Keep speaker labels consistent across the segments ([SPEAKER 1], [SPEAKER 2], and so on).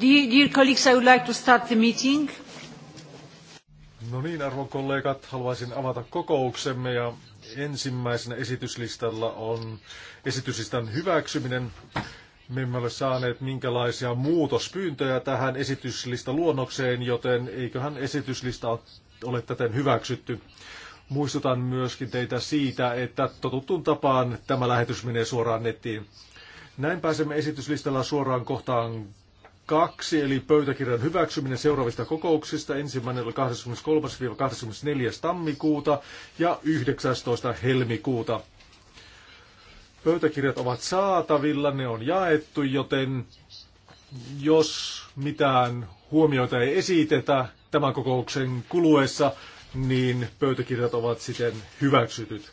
[SPEAKER 1] Dear colleagues, I would like to start the meeting.
[SPEAKER 2] No niin, arvon kollegat, haluaisin avata kokouksemme ja ensimmäisenä esityslistalla on esityslistan hyväksyminen. Me emme ole saaneet minkälaisia muutospyyntöjä tähän esityslista luonnokseen, joten eiköhän esityslista ole täten hyväksytty. Muistutan myöskin teitä siitä, että totuttuun tapaan tämä lähetys menee suoraan nettiin. Näin pääsemme esityslistalla suoraan kohtaan kaksi, eli pöytäkirjan hyväksyminen seuraavista kokouksista. Ensimmäinen oli 23-24. tammikuuta ja 19. helmikuuta. Pöytäkirjat ovat saatavilla, ne on jaettu, joten jos mitään huomioita ei esitetä tämän kokouksen kuluessa, niin pöytäkirjat ovat siten hyväksytyt.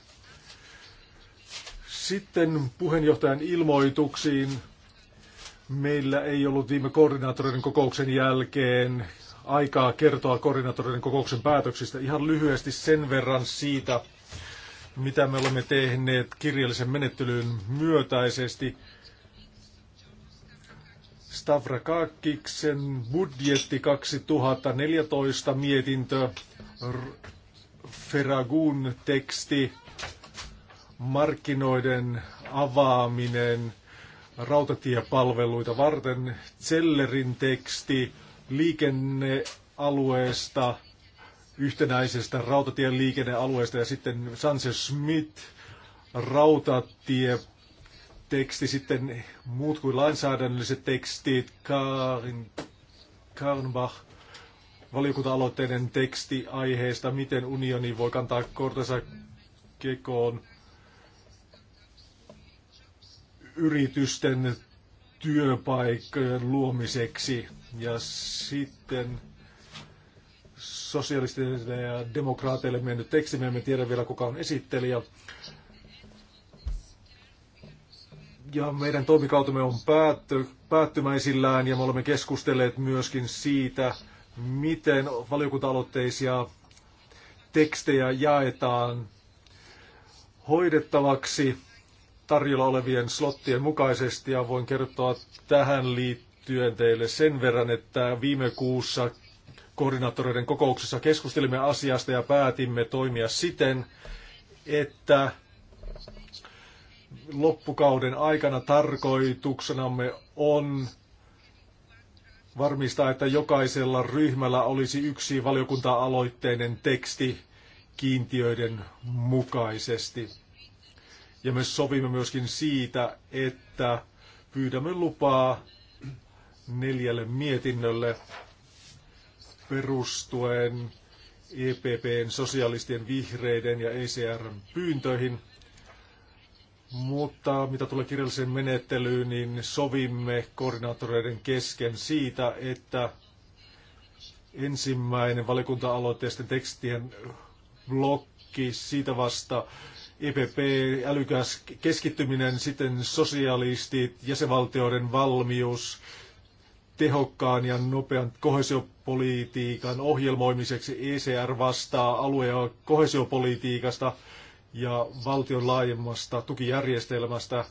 [SPEAKER 2] Sitten puheenjohtajan ilmoituksiin Meillä ei ollut viime koordinaattoreiden kokouksen jälkeen aikaa kertoa koordinaattoreiden kokouksen päätöksistä. Ihan lyhyesti sen verran siitä, mitä me olemme tehneet kirjallisen menettelyyn myötäisesti. Stavrakakiksen budjetti 2014 mietintö, Feragun teksti, markkinoiden avaaminen – rautatiepalveluita varten. Zellerin teksti liikennealueesta, yhtenäisestä rautatien liikennealueesta ja sitten Sanse Schmidt rautatie teksti, sitten muut kuin lainsäädännölliset tekstit, Karin Karnbach valiokunta-aloitteiden teksti aiheesta, miten unioni voi kantaa kortensa kekoon yritysten työpaikkojen luomiseksi. Ja sitten sosialistille ja demokraateille mennyt teksti, me emme tiedä vielä kuka on esittelijä. Ja meidän toimikautumme on päätty, päättymäisillään ja me olemme keskustelleet myöskin siitä, miten valiokunta-aloitteisia tekstejä jaetaan hoidettavaksi tarjolla olevien slottien mukaisesti ja voin kertoa tähän liittyen teille sen verran, että viime kuussa koordinaattoreiden kokouksessa keskustelimme asiasta ja päätimme toimia siten, että loppukauden aikana tarkoituksenamme on varmistaa, että jokaisella ryhmällä olisi yksi valiokunta-aloitteinen teksti kiintiöiden mukaisesti. Ja me sovimme myöskin siitä, että pyydämme lupaa neljälle mietinnölle perustuen EPPn, sosialistien, vihreiden ja ECRn pyyntöihin. Mutta mitä tulee kirjalliseen menettelyyn, niin sovimme koordinaattoreiden kesken siitä, että ensimmäinen valiokunta-aloitteisten tekstien blokki siitä vasta EPP, älykäs keskittyminen, sitten sosialistit, jäsenvaltioiden valmius tehokkaan ja nopean kohesiopolitiikan ohjelmoimiseksi. ECR vastaa alue- ja kohesiopolitiikasta ja valtion laajemmasta tukijärjestelmästä.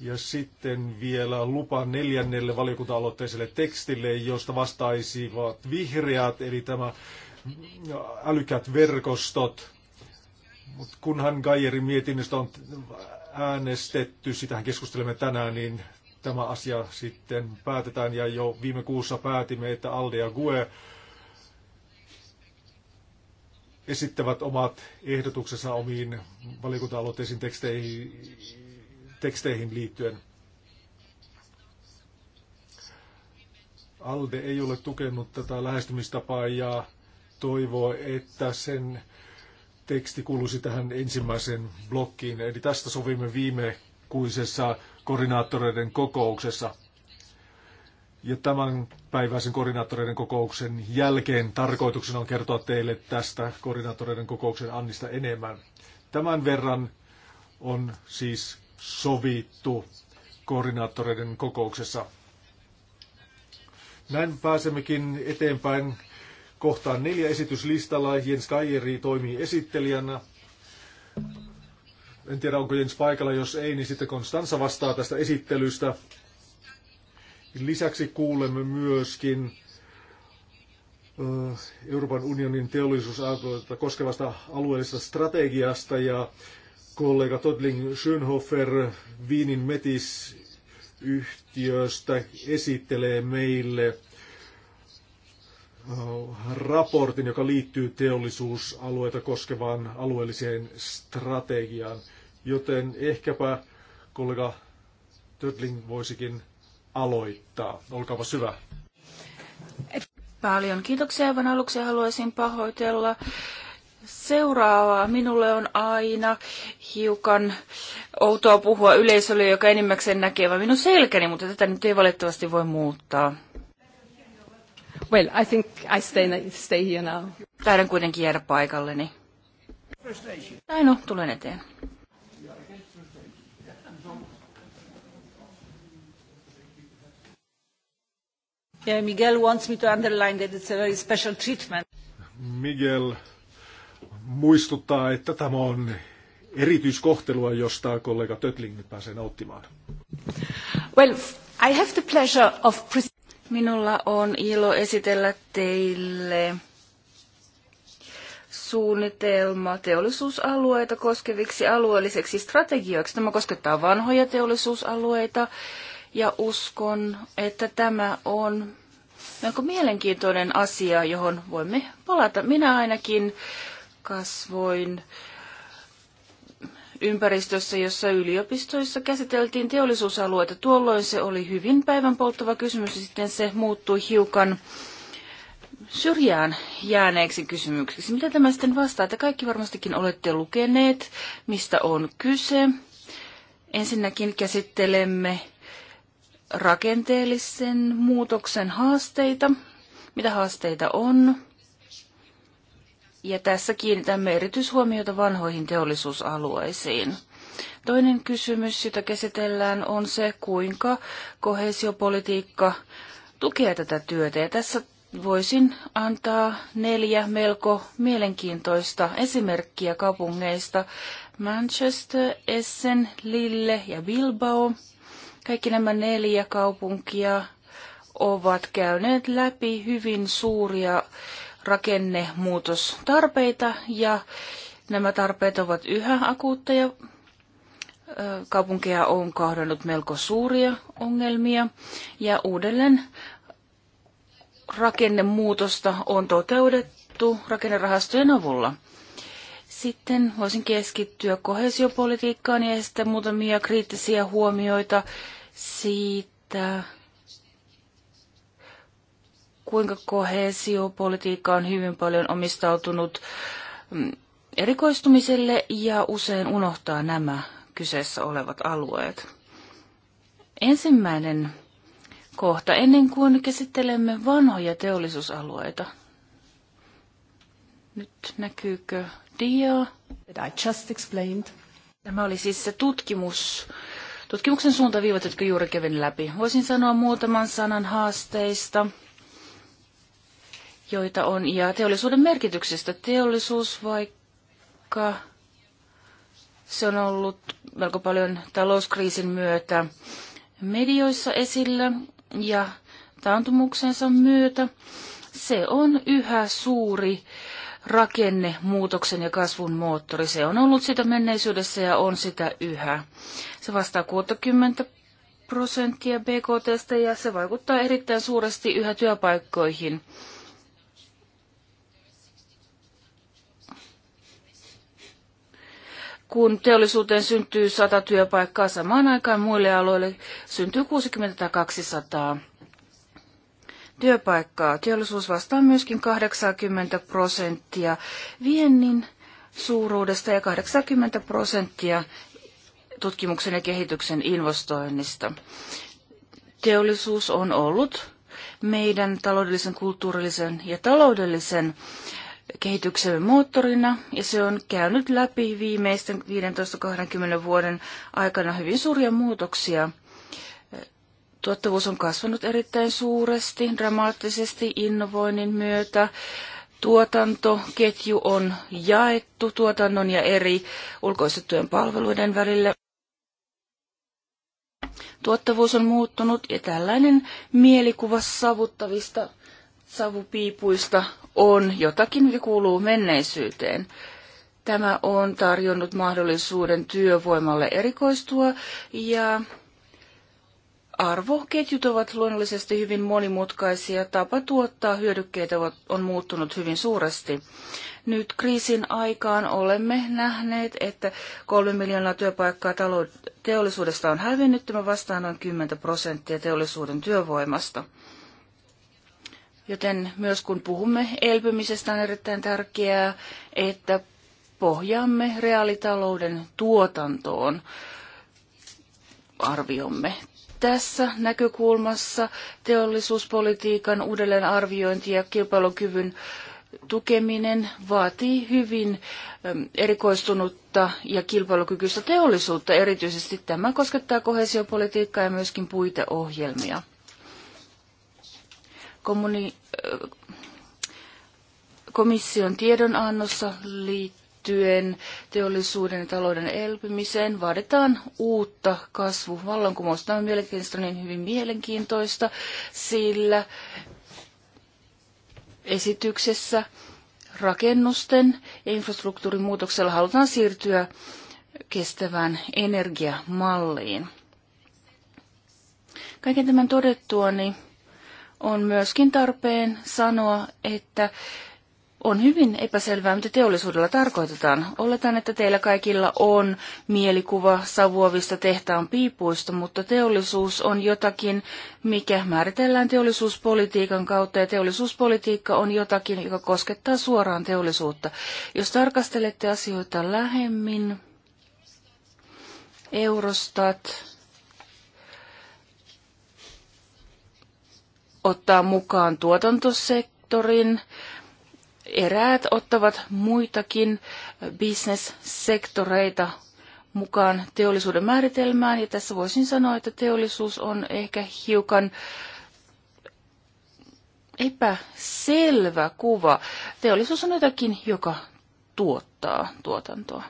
[SPEAKER 2] Ja sitten vielä lupa neljännelle valiokunta-aloitteiselle tekstille, josta vastaisivat vihreät, eli tämä älykät verkostot, mutta kunhan Gajerin mietinnöstä on äänestetty, sitähän keskustelemme tänään, niin tämä asia sitten päätetään. Ja jo viime kuussa päätimme, että Alde ja Gue esittävät omat ehdotuksensa omiin valiokunta-aloitteisiin teksteihin, teksteihin liittyen. ALDE ei ole tukenut tätä lähestymistapaa ja toivoo, että sen teksti kuuluisi tähän ensimmäiseen blokkiin, eli tästä sovimme viime kuisessa koordinaattoreiden kokouksessa. Ja tämän päiväisen koordinaattoreiden kokouksen jälkeen tarkoituksena on kertoa teille tästä koordinaattoreiden kokouksen annista enemmän. Tämän verran on siis sovittu koordinaattoreiden kokouksessa. Näin pääsemmekin eteenpäin kohtaan neljä esityslistalla. Jens Kajeri toimii esittelijänä. En tiedä, onko Jens paikalla. Jos ei, niin sitten Konstansa vastaa tästä esittelystä. Lisäksi kuulemme myöskin Euroopan unionin teollisuusalueita koskevasta alueellisesta strategiasta ja kollega Todling Schönhofer Wienin Metis yhtiöstä esittelee meille raportin, joka liittyy teollisuusalueita koskevaan alueelliseen strategiaan. Joten ehkäpä kollega Tödling voisikin aloittaa. Olkaapa syvä?
[SPEAKER 1] Paljon kiitoksia. Aivan aluksi haluaisin pahoitella seuraavaa. Minulle on aina hiukan outoa puhua yleisölle, joka enimmäkseen näkee vain minun selkäni, mutta tätä nyt ei valitettavasti voi muuttaa. Well, I think I stay, stay here now. Taidan kuitenkin jäädä paikalleni. Tai no, tulen eteen. Yeah, Miguel wants me to underline that it's a very special treatment.
[SPEAKER 2] Miguel muistuttaa, että tämä on erityiskohtelua, josta kollega Tötling pääsee nauttimaan.
[SPEAKER 1] Well, I have the pleasure of Minulla on ilo esitellä teille suunnitelma teollisuusalueita koskeviksi alueelliseksi strategioiksi. Tämä koskettaa vanhoja teollisuusalueita ja uskon, että tämä on melko mielenkiintoinen asia, johon voimme palata. Minä ainakin kasvoin ympäristössä, jossa yliopistoissa käsiteltiin teollisuusalueita. Tuolloin se oli hyvin päivänpolttava kysymys ja sitten se muuttui hiukan syrjään jääneeksi kysymykseksi. Mitä tämä sitten vastaa? Te kaikki varmastikin olette lukeneet, mistä on kyse. Ensinnäkin käsittelemme rakenteellisen muutoksen haasteita, mitä haasteita on, ja tässä kiinnitämme erityishuomiota vanhoihin teollisuusalueisiin. Toinen kysymys, jota käsitellään, on se, kuinka kohesiopolitiikka tukee tätä työtä. Ja tässä voisin antaa neljä melko mielenkiintoista esimerkkiä kaupungeista. Manchester, Essen, Lille ja Bilbao. Kaikki nämä neljä kaupunkia ovat käyneet läpi hyvin suuria rakennemuutostarpeita ja nämä tarpeet ovat yhä akuutteja. Kaupunkeja on kohdannut melko suuria ongelmia ja uudelleen rakennemuutosta on toteutettu rakennerahastojen avulla. Sitten voisin keskittyä kohesiopolitiikkaan ja sitten muutamia kriittisiä huomioita siitä, kuinka kohesiopolitiikka on hyvin paljon omistautunut mm, erikoistumiselle ja usein unohtaa nämä kyseessä olevat alueet. Ensimmäinen kohta, ennen kuin käsittelemme vanhoja teollisuusalueita. Nyt näkyykö dia? I just explained. Tämä oli siis se tutkimus, tutkimuksen suuntaviivat, jotka juuri kävin läpi. Voisin sanoa muutaman sanan haasteista joita on, ja teollisuuden merkityksestä. Teollisuus, vaikka se on ollut melko paljon talouskriisin myötä medioissa esillä ja taantumuksensa myötä, se on yhä suuri rakennemuutoksen ja kasvun moottori. Se on ollut sitä menneisyydessä ja on sitä yhä. Se vastaa 60 prosenttia BKTstä ja se vaikuttaa erittäin suuresti yhä työpaikkoihin. kun teollisuuteen syntyy 100 työpaikkaa samaan aikaan muille aloille syntyy 60 tai 200 työpaikkaa. Teollisuus vastaa myöskin 80 prosenttia viennin suuruudesta ja 80 prosenttia tutkimuksen ja kehityksen investoinnista. Teollisuus on ollut meidän taloudellisen, kulttuurillisen ja taloudellisen kehityksemme moottorina ja se on käynyt läpi viimeisten 15-20 vuoden aikana hyvin suuria muutoksia. Tuottavuus on kasvanut erittäin suuresti, dramaattisesti innovoinnin myötä. Tuotantoketju on jaettu tuotannon ja eri ulkoistettujen palveluiden välillä. Tuottavuus on muuttunut ja tällainen mielikuva savuttavista savupiipuista on jotakin, mikä kuuluu menneisyyteen. Tämä on tarjonnut mahdollisuuden työvoimalle erikoistua ja arvoketjut ovat luonnollisesti hyvin monimutkaisia. Tapa tuottaa hyödykkeitä on muuttunut hyvin suuresti. Nyt kriisin aikaan olemme nähneet, että kolme miljoonaa työpaikkaa teollisuudesta on hävinnyt, tämä vastaan noin 10 prosenttia teollisuuden työvoimasta. Joten myös kun puhumme elpymisestä, on erittäin tärkeää, että pohjaamme reaalitalouden tuotantoon arviomme. Tässä näkökulmassa teollisuuspolitiikan uudelleenarviointi ja kilpailukyvyn tukeminen vaatii hyvin erikoistunutta ja kilpailukykyistä teollisuutta. Erityisesti tämä koskettaa kohesiopolitiikkaa ja myöskin puiteohjelmia kommuni- komission tiedonannossa liittyen teollisuuden ja talouden elpymiseen vaaditaan uutta kasvuvallankumousta. Tämä on mielenkiintoista niin hyvin mielenkiintoista, sillä esityksessä rakennusten ja infrastruktuurin muutoksella halutaan siirtyä kestävään energiamalliin. Kaiken tämän todettua, niin on myöskin tarpeen sanoa, että on hyvin epäselvää, mitä teollisuudella tarkoitetaan. Oletan, että teillä kaikilla on mielikuva savuavista tehtaan piipuista, mutta teollisuus on jotakin, mikä määritellään teollisuuspolitiikan kautta, ja teollisuuspolitiikka on jotakin, joka koskettaa suoraan teollisuutta. Jos tarkastelette asioita lähemmin, Eurostat, ottaa mukaan tuotantosektorin. Eräät ottavat muitakin bisnessektoreita mukaan teollisuuden määritelmään, ja tässä voisin sanoa, että teollisuus on ehkä hiukan epäselvä kuva. Teollisuus on jotakin, joka tuottaa tuotantoa.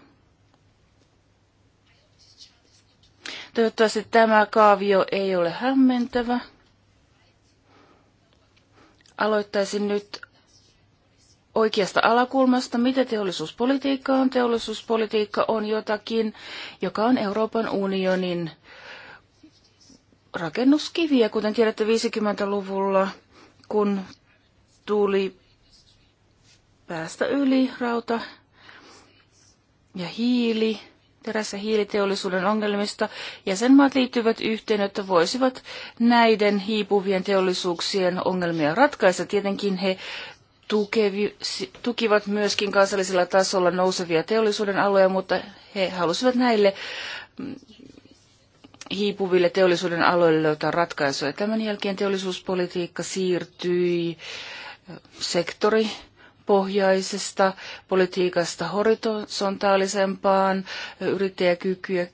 [SPEAKER 1] Toivottavasti tämä kaavio ei ole hämmentävä. Aloittaisin nyt oikeasta alakulmasta, mitä teollisuuspolitiikka on. Teollisuuspolitiikka on jotakin, joka on Euroopan unionin rakennuskiviä, kuten tiedätte 50-luvulla, kun tuli päästä yli rauta ja hiili terässä hiiliteollisuuden ongelmista, jäsenmaat liittyvät yhteen, että voisivat näiden hiipuvien teollisuuksien ongelmia ratkaista. Tietenkin he tukevi, tukivat myöskin kansallisella tasolla nousevia teollisuuden aloja, mutta he halusivat näille mm, hiipuville teollisuuden aloille löytää ratkaisuja. Tämän jälkeen teollisuuspolitiikka siirtyi sektori pohjaisesta politiikasta horisontaalisempaan yrittäjäkykyä,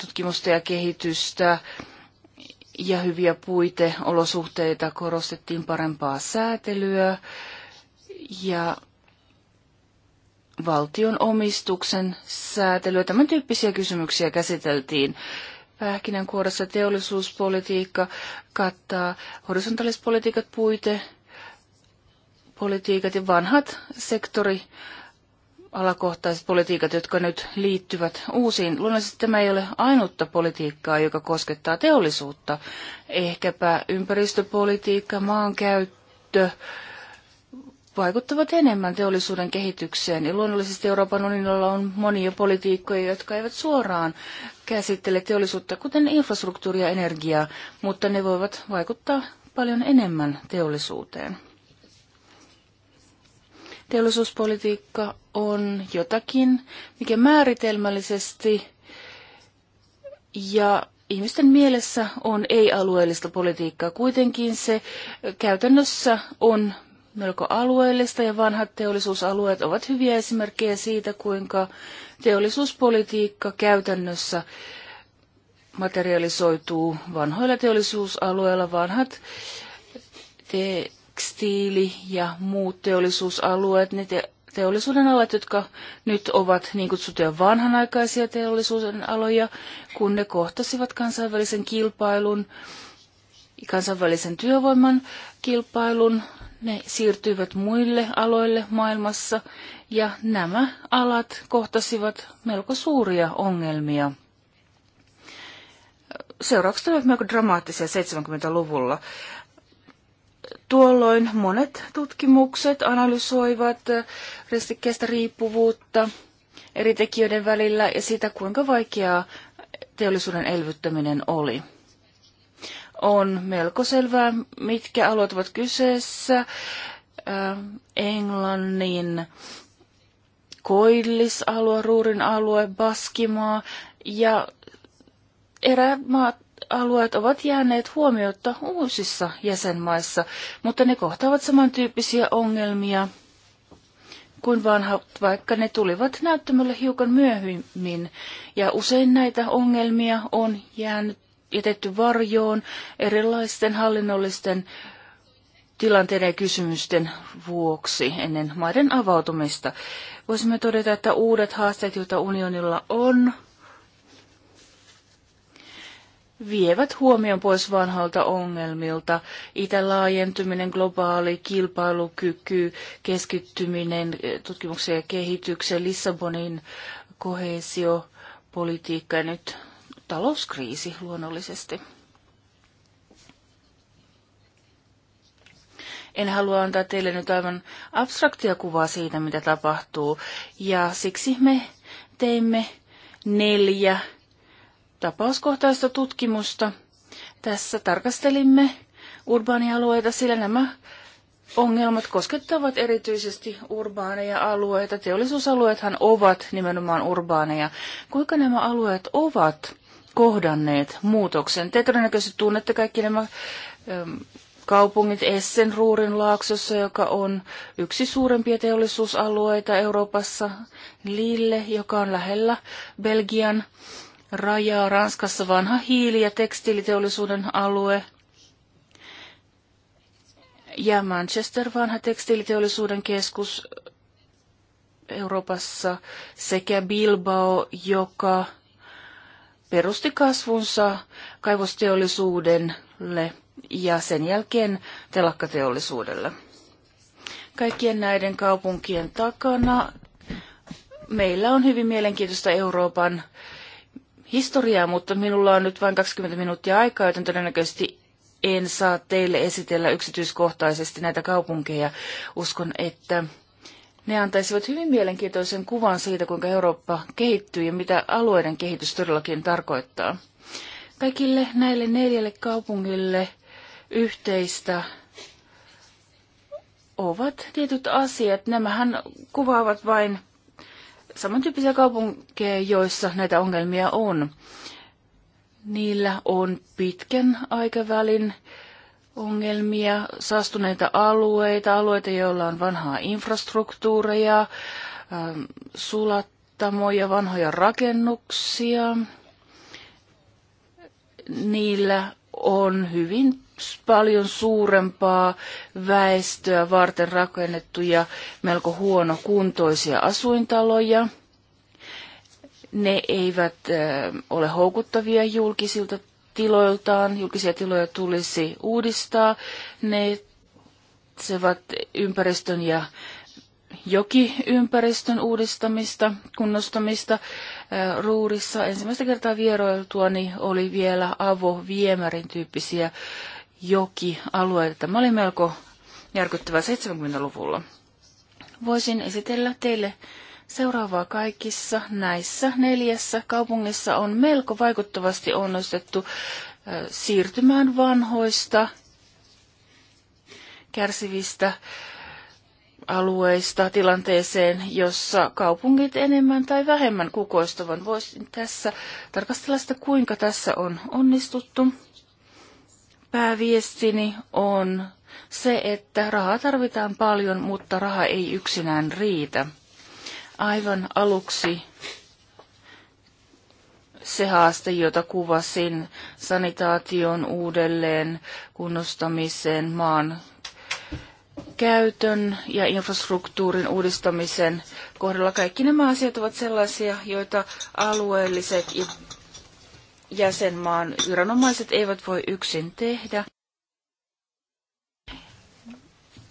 [SPEAKER 1] tutkimusta ja kehitystä ja hyviä puiteolosuhteita, korostettiin parempaa säätelyä ja valtion omistuksen säätelyä. Tämän tyyppisiä kysymyksiä käsiteltiin. Pähkinänkuoressa teollisuuspolitiikka kattaa horisontaaliset politiikat, puite, politiikat ja vanhat sektori alakohtaiset politiikat, jotka nyt liittyvät uusiin. Luonnollisesti tämä ei ole ainutta politiikkaa, joka koskettaa teollisuutta. Ehkäpä ympäristöpolitiikka, maankäyttö vaikuttavat enemmän teollisuuden kehitykseen. Ja luonnollisesti Euroopan unionilla on monia politiikkoja, jotka eivät suoraan käsittele teollisuutta, kuten infrastruktuuria ja energiaa, mutta ne voivat vaikuttaa paljon enemmän teollisuuteen. Teollisuuspolitiikka on jotakin, mikä määritelmällisesti ja ihmisten mielessä on ei-alueellista politiikkaa. Kuitenkin se käytännössä on melko alueellista ja vanhat teollisuusalueet ovat hyviä esimerkkejä siitä, kuinka teollisuuspolitiikka käytännössä materialisoituu vanhoilla teollisuusalueilla. Vanhat te- tekstiili ja muut teollisuusalueet, ne te- teollisuuden alat, jotka nyt ovat niin kutsuttuja vanhanaikaisia teollisuuden aloja, kun ne kohtasivat kansainvälisen kilpailun, kansainvälisen työvoiman kilpailun, ne siirtyivät muille aloille maailmassa ja nämä alat kohtasivat melko suuria ongelmia. Seuraukset olivat melko dramaattisia 70-luvulla. Tuolloin monet tutkimukset analysoivat ristikkeestä riippuvuutta eri tekijöiden välillä ja sitä, kuinka vaikeaa teollisuuden elvyttäminen oli. On melko selvää, mitkä alueet ovat kyseessä. Englannin koillisalue, Ruurin alue, Baskimaa ja erämaat alueet ovat jääneet huomiotta uusissa jäsenmaissa, mutta ne kohtaavat samantyyppisiä ongelmia kuin vanhat, vaikka ne tulivat näyttämölle hiukan myöhemmin. Ja usein näitä ongelmia on jäänyt, jätetty varjoon erilaisten hallinnollisten tilanteiden ja kysymysten vuoksi ennen maiden avautumista. Voisimme todeta, että uudet haasteet, joita unionilla on, vievät huomion pois vanhoilta ongelmilta. Itälaajentuminen, globaali kilpailukyky, keskittyminen eh, tutkimukseen ja kehitykseen, Lissabonin kohesiopolitiikka ja nyt talouskriisi luonnollisesti. En halua antaa teille nyt aivan abstraktia kuvaa siitä, mitä tapahtuu. Ja siksi me teimme neljä tapauskohtaista tutkimusta. Tässä tarkastelimme urbaanialueita, sillä nämä ongelmat koskettavat erityisesti urbaaneja alueita. Teollisuusalueethan ovat nimenomaan urbaaneja. Kuinka nämä alueet ovat kohdanneet muutoksen? Te todennäköisesti tunnette kaikki nämä ähm, kaupungit Essen Ruurin laaksossa, joka on yksi suurempia teollisuusalueita Euroopassa, Lille, joka on lähellä Belgian rajaa. Ranskassa vanha hiili- ja tekstiiliteollisuuden alue. Ja Manchester vanha tekstiiliteollisuuden keskus Euroopassa sekä Bilbao, joka perusti kasvunsa kaivosteollisuudelle ja sen jälkeen telakkateollisuudelle. Kaikkien näiden kaupunkien takana meillä on hyvin mielenkiintoista Euroopan historiaa, mutta minulla on nyt vain 20 minuuttia aikaa, joten todennäköisesti en saa teille esitellä yksityiskohtaisesti näitä kaupunkeja. Uskon, että ne antaisivat hyvin mielenkiintoisen kuvan siitä, kuinka Eurooppa kehittyy ja mitä alueiden kehitys todellakin tarkoittaa. Kaikille näille neljälle kaupungille yhteistä ovat tietyt asiat. Nämähän kuvaavat vain samantyyppisiä kaupunkeja, joissa näitä ongelmia on. Niillä on pitkän aikavälin ongelmia, saastuneita alueita, alueita, joilla on vanhaa infrastruktuuria, ähm, sulattamoja, vanhoja rakennuksia. Niillä on hyvin paljon suurempaa väestöä varten rakennettuja melko huonokuntoisia asuintaloja. Ne eivät ole houkuttavia julkisilta tiloiltaan. Julkisia tiloja tulisi uudistaa. Ne tarvitsevat ympäristön ja jokiympäristön uudistamista, kunnostamista. Ruurissa ensimmäistä kertaa vieroiltuani oli vielä avoviemärin tyyppisiä jokialueita. Tämä oli melko järkyttävä 70-luvulla. Voisin esitellä teille seuraavaa kaikissa näissä neljässä kaupungissa on melko vaikuttavasti onnistettu siirtymään vanhoista kärsivistä alueista tilanteeseen, jossa kaupungit enemmän tai vähemmän kukoistavan. Voisin tässä tarkastella sitä, kuinka tässä on onnistuttu. Pääviestini on se, että rahaa tarvitaan paljon, mutta raha ei yksinään riitä. Aivan aluksi se haaste, jota kuvasin sanitaation uudelleen kunnostamiseen, maan käytön ja infrastruktuurin uudistamisen kohdalla. Kaikki nämä asiat ovat sellaisia, joita alueelliset ja jäsenmaan viranomaiset eivät voi yksin tehdä.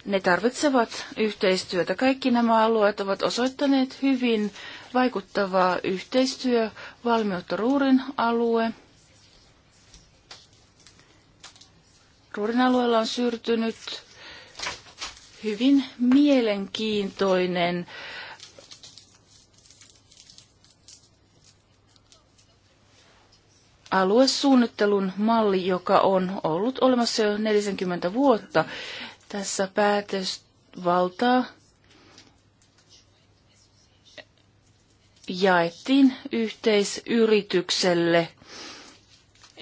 [SPEAKER 1] Ne tarvitsevat yhteistyötä. Kaikki nämä alueet ovat osoittaneet hyvin vaikuttavaa yhteistyövalmiutta Ruurin alue. Ruurin alueella on syrtynyt hyvin mielenkiintoinen aluesuunnittelun malli, joka on ollut olemassa jo 40 vuotta. Tässä päätösvaltaa jaettiin yhteisyritykselle.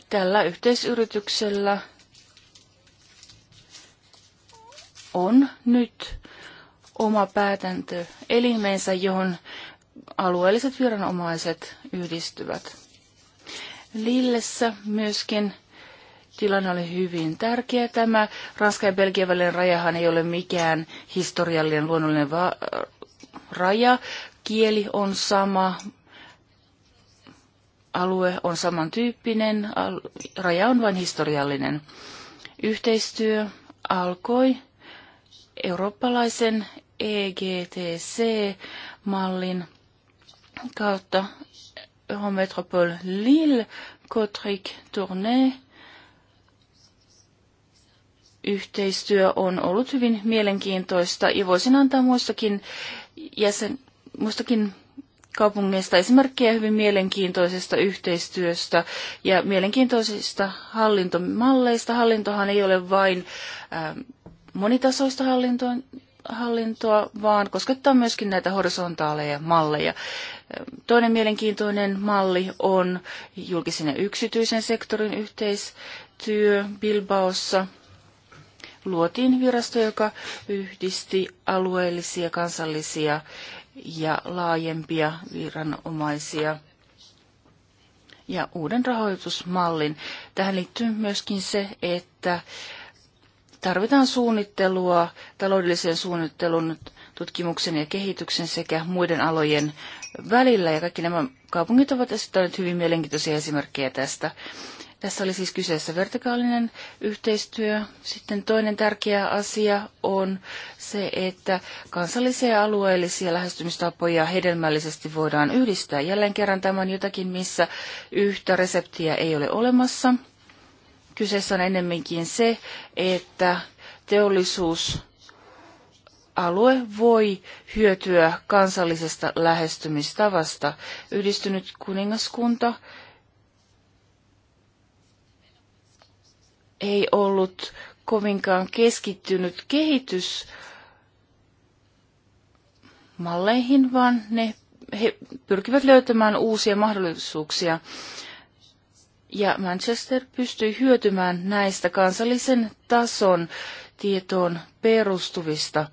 [SPEAKER 1] Tällä yhteisyrityksellä on nyt oma päätäntöelimensä, johon alueelliset viranomaiset yhdistyvät. Lillessä myöskin tilanne oli hyvin tärkeä. Tämä Ranska ja Belgian välinen rajahan ei ole mikään historiallinen luonnollinen va- raja. Kieli on sama, alue on samantyyppinen, al- raja on vain historiallinen. Yhteistyö alkoi eurooppalaisen EGTC-mallin kautta Eurométropole Lille, Kotrik Tourne. Yhteistyö on ollut hyvin mielenkiintoista ja voisin antaa muistakin, jäsen, muistakin kaupungeista esimerkkejä hyvin mielenkiintoisesta yhteistyöstä ja mielenkiintoisista hallintomalleista. Hallintohan ei ole vain äh, monitasoista hallintoa, hallintoa, vaan koskettaa myöskin näitä horisontaaleja malleja. Toinen mielenkiintoinen malli on julkisen ja yksityisen sektorin yhteistyö Bilbaossa. Luotiin virasto, joka yhdisti alueellisia, kansallisia ja laajempia viranomaisia ja uuden rahoitusmallin. Tähän liittyy myöskin se, että tarvitaan suunnittelua, taloudellisen suunnittelun, tutkimuksen ja kehityksen sekä muiden alojen välillä. Ja kaikki nämä kaupungit ovat esittäneet hyvin mielenkiintoisia esimerkkejä tästä. Tässä oli siis kyseessä vertikaalinen yhteistyö. Sitten toinen tärkeä asia on se, että kansallisia ja alueellisia lähestymistapoja hedelmällisesti voidaan yhdistää. Jälleen kerran tämä on jotakin, missä yhtä reseptiä ei ole olemassa. Kyseessä on enemminkin se, että teollisuus alue voi hyötyä kansallisesta lähestymistavasta. Yhdistynyt kuningaskunta ei ollut kovinkaan keskittynyt kehitys malleihin, vaan ne, he pyrkivät löytämään uusia mahdollisuuksia. Ja Manchester pystyi hyötymään näistä kansallisen tason tietoon perustuvista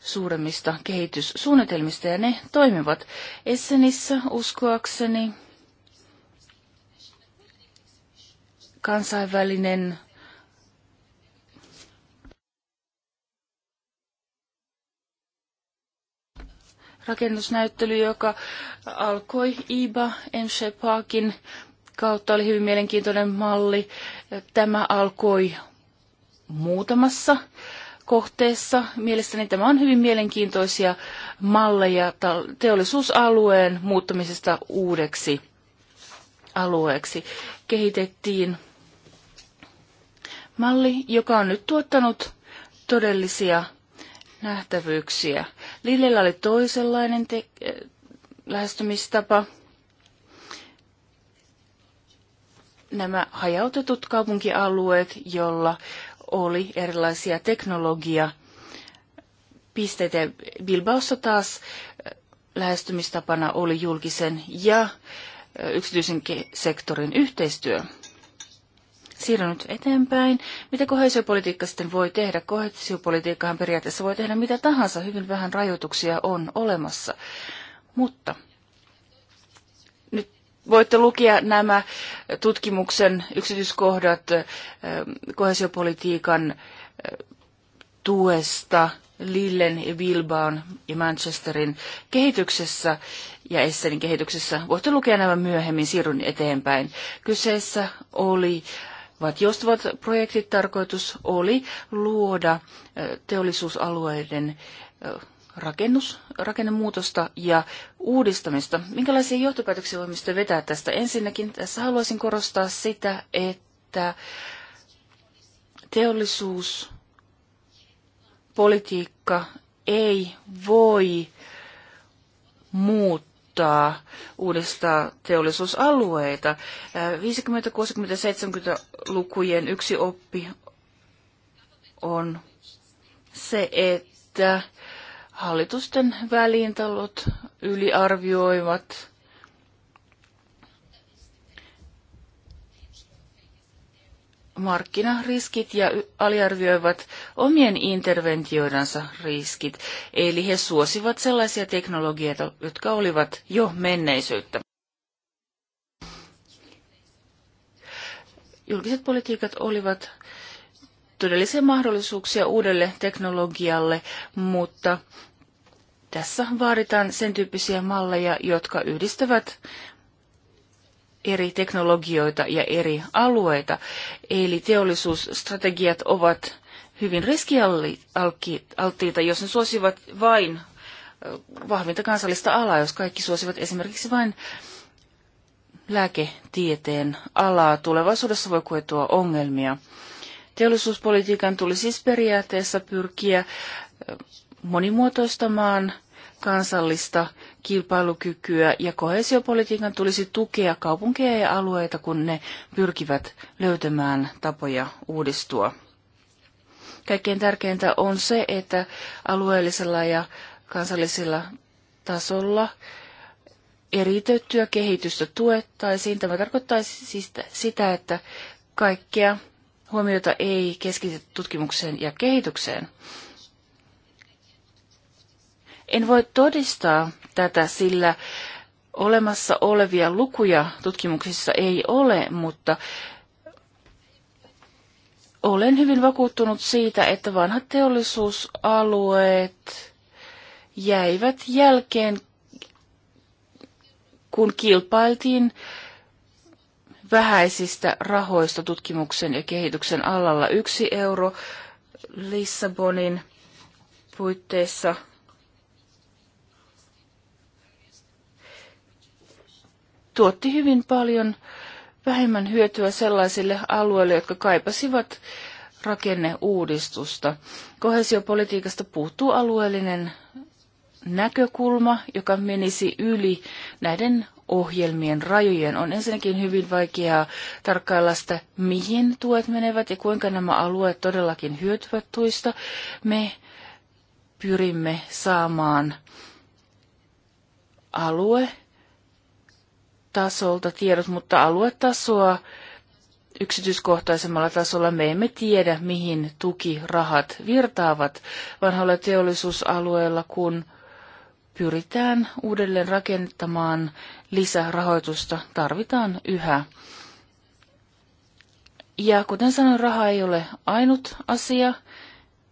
[SPEAKER 1] suuremmista kehityssuunnitelmista ja ne toimivat. Essenissä uskoakseni kansainvälinen rakennusnäyttely, joka alkoi IBA MC Parkin kautta, oli hyvin mielenkiintoinen malli. Tämä alkoi muutamassa kohteessa. Mielestäni tämä on hyvin mielenkiintoisia malleja teollisuusalueen muuttamisesta uudeksi alueeksi. Kehitettiin malli, joka on nyt tuottanut todellisia nähtävyyksiä. Lillellä oli toisenlainen te- lähestymistapa. Nämä hajautetut kaupunkialueet, jolla oli erilaisia teknologiapisteitä. Bilbaossa taas lähestymistapana oli julkisen ja yksityisen sektorin yhteistyö. Siirryn nyt eteenpäin. Mitä kohesiopolitiikka sitten voi tehdä? Kohesiopolitiikkahan periaatteessa voi tehdä mitä tahansa, hyvin vähän rajoituksia on olemassa. Mutta voitte lukea nämä tutkimuksen yksityiskohdat eh, kohesiopolitiikan eh, tuesta Lillen ja Bilbaon ja Manchesterin kehityksessä ja Essenin kehityksessä. Voitte lukea nämä myöhemmin, siirryn eteenpäin. Kyseessä oli ovat joustavat projektit. Tarkoitus oli luoda eh, teollisuusalueiden rakennus, rakennemuutosta ja uudistamista. Minkälaisia johtopäätöksiä voimme sitten vetää tästä? Ensinnäkin tässä haluaisin korostaa sitä, että teollisuuspolitiikka ei voi muuttaa uudistaa teollisuusalueita. 50, 60, 70 lukujen yksi oppi on se, että hallitusten väliintalot yliarvioivat markkinariskit ja aliarvioivat omien interventioidansa riskit, eli he suosivat sellaisia teknologioita, jotka olivat jo menneisyyttä. Julkiset politiikat olivat todellisia mahdollisuuksia uudelle teknologialle, mutta tässä vaaditaan sen tyyppisiä malleja, jotka yhdistävät eri teknologioita ja eri alueita. Eli teollisuusstrategiat ovat hyvin riskialttiita, jos ne suosivat vain vahvinta kansallista alaa, jos kaikki suosivat esimerkiksi vain lääketieteen alaa. Tulevaisuudessa voi koetua ongelmia. Teollisuuspolitiikan tulisi siis periaatteessa pyrkiä monimuotoistamaan kansallista kilpailukykyä ja kohesiopolitiikan tulisi tukea kaupunkeja ja alueita, kun ne pyrkivät löytämään tapoja uudistua. Kaikkein tärkeintä on se, että alueellisella ja kansallisella tasolla eriytettyä kehitystä tuettaisiin. Tämä tarkoittaisi siis sitä, että kaikkea huomiota ei keskitetä tutkimukseen ja kehitykseen. En voi todistaa tätä, sillä olemassa olevia lukuja tutkimuksissa ei ole, mutta olen hyvin vakuuttunut siitä, että vanhat teollisuusalueet jäivät jälkeen, kun kilpailtiin vähäisistä rahoista tutkimuksen ja kehityksen alalla. Yksi euro Lissabonin puitteissa tuotti hyvin paljon vähemmän hyötyä sellaisille alueille, jotka kaipasivat rakenneuudistusta. Kohesiopolitiikasta puuttuu alueellinen näkökulma, joka menisi yli näiden ohjelmien rajojen. On ensinnäkin hyvin vaikeaa tarkkailla sitä, mihin tuet menevät ja kuinka nämä alueet todellakin hyötyvät tuista. Me pyrimme saamaan alue tasolta tiedot, mutta aluetasoa yksityiskohtaisemmalla tasolla me emme tiedä, mihin tukirahat virtaavat vanhalla teollisuusalueella, kun pyritään uudelleen rakentamaan lisärahoitusta, tarvitaan yhä. Ja kuten sanoin, raha ei ole ainut asia.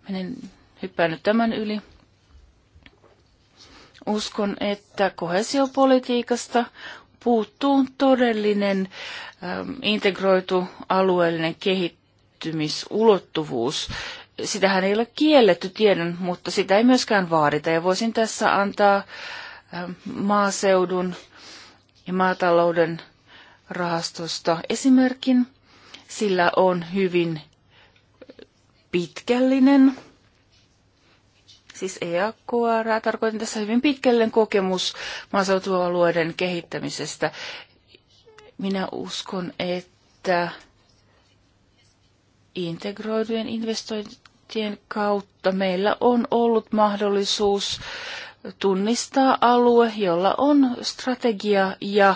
[SPEAKER 1] Menen hyppään nyt tämän yli. Uskon, että kohesiopolitiikasta puuttuu todellinen ähm, integroitu alueellinen kehittymisulottuvuus sitähän ei ole kielletty, tiedon, mutta sitä ei myöskään vaadita. Ja voisin tässä antaa maaseudun ja maatalouden rahastosta esimerkin. Sillä on hyvin pitkällinen, siis EAKR, tarkoitan tässä hyvin pitkällinen kokemus maaseutualueiden kehittämisestä. Minä uskon, että integroidujen investointien raporttien kautta meillä on ollut mahdollisuus tunnistaa alue, jolla on strategia ja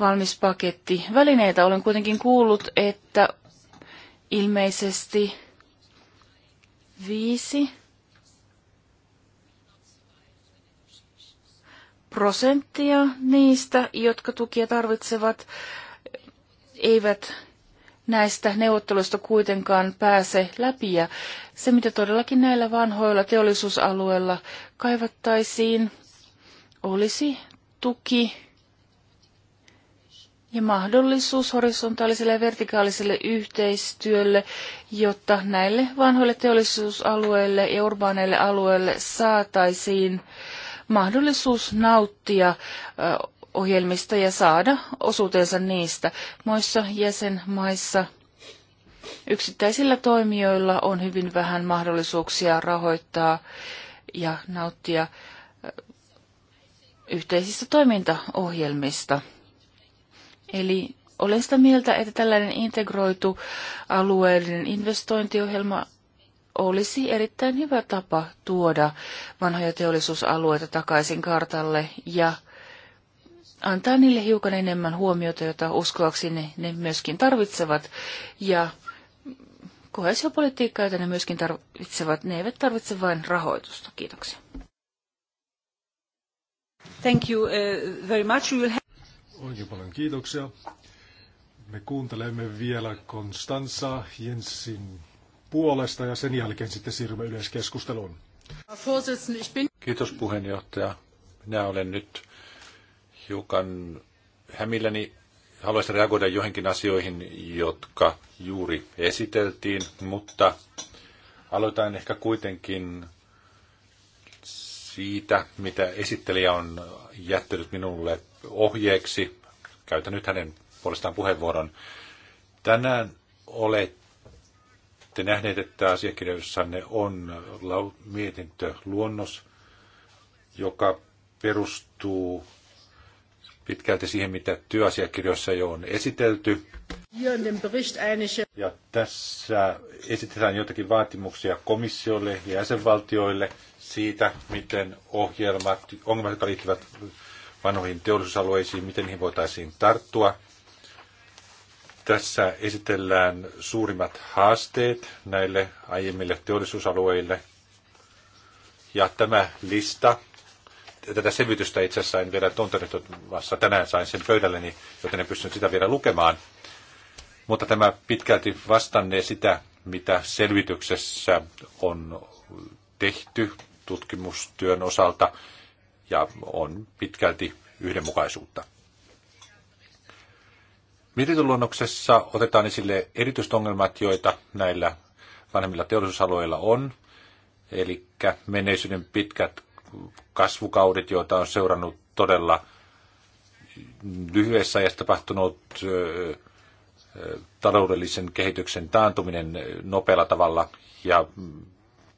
[SPEAKER 1] valmis paketti välineitä. Olen kuitenkin kuullut, että ilmeisesti viisi prosenttia niistä, jotka tukia tarvitsevat, eivät näistä neuvotteluista kuitenkaan pääse läpi. Ja se, mitä todellakin näillä vanhoilla teollisuusalueilla kaivattaisiin, olisi tuki ja mahdollisuus horisontaaliselle ja vertikaaliselle yhteistyölle, jotta näille vanhoille teollisuusalueille ja urbaaneille alueille saataisiin mahdollisuus nauttia ohjelmista ja saada osuutensa niistä. Muissa jäsenmaissa yksittäisillä toimijoilla on hyvin vähän mahdollisuuksia rahoittaa ja nauttia yhteisistä toimintaohjelmista. Eli olen sitä mieltä, että tällainen integroitu alueellinen investointiohjelma olisi erittäin hyvä tapa tuoda vanhoja teollisuusalueita takaisin kartalle ja antaa niille hiukan enemmän huomiota, jota uskoakseni ne myöskin tarvitsevat. Ja kohesiopolitiikkaa, jota ne myöskin tarvitsevat, ne eivät tarvitse vain rahoitusta. Kiitoksia. Thank you uh, very much. You will have...
[SPEAKER 2] Oikein paljon kiitoksia. Me kuuntelemme vielä Konstanssa Jensin puolesta ja sen jälkeen sitten siirrymme yleiskeskusteluun.
[SPEAKER 3] Kiitos puheenjohtaja. Minä olen nyt hiukan hämilläni. Haluaisin reagoida johonkin asioihin, jotka juuri esiteltiin, mutta aloitan ehkä kuitenkin siitä, mitä esittelijä on jättänyt minulle ohjeeksi. Käytän nyt hänen puolestaan puheenvuoron. Tänään olette nähneet, että asiakirjoissanne on mietintö luonnos, joka perustuu pitkälti siihen, mitä työasiakirjoissa jo on esitelty. Ja tässä esitetään jotakin vaatimuksia komissiolle ja jäsenvaltioille siitä, miten ohjelmat, ongelmat, jotka liittyvät vanhoihin teollisuusalueisiin, miten niihin voitaisiin tarttua. Tässä esitellään suurimmat haasteet näille aiemmille teollisuusalueille. Ja tämä lista tätä selvitystä itse asiassa en vielä tuntenut, vasta tänään sain sen pöydälleni, joten en pystynyt sitä vielä lukemaan. Mutta tämä pitkälti vastannee sitä, mitä selvityksessä on tehty tutkimustyön osalta ja on pitkälti yhdenmukaisuutta. Mietityluonnoksessa otetaan esille erityiset ongelmat, joita näillä vanhemmilla teollisuusalueilla on, eli menneisyyden pitkät kasvukaudet, joita on seurannut todella lyhyessä ajassa tapahtunut taloudellisen kehityksen taantuminen nopealla tavalla ja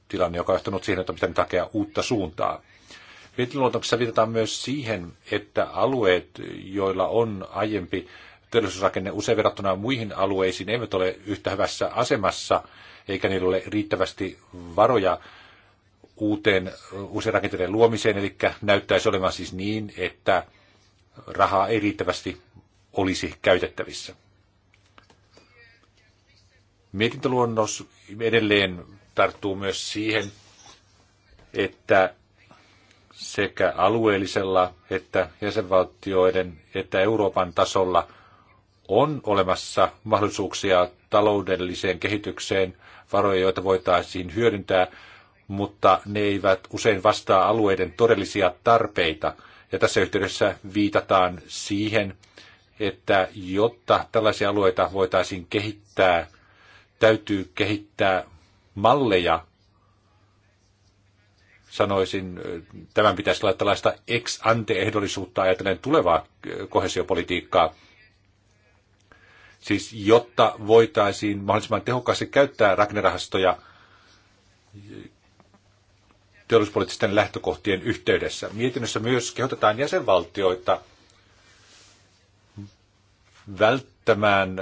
[SPEAKER 3] tilanne, joka on johtanut siihen, että pitää takia hakea uutta suuntaa. Vietiluotoksessa viitataan myös siihen, että alueet, joilla on aiempi teollisuusrakenne usein verrattuna muihin alueisiin, eivät ole yhtä hyvässä asemassa, eikä niillä ole riittävästi varoja uuteen, uusien rakenteiden luomiseen, eli näyttäisi olevan siis niin, että rahaa ei riittävästi olisi käytettävissä. Mietintöluonnos edelleen tarttuu myös siihen, että sekä alueellisella että jäsenvaltioiden että Euroopan tasolla on olemassa mahdollisuuksia taloudelliseen kehitykseen, varoja, joita voitaisiin hyödyntää – mutta ne eivät usein vastaa alueiden todellisia tarpeita. Ja tässä yhteydessä viitataan siihen, että jotta tällaisia alueita voitaisiin kehittää, täytyy kehittää malleja, sanoisin, tämän pitäisi olla tällaista ex ante ehdollisuutta ajatellen tulevaa äh, kohesiopolitiikkaa. Siis jotta voitaisiin mahdollisimman tehokkaasti käyttää rakennerahastoja, teollisuuspoliittisten lähtökohtien yhteydessä. Mietinnössä myös kehotetaan jäsenvaltioita välttämään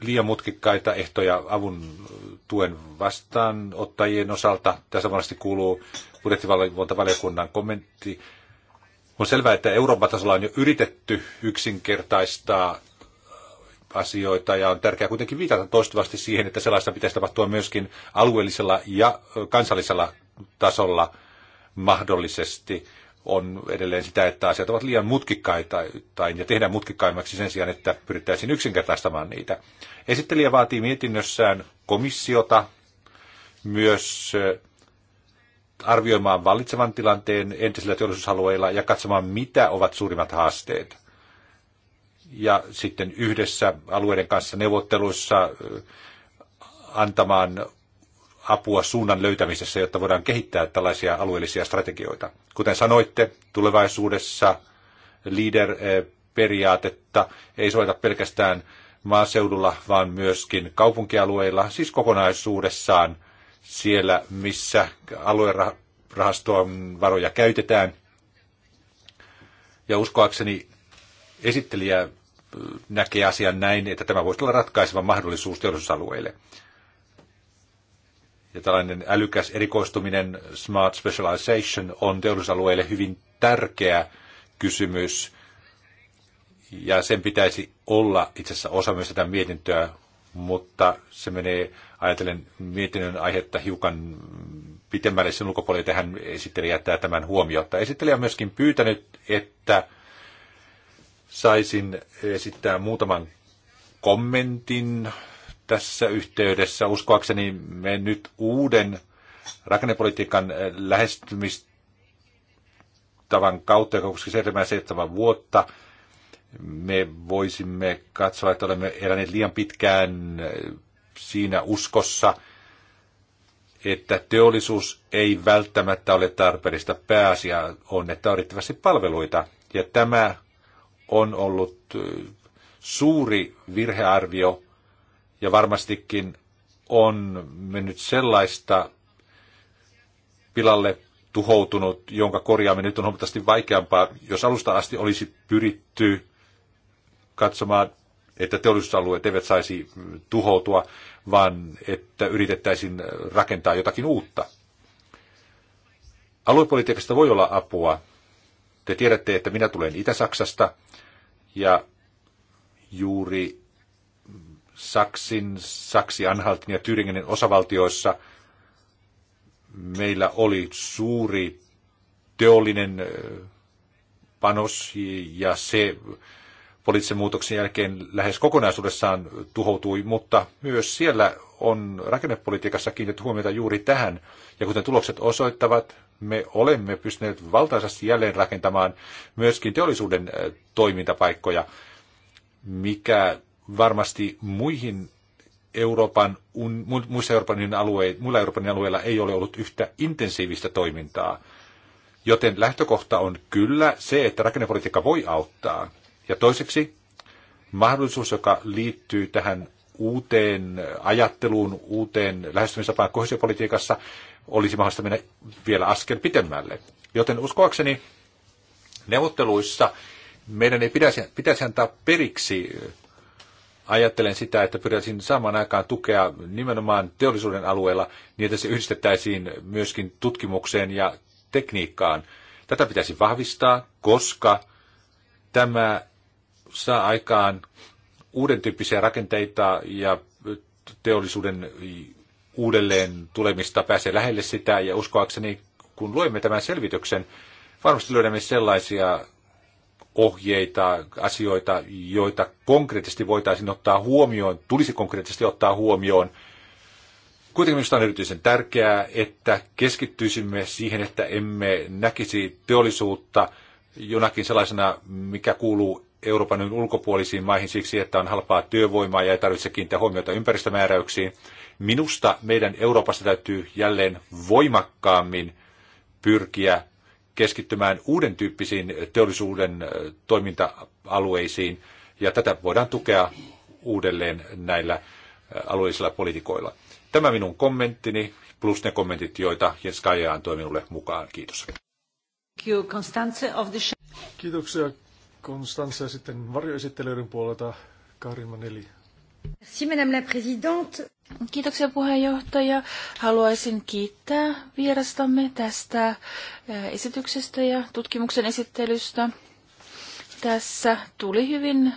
[SPEAKER 3] liian mutkikkaita ehtoja avun tuen vastaanottajien osalta. Tässä varmasti kuuluu budjettivalvontavaliokunnan kommentti. On selvää, että Euroopan tasolla on jo yritetty yksinkertaistaa asioita ja on tärkeää kuitenkin viitata toistuvasti siihen, että sellaista pitäisi tapahtua myöskin alueellisella ja kansallisella tasolla mahdollisesti on edelleen sitä, että asiat ovat liian mutkikkaita tai, ja tehdään mutkikkaimmaksi sen sijaan, että pyrittäisiin yksinkertaistamaan niitä. Esittelijä vaatii mietinnössään komissiota myös arvioimaan vallitsevan tilanteen entisillä teollisuusalueilla ja katsomaan, mitä ovat suurimmat haasteet. Ja sitten yhdessä alueiden kanssa neuvotteluissa antamaan apua suunnan löytämisessä, jotta voidaan kehittää tällaisia alueellisia strategioita. Kuten sanoitte, tulevaisuudessa leader-periaatetta ei soita pelkästään maaseudulla, vaan myöskin kaupunkialueilla, siis kokonaisuudessaan siellä, missä aluerahaston varoja käytetään. Ja uskoakseni esittelijä näkee asian näin, että tämä voisi olla ratkaiseva mahdollisuus teollisuusalueille. Ja tällainen älykäs erikoistuminen, smart specialization, on teollisuusalueille hyvin tärkeä kysymys. Ja sen pitäisi olla itse asiassa osa myös tätä mietintöä, mutta se menee, ajatellen mietinnön aihetta hiukan pitemmälle sen ulkopuolelle, tähän esittelijä jättää tämän huomiota. Esittelijä on myöskin pyytänyt, että saisin esittää muutaman kommentin tässä yhteydessä uskoakseni me nyt uuden rakennepolitiikan eh, lähestymistavan kautta, joka koskee 77 vuotta, me voisimme katsoa, että olemme eläneet liian pitkään eh, siinä uskossa, että teollisuus ei välttämättä ole tarpeellista. Pääasia on, että on riittävästi palveluita. Ja tämä on ollut eh, suuri virhearvio, ja varmastikin on mennyt sellaista pilalle tuhoutunut, jonka korjaaminen nyt on huomattavasti vaikeampaa. Jos alusta asti olisi pyritty katsomaan, että teollisuusalueet eivät saisi tuhoutua, vaan että yritettäisiin rakentaa jotakin uutta. Aluepolitiikasta voi olla apua. Te tiedätte, että minä tulen Itä-Saksasta ja juuri Saksin, Saksi, Anhaltin ja Tyringenin osavaltioissa meillä oli suuri teollinen panos ja se poliittisen muutoksen jälkeen lähes kokonaisuudessaan tuhoutui, mutta myös siellä on rakennepolitiikassa kiinnitetty huomiota juuri tähän. Ja kuten tulokset osoittavat, me olemme pystyneet valtaisesti jälleen rakentamaan myöskin teollisuuden toimintapaikkoja, mikä varmasti muihin Euroopan, muissa Euroopan alueilla, muilla Euroopan alueilla ei ole ollut yhtä intensiivistä toimintaa. Joten lähtökohta on kyllä se, että rakennepolitiikka voi auttaa. Ja toiseksi mahdollisuus, joka liittyy tähän uuteen ajatteluun, uuteen lähestymistapaan kohesiopolitiikassa, olisi mahdollista mennä vielä askel pitemmälle. Joten uskoakseni neuvotteluissa meidän ei pitäisi, pitäisi antaa periksi ajattelen sitä, että pyritään saamaan aikaan tukea nimenomaan teollisuuden alueella niin, että se yhdistettäisiin myöskin tutkimukseen ja tekniikkaan. Tätä pitäisi vahvistaa, koska tämä saa aikaan uuden tyyppisiä rakenteita ja teollisuuden uudelleen tulemista pääsee lähelle sitä ja uskoakseni kun luemme tämän selvityksen, varmasti löydämme sellaisia ohjeita, asioita, joita konkreettisesti voitaisiin ottaa huomioon, tulisi konkreettisesti ottaa huomioon. Kuitenkin minusta on erityisen tärkeää, että keskittyisimme siihen, että emme näkisi teollisuutta jonakin sellaisena, mikä kuuluu Euroopan ulkopuolisiin maihin siksi, että on halpaa työvoimaa ja ei tarvitse kiinnittää huomiota ympäristömääräyksiin. Minusta meidän Euroopassa täytyy jälleen voimakkaammin pyrkiä keskittymään uuden tyyppisiin teollisuuden toiminta-alueisiin, ja tätä voidaan tukea uudelleen näillä alueellisilla politikoilla. Tämä minun kommenttini, plus ne kommentit, joita Jens Kaija antoi minulle mukaan.
[SPEAKER 2] Kiitos. Kiitoksia Konstantse sitten varjoesittelyiden puolelta Karima Neli.
[SPEAKER 4] Merci, Madame la Présidente.
[SPEAKER 1] Kiitoksia puheenjohtaja. Haluaisin kiittää vierastamme tästä esityksestä ja tutkimuksen esittelystä. Tässä tuli hyvin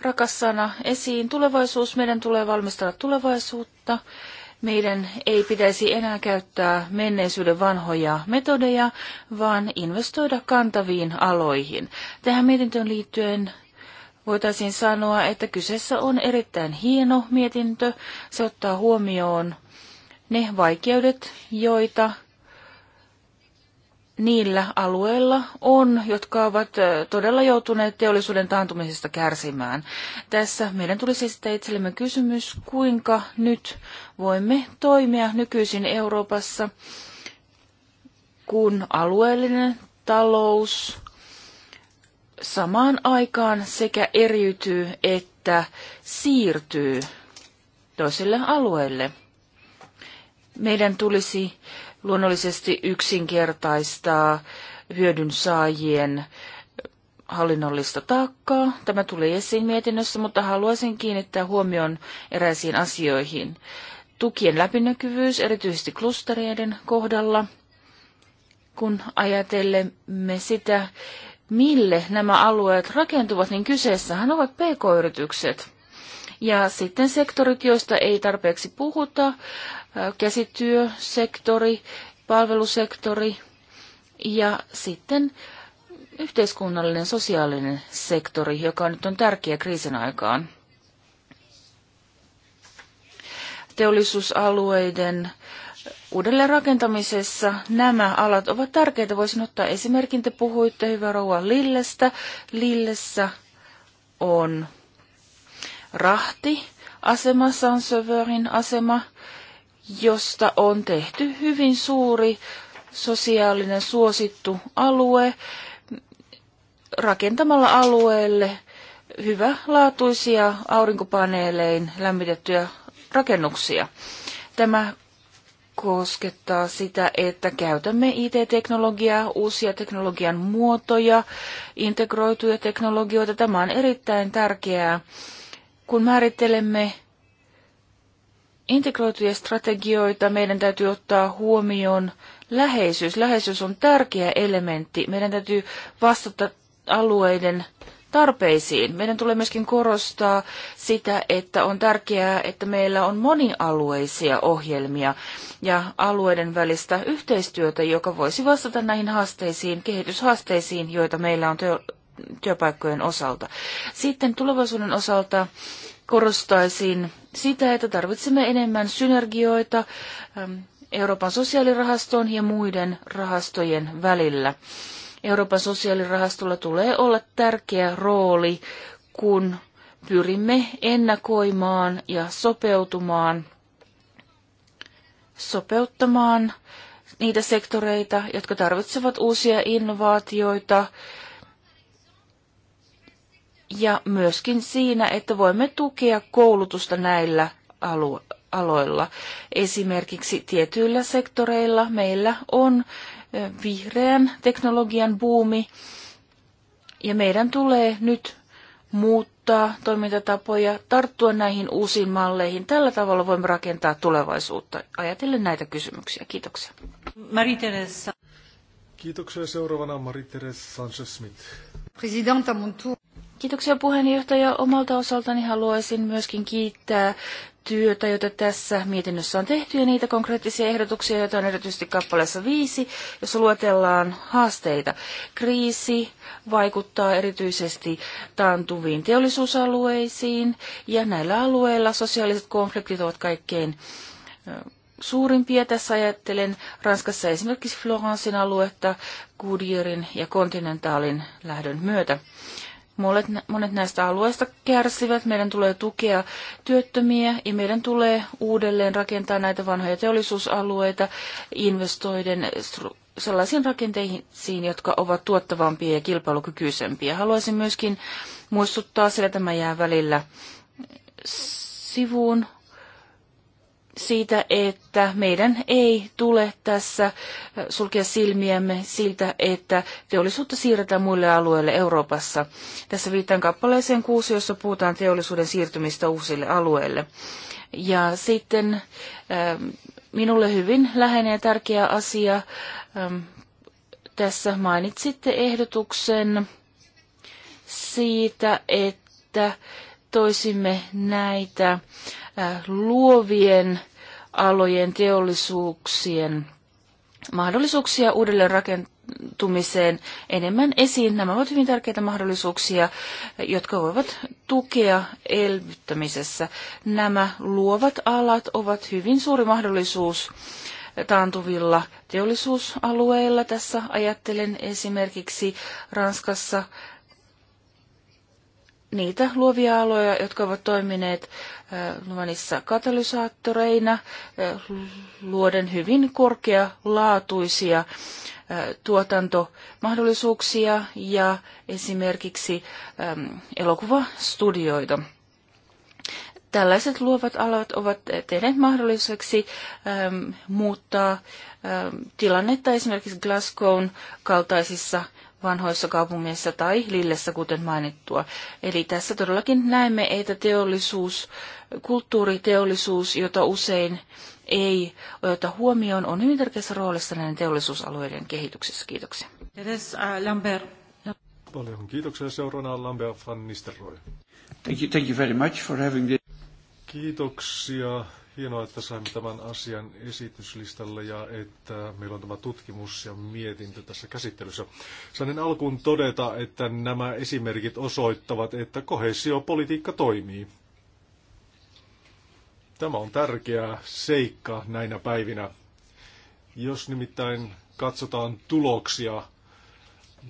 [SPEAKER 1] rakas sana esiin tulevaisuus. Meidän tulee valmistella tulevaisuutta. Meidän ei pitäisi enää käyttää menneisyyden vanhoja metodeja, vaan investoida kantaviin aloihin. Tähän mietintöön liittyen voitaisiin sanoa, että kyseessä on erittäin hieno mietintö. Se ottaa huomioon ne vaikeudet, joita niillä alueilla on, jotka ovat todella joutuneet teollisuuden taantumisesta kärsimään. Tässä meidän tulisi sitten itsellemme kysymys, kuinka nyt voimme toimia nykyisin Euroopassa, kun alueellinen talous samaan aikaan sekä eriytyy että siirtyy toiselle alueelle. Meidän tulisi luonnollisesti yksinkertaistaa hyödyn saajien hallinnollista taakkaa. Tämä tulee esiin mietinnössä, mutta haluaisin kiinnittää huomion eräisiin asioihin. Tukien läpinäkyvyys, erityisesti klustereiden kohdalla, kun ajatellemme sitä, mille nämä alueet rakentuvat, niin kyseessähän ovat pk-yritykset. Ja sitten sektorit, joista ei tarpeeksi puhuta, käsityösektori, palvelusektori ja sitten yhteiskunnallinen sosiaalinen sektori, joka nyt on tärkeä kriisin aikaan. Teollisuusalueiden äh, uudelleenrakentamisessa nämä alat ovat tärkeitä. Voisin ottaa esimerkin, te puhuitte hyvä rouva Lillestä. Lillessä on rahti, asema, Sansöverin asema, josta on tehty hyvin suuri sosiaalinen suosittu alue rakentamalla alueelle laatuisia aurinkopaneelein lämmitettyjä rakennuksia. Tämä koskettaa sitä, että käytämme IT-teknologiaa, uusia teknologian muotoja, integroituja teknologioita. Tämä on erittäin tärkeää, kun määrittelemme integroituja strategioita, meidän täytyy ottaa huomioon läheisyys. Läheisyys on tärkeä elementti. Meidän täytyy vastata alueiden tarpeisiin. Meidän tulee myöskin korostaa sitä, että on tärkeää, että meillä on monialueisia ohjelmia ja alueiden välistä yhteistyötä, joka voisi vastata näihin haasteisiin, kehityshaasteisiin, joita meillä on teo- työpaikkojen osalta. Sitten tulevaisuuden osalta korostaisin sitä, että tarvitsemme enemmän synergioita ähm, Euroopan sosiaalirahaston ja muiden rahastojen välillä. Euroopan sosiaalirahastolla tulee olla tärkeä rooli, kun pyrimme ennakoimaan ja sopeutumaan, sopeuttamaan niitä sektoreita, jotka tarvitsevat uusia innovaatioita, ja myöskin siinä, että voimme tukea koulutusta näillä alue- aloilla. Esimerkiksi tietyillä sektoreilla meillä on vihreän teknologian buumi ja meidän tulee nyt muuttaa toimintatapoja, tarttua näihin uusiin malleihin. Tällä tavalla voimme rakentaa tulevaisuutta. Ajatellen näitä kysymyksiä. Kiitoksia. Marie-Theresa.
[SPEAKER 2] Kiitoksia. Seuraavana Marie-Theresa Sanchez-Smith.
[SPEAKER 1] Presidenta Kiitoksia puheenjohtaja. Omalta osaltani haluaisin myöskin kiittää työtä, jota tässä mietinnössä on tehty ja niitä konkreettisia ehdotuksia, joita on erityisesti kappaleessa viisi, jossa luetellaan haasteita. Kriisi vaikuttaa erityisesti taantuviin teollisuusalueisiin ja näillä alueilla sosiaaliset konfliktit ovat kaikkein suurimpia. Tässä ajattelen Ranskassa esimerkiksi Florensin aluetta Goodyearin ja kontinentaalin lähdön myötä. Monet, monet näistä alueista kärsivät. Meidän tulee tukea työttömiä ja meidän tulee uudelleen rakentaa näitä vanhoja teollisuusalueita investoiden sellaisiin rakenteisiin, jotka ovat tuottavampia ja kilpailukykyisempiä. Haluaisin myöskin muistuttaa, sillä tämä jää välillä sivuun, siitä, että meidän ei tule tässä äh, sulkea silmiämme siltä, että teollisuutta siirretään muille alueille Euroopassa. Tässä viittaan kappaleeseen kuusi, jossa puhutaan teollisuuden siirtymistä uusille alueille. Ja sitten ähm, minulle hyvin läheinen ja tärkeä asia. Ähm, tässä mainitsitte ehdotuksen siitä, että toisimme näitä Äh, luovien alojen teollisuuksien mahdollisuuksia uudelleen rakentumiseen enemmän esiin. Nämä ovat hyvin tärkeitä mahdollisuuksia, jotka voivat tukea elvyttämisessä. Nämä luovat alat ovat hyvin suuri mahdollisuus taantuvilla teollisuusalueilla. Tässä ajattelen esimerkiksi Ranskassa niitä luovia aloja, jotka ovat toimineet Luvanissa katalysaattoreina, luoden hyvin korkealaatuisia tuotantomahdollisuuksia ja esimerkiksi elokuvastudioita. Tällaiset luovat alat ovat tehneet mahdolliseksi muuttaa tilannetta esimerkiksi Glasgown kaltaisissa vanhoissa kaupungeissa tai Lillessä, kuten mainittua. Eli tässä todellakin näemme, että teollisuus, kulttuuriteollisuus, jota usein ei ota huomioon, on hyvin tärkeässä roolissa näiden teollisuusalueiden kehityksessä. Kiitoksia. Edes, äh, Lambert.
[SPEAKER 2] No. Paljon kiitoksia. Seuraavana Lambert van Nistelrooy.
[SPEAKER 1] Thank you, thank you very much for having this.
[SPEAKER 2] Kiitoksia Hienoa, että saimme tämän asian esityslistalle ja että meillä on tämä tutkimus ja mietintö tässä käsittelyssä. Sain alkuun todeta, että nämä esimerkit osoittavat, että kohesiopolitiikka toimii. Tämä on tärkeä seikka näinä päivinä. Jos nimittäin katsotaan tuloksia,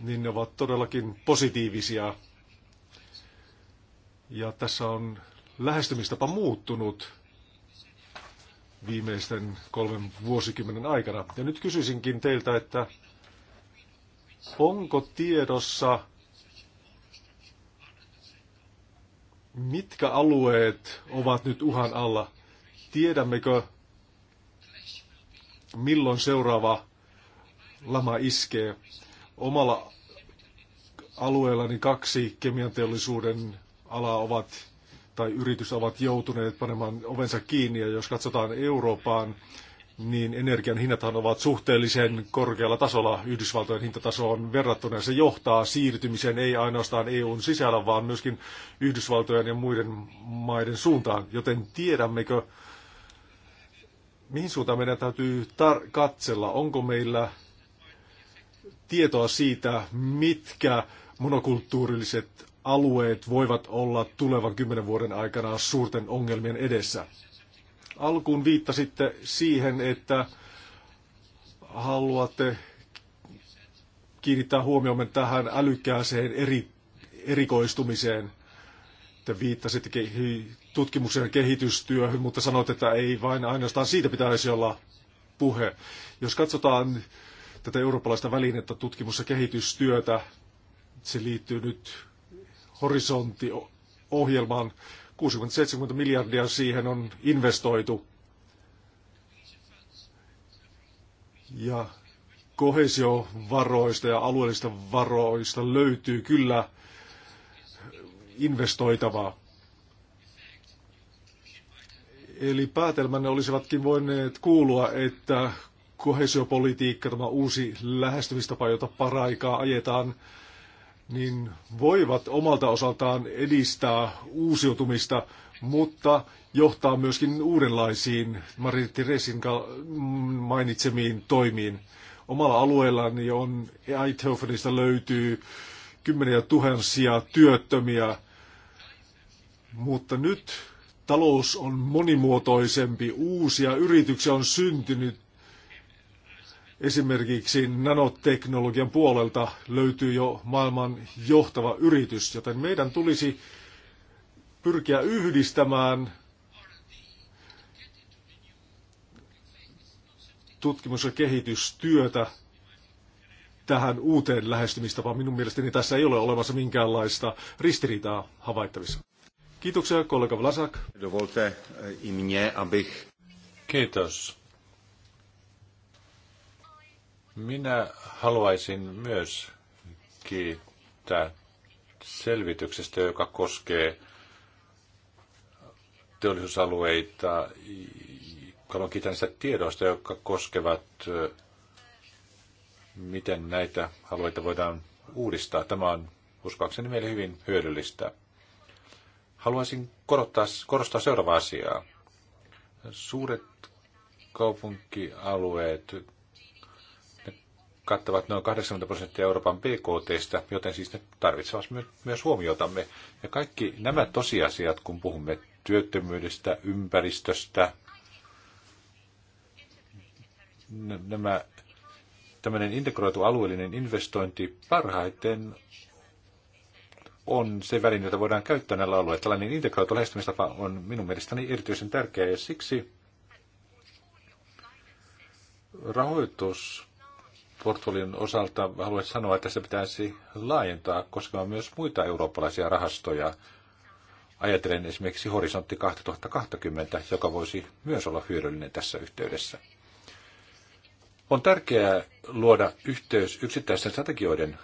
[SPEAKER 2] niin ne ovat todellakin positiivisia. Ja tässä on lähestymistapa muuttunut viimeisten kolmen vuosikymmenen aikana. Ja nyt kysyisinkin teiltä, että onko tiedossa, mitkä alueet ovat nyt uhan alla? Tiedämmekö, milloin seuraava lama iskee? Omalla alueellani kaksi kemianteollisuuden alaa ovat tai yritys ovat joutuneet panemaan ovensa kiinni. Ja jos katsotaan Eurooppaan, niin energian hinnathan ovat suhteellisen korkealla tasolla Yhdysvaltojen hintatasoon verrattuna. Se johtaa siirtymiseen ei ainoastaan EUn sisällä, vaan myöskin Yhdysvaltojen ja muiden maiden suuntaan. Joten tiedämmekö, mihin suuntaan meidän täytyy katsella? Onko meillä tietoa siitä, mitkä monokulttuurilliset alueet voivat olla tulevan kymmenen vuoden aikana suurten ongelmien edessä. Alkuun viittasitte siihen, että haluatte kiinnittää huomiomme tähän älykkääseen eri, erikoistumiseen. Te viittasitte tutkimuksen ja kehitystyöhön, mutta sanoit, että ei vain ainoastaan siitä pitäisi olla puhe. Jos katsotaan tätä eurooppalaista välinettä tutkimus- ja kehitystyötä, se liittyy nyt horisonttiohjelmaan. 60-70 miljardia siihen on investoitu. Ja kohesiovaroista ja alueellista varoista löytyy kyllä investoitavaa. Eli päätelmänne olisivatkin voineet kuulua, että kohesiopolitiikka, tämä uusi lähestymistapa, jota paraikaa ajetaan, niin voivat omalta osaltaan edistää uusiutumista, mutta johtaa myöskin uudenlaisiin Maritti Resin mainitsemiin toimiin. Omalla alueellani on Eithofenista löytyy kymmeniä tuhansia työttömiä, mutta nyt talous on monimuotoisempi, uusia yrityksiä on syntynyt Esimerkiksi nanoteknologian puolelta löytyy jo maailman johtava yritys, joten meidän tulisi pyrkiä yhdistämään tutkimus- ja kehitystyötä tähän uuteen lähestymistapaan. Minun mielestäni tässä ei ole olemassa minkäänlaista ristiriitaa havaittavissa. Kiitoksia kollega Vlasak. Dovolte i abych...
[SPEAKER 3] Kiitos. Minä haluaisin myös kiittää selvityksestä, joka koskee teollisuusalueita. Haluan kiittää niistä tiedoista, jotka koskevat, miten näitä alueita voidaan uudistaa. Tämä on uskoakseni meille hyvin hyödyllistä. Haluaisin korottaa, korostaa seuraavaa asiaa. Suuret kaupunkialueet kattavat noin 80 prosenttia Euroopan BKTstä, joten siis ne tarvitsevat myös huomiotamme. Ja kaikki nämä tosiasiat, kun puhumme työttömyydestä, ympäristöstä, nämä, tämmöinen integroitu alueellinen investointi parhaiten on se väline, jota voidaan käyttää näillä alueilla. Tällainen integroitu lähestymistapa on minun mielestäni erityisen tärkeä ja siksi rahoitus portfolion osalta haluaisin sanoa, että se pitäisi laajentaa koskemaan myös muita eurooppalaisia rahastoja. ajatellen, esimerkiksi Horisontti 2020, joka voisi myös olla hyödyllinen tässä yhteydessä. On tärkeää luoda yhteys yksittäisten strategioiden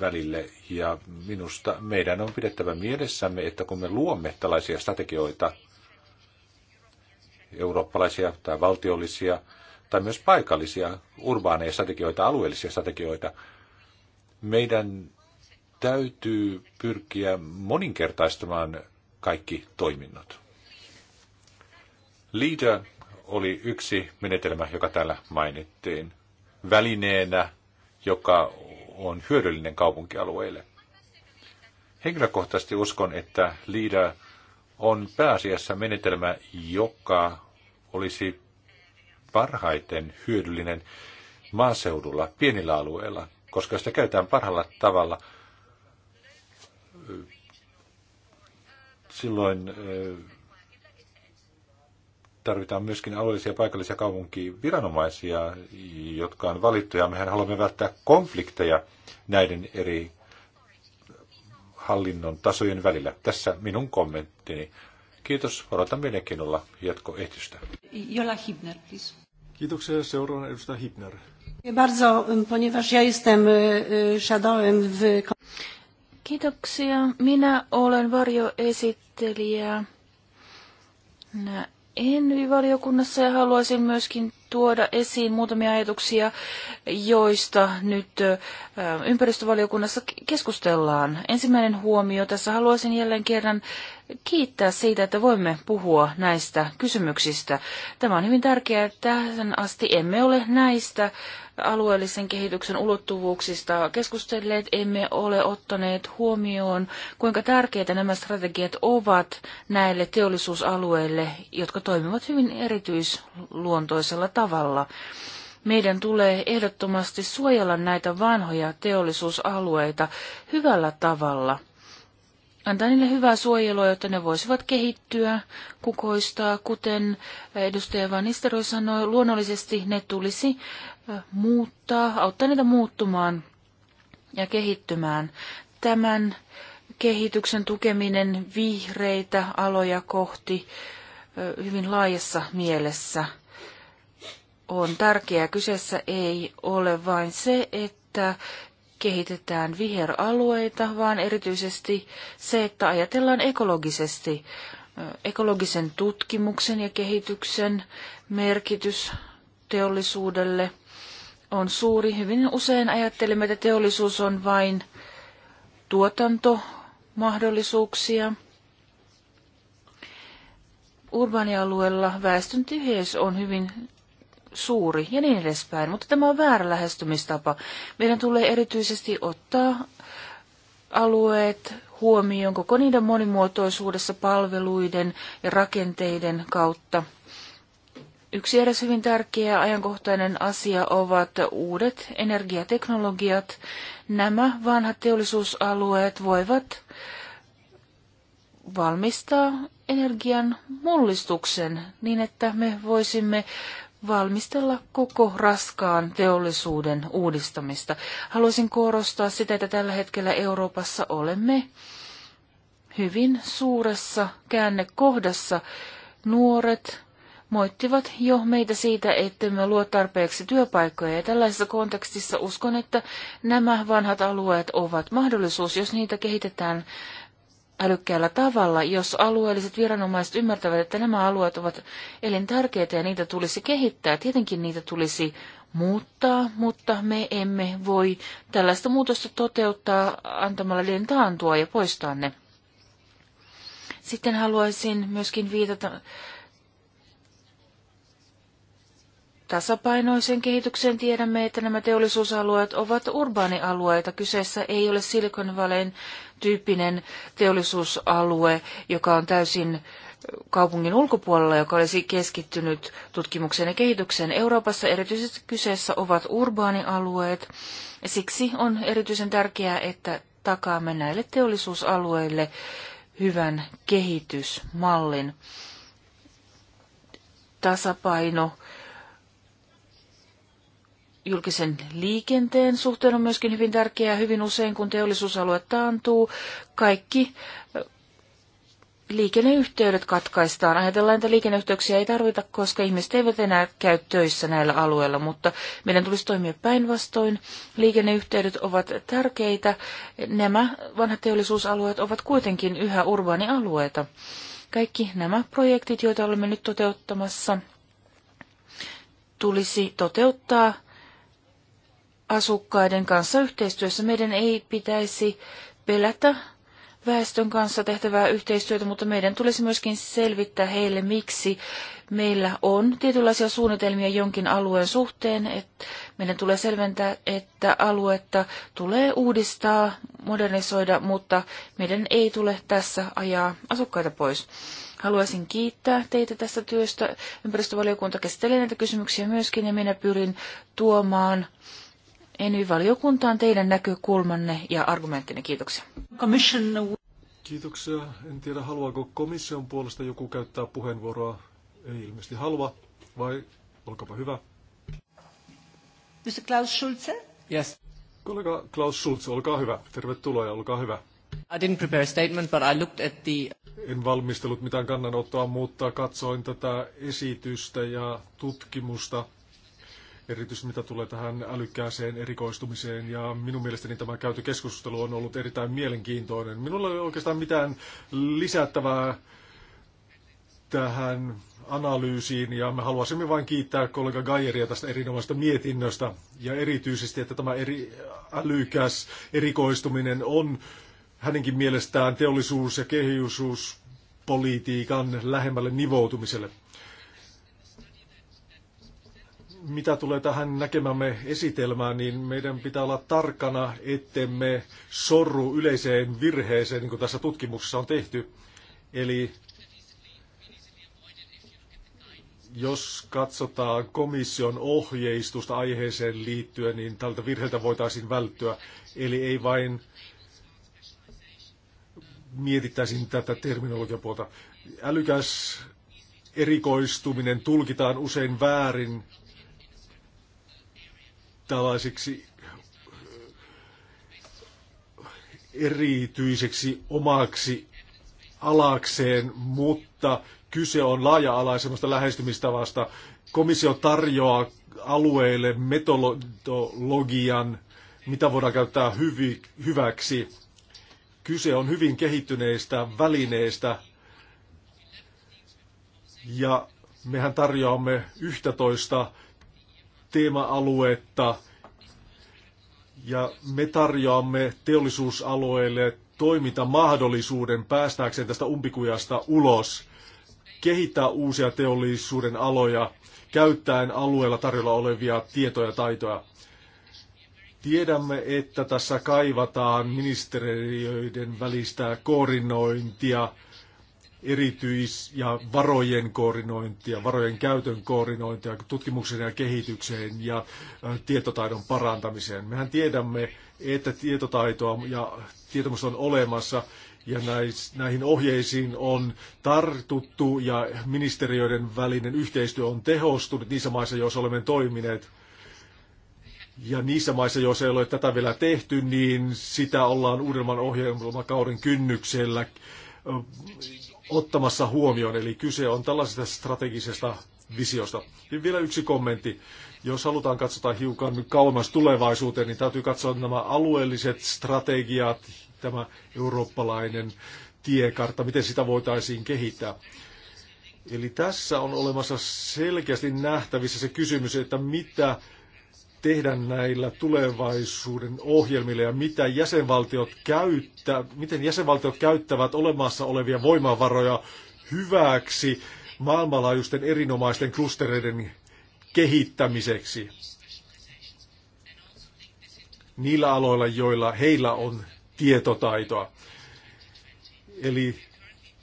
[SPEAKER 3] välille ja minusta meidän on pidettävä mielessämme, että kun me luomme tällaisia strategioita, eurooppalaisia tai valtiollisia, tai myös paikallisia urbaaneja strategioita, alueellisia strategioita. Meidän täytyy pyrkiä moninkertaistamaan kaikki toiminnot. Leader oli yksi menetelmä, joka täällä mainittiin, välineenä, joka on hyödyllinen kaupunkialueille. Henkilökohtaisesti uskon, että Leader on pääasiassa menetelmä, joka olisi parhaiten hyödyllinen maaseudulla, pienillä alueilla, koska sitä käytetään parhaalla tavalla, silloin eh, tarvitaan myöskin alueellisia paikallisia kaupunkiviranomaisia, jotka on valittuja. Mehän haluamme välttää konflikteja näiden eri hallinnon tasojen välillä. Tässä minun kommenttini. Kiitos. Odotan mielenkiinnolla jatkoehtystä.
[SPEAKER 4] Jola Hibner, please.
[SPEAKER 2] Kiitoksia. Seuraavana edustaja Hipner.
[SPEAKER 4] Bardzo, ponieważ ja jestem shadowem w... Kiitoksia. Minä
[SPEAKER 1] olen varjoesittelijä Envi-valiokunnassa ja haluaisin myöskin tuoda esiin muutamia ajatuksia, joista nyt ympäristövaliokunnassa keskustellaan. Ensimmäinen huomio tässä haluaisin jälleen kerran kiittää siitä, että voimme puhua näistä kysymyksistä. Tämä on hyvin tärkeää, että tähän asti emme ole näistä alueellisen kehityksen ulottuvuuksista keskustelleet, emme ole ottaneet huomioon, kuinka tärkeitä nämä strategiat ovat näille teollisuusalueille, jotka toimivat hyvin erityisluontoisella tavalla. Meidän tulee ehdottomasti suojella näitä vanhoja teollisuusalueita hyvällä tavalla antaa niille hyvää suojelua, jotta ne voisivat kehittyä, kukoistaa, kuten edustaja Van Nisteroi sanoi, luonnollisesti ne tulisi muuttaa, auttaa niitä muuttumaan ja kehittymään. Tämän kehityksen tukeminen vihreitä aloja kohti hyvin laajassa mielessä on tärkeää. Kyseessä ei ole vain se, että kehitetään viheralueita, vaan erityisesti se, että ajatellaan ekologisesti. Ekologisen tutkimuksen ja kehityksen merkitys teollisuudelle – on suuri. Hyvin usein ajattelemme, että teollisuus on vain tuotantomahdollisuuksia. Urbaanialueella väestön tiheys on hyvin suuri ja niin edespäin, mutta tämä on väärä lähestymistapa. Meidän tulee erityisesti ottaa alueet huomioon koko niiden monimuotoisuudessa palveluiden ja rakenteiden kautta. Yksi eräs hyvin tärkeä ajankohtainen asia ovat uudet energiateknologiat. Nämä vanhat teollisuusalueet voivat valmistaa energian mullistuksen niin, että me voisimme valmistella koko raskaan teollisuuden uudistamista. Haluaisin korostaa sitä, että tällä hetkellä Euroopassa olemme hyvin suuressa käännekohdassa. Nuoret moittivat jo meitä siitä, että me luo tarpeeksi työpaikkoja. Ja tällaisessa kontekstissa uskon, että nämä vanhat alueet ovat mahdollisuus, jos niitä kehitetään älykkäällä tavalla, jos alueelliset viranomaiset ymmärtävät, että nämä alueet ovat elintärkeitä ja niitä tulisi kehittää. Tietenkin niitä tulisi muuttaa, mutta me emme voi tällaista muutosta toteuttaa antamalla liian taantua ja poistaa ne. Sitten haluaisin myöskin viitata tasapainoisen kehityksen tiedämme, että nämä teollisuusalueet ovat urbaanialueita. Kyseessä ei ole Silicon Valleyn tyyppinen teollisuusalue, joka on täysin kaupungin ulkopuolella, joka olisi keskittynyt tutkimukseen ja kehitykseen. Euroopassa erityisesti kyseessä ovat urbaanialueet. Siksi on erityisen tärkeää, että takaamme näille teollisuusalueille hyvän kehitysmallin. Tasapaino julkisen liikenteen suhteen on myöskin hyvin tärkeää. Hyvin usein, kun teollisuusalue taantuu, kaikki liikenneyhteydet katkaistaan. Ajatellaan, että liikenneyhteyksiä ei tarvita, koska ihmiset eivät enää käy töissä näillä alueilla, mutta meidän tulisi toimia päinvastoin. Liikenneyhteydet ovat tärkeitä. Nämä vanhat teollisuusalueet ovat kuitenkin yhä urbaanialueita. Kaikki nämä projektit, joita olemme nyt toteuttamassa, tulisi toteuttaa asukkaiden kanssa yhteistyössä. Meidän ei pitäisi pelätä väestön kanssa tehtävää yhteistyötä, mutta meidän tulisi myöskin selvittää heille, miksi meillä on tietynlaisia suunnitelmia jonkin alueen suhteen. Että meidän tulee selventää, että aluetta tulee uudistaa, modernisoida, mutta meidän ei tule tässä ajaa asukkaita pois. Haluaisin kiittää teitä tästä työstä. Ympäristövaliokunta käsittelee näitä kysymyksiä myöskin ja minä pyrin tuomaan ENY-valiokuntaan teidän näkökulmanne ja argumenttinne. Kiitoksia.
[SPEAKER 2] Kiitoksia. En tiedä, haluaako komission puolesta joku käyttää puheenvuoroa. Ei ilmeisesti halua, vai olkapa hyvä.
[SPEAKER 1] Mr. Klaus Schulze?
[SPEAKER 2] Yes. Kollega Klaus Schulze, olkaa hyvä. Tervetuloa ja olkaa hyvä.
[SPEAKER 1] I didn't prepare a statement, but
[SPEAKER 2] I looked at the... En valmistellut mitään kannanottoa, mutta katsoin tätä esitystä ja tutkimusta – erityisesti mitä tulee tähän älykkääseen erikoistumiseen. Ja minun mielestäni tämä käyty keskustelu on ollut erittäin mielenkiintoinen. Minulla ei ole oikeastaan mitään lisättävää tähän analyysiin ja me haluaisimme vain kiittää kollega Gajeria tästä erinomaisesta mietinnöstä ja erityisesti, että tämä eri, älykäs erikoistuminen on hänenkin mielestään teollisuus- ja kehiusuuspolitiikan lähemmälle nivoutumiselle mitä tulee tähän näkemämme esitelmään, niin meidän pitää olla tarkkana, ettemme sorru yleiseen virheeseen, niin kuin tässä tutkimuksessa on tehty. Eli jos katsotaan komission ohjeistusta aiheeseen liittyen, niin tältä virheeltä voitaisiin välttyä. Eli ei vain mietittäisiin tätä terminologiapuolta. Älykäs erikoistuminen tulkitaan usein väärin tällaisiksi erityiseksi omaksi alakseen, mutta kyse on laaja-alaisemmasta lähestymistavasta. Komissio tarjoaa alueille metodologian, mitä voidaan käyttää hyvi, hyväksi. Kyse on hyvin kehittyneistä välineistä ja mehän tarjoamme 11 teema-aluetta ja me tarjoamme teollisuusalueille toimintamahdollisuuden päästäkseen tästä umpikujasta ulos, kehittää uusia teollisuuden aloja, käyttäen alueella tarjolla olevia tietoja ja taitoja. Tiedämme, että tässä kaivataan ministeriöiden välistä koordinointia erityis- ja varojen koordinointia, varojen käytön koordinointia tutkimukseen ja kehitykseen ja tietotaidon parantamiseen. Mehän tiedämme, että tietotaitoa ja tietämys on olemassa ja näihin ohjeisiin on tartuttu ja ministeriöiden välinen yhteistyö on tehostunut niissä maissa, joissa olemme toimineet. Ja niissä maissa, joissa ei ole tätä vielä tehty, niin sitä ollaan uudemman ohjelmakauden kynnyksellä ottamassa huomioon, eli kyse on tällaisesta strategisesta visiosta. Ja vielä yksi kommentti. Jos halutaan katsota hiukan kauemmas tulevaisuuteen, niin täytyy katsoa nämä alueelliset strategiat, tämä eurooppalainen tiekartta, miten sitä voitaisiin kehittää. Eli tässä on olemassa selkeästi nähtävissä se kysymys, että mitä tehdä näillä tulevaisuuden ohjelmilla ja mitä jäsenvaltiot käyttää, miten jäsenvaltiot käyttävät olemassa olevia voimavaroja hyväksi maailmanlaajuisten erinomaisten klustereiden kehittämiseksi niillä aloilla, joilla heillä on tietotaitoa. Eli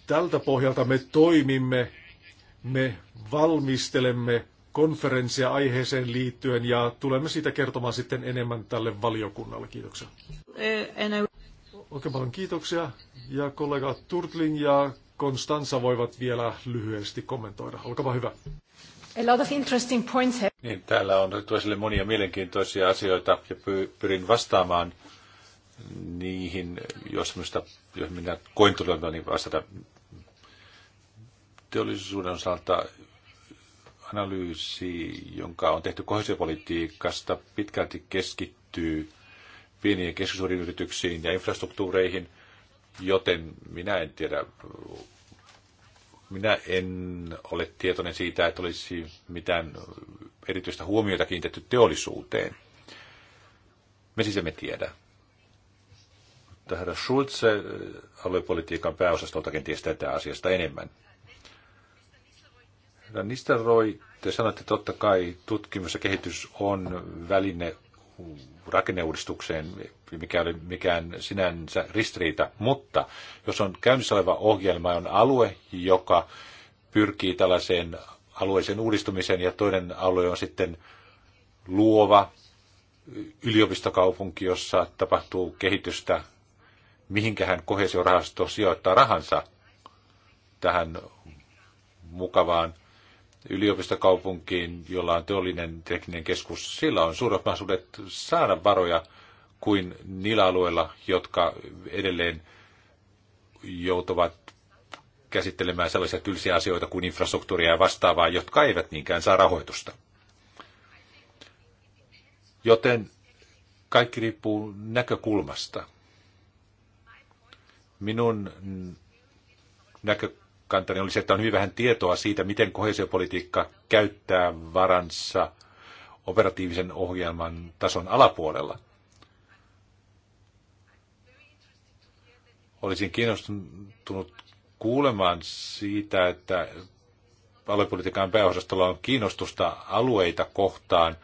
[SPEAKER 2] tältä pohjalta me toimimme, me valmistelemme konferenssia aiheeseen liittyen ja tulemme siitä kertomaan sitten enemmän tälle valiokunnalle. Kiitoksia. Oikein paljon kiitoksia ja kollega Turtling ja Konstansa voivat vielä lyhyesti kommentoida. Olkaa hyvä.
[SPEAKER 4] A lot of interesting points.
[SPEAKER 3] Niin, täällä on otettu esille monia mielenkiintoisia asioita ja pyrin vastaamaan niihin, jos, minusta, jos minä koin tulemaan, niin vastata teollisuuden osalta analyysi, jonka on tehty kohesiopolitiikasta, pitkälti keskittyy pieniin ja keskisuuriin yrityksiin ja infrastruktuureihin, joten minä en tiedä, minä en ole tietoinen siitä, että olisi mitään erityistä huomiota kiinnitetty teollisuuteen. Me siis emme tiedä. Mutta herra Schulze aluepolitiikan pääosastolta kenties tätä asiasta enemmän. Niistä Roy, te sanoitte että totta kai tutkimus ja kehitys on väline rakenneuudistukseen, mikä oli mikään sinänsä ristiriita, mutta jos on käynnissä oleva ohjelma, on alue, joka pyrkii tällaiseen alueeseen uudistumiseen ja toinen alue on sitten luova yliopistokaupunki, jossa tapahtuu kehitystä, mihinkähän kohesiorahasto sijoittaa rahansa tähän mukavaan yliopistokaupunkiin, jolla on teollinen tekninen keskus, sillä on suuret mahdollisuudet saada varoja kuin niillä alueilla, jotka edelleen joutuvat käsittelemään sellaisia tylsiä asioita kuin infrastruktuuria ja vastaavaa, jotka eivät niinkään saa rahoitusta. Joten kaikki riippuu näkökulmasta. Minun näkö, kantani oli se, että on hyvin vähän tietoa siitä, miten kohesiopolitiikka käyttää varansa operatiivisen ohjelman tason alapuolella. Olisin kiinnostunut kuulemaan siitä, että aluepolitiikan pääosastolla on kiinnostusta alueita kohtaan,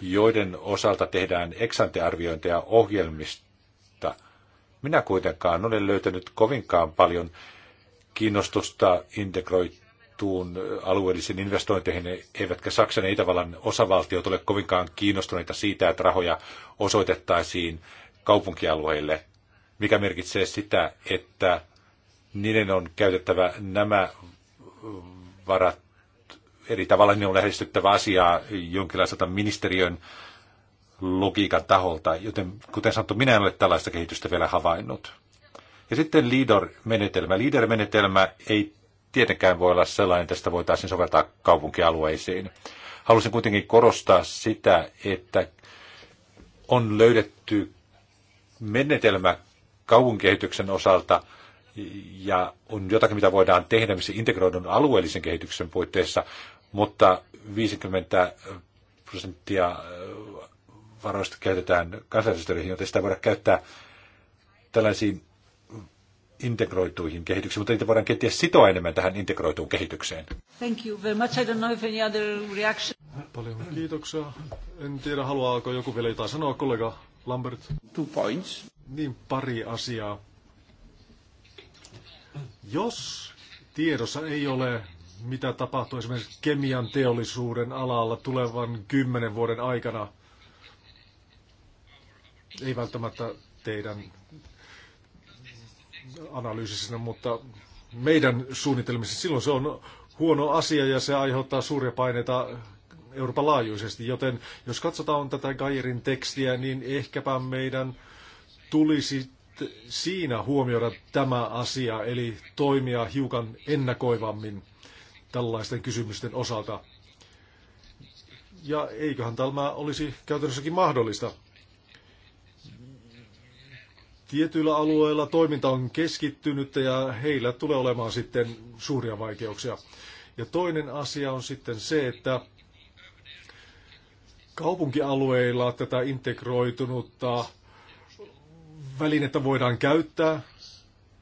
[SPEAKER 3] joiden osalta tehdään eksantearviointeja ohjelmista. Minä kuitenkaan olen löytänyt kovinkaan paljon kiinnostusta integroituun alueellisiin investointeihin, eivätkä Saksan ja Itävallan osavaltiot ole kovinkaan kiinnostuneita siitä, että rahoja osoitettaisiin kaupunkialueille, mikä merkitsee sitä, että niiden on käytettävä nämä varat eri tavalla, niin on lähestyttävä asiaa jonkinlaiselta ministeriön logiikan taholta, joten kuten sanottu, minä en ole tällaista kehitystä vielä havainnut. Ja sitten LEADER-menetelmä. LEADER-menetelmä ei tietenkään voi olla sellainen, sitä voitaisiin soveltaa kaupunkialueisiin. Halusin kuitenkin korostaa sitä, että on löydetty menetelmä kaupunkikehityksen osalta ja on jotakin, mitä voidaan tehdä, missä integroidun alueellisen kehityksen puitteissa, mutta 50 prosenttia varoista käytetään kansallistöihin, joten sitä voidaan käyttää tällaisiin integroituihin kehityksiin, mutta niitä voidaan kenties sitoa enemmän tähän integroituun kehitykseen.
[SPEAKER 1] Thank you very much. I don't know if any other reaction.
[SPEAKER 2] Paljon kiitoksia. En tiedä, haluaako joku vielä jotain sanoa, kollega Lambert. Two points. Niin, pari asiaa. Jos tiedossa ei ole, mitä tapahtuu esimerkiksi kemian teollisuuden alalla tulevan kymmenen vuoden aikana, ei välttämättä teidän analyysissä, mutta meidän suunnitelmissa silloin se on huono asia ja se aiheuttaa suuria paineita Euroopan laajuisesti. Joten jos katsotaan tätä Gairin tekstiä, niin ehkäpä meidän tulisi siinä huomioida tämä asia, eli toimia hiukan ennakoivammin tällaisten kysymysten osalta. Ja eiköhän tämä olisi käytännössäkin mahdollista. Tietyillä alueilla toiminta on keskittynyt ja heillä tulee olemaan sitten suuria vaikeuksia. Ja toinen asia on sitten se, että kaupunkialueilla tätä integroitunutta välinettä voidaan käyttää.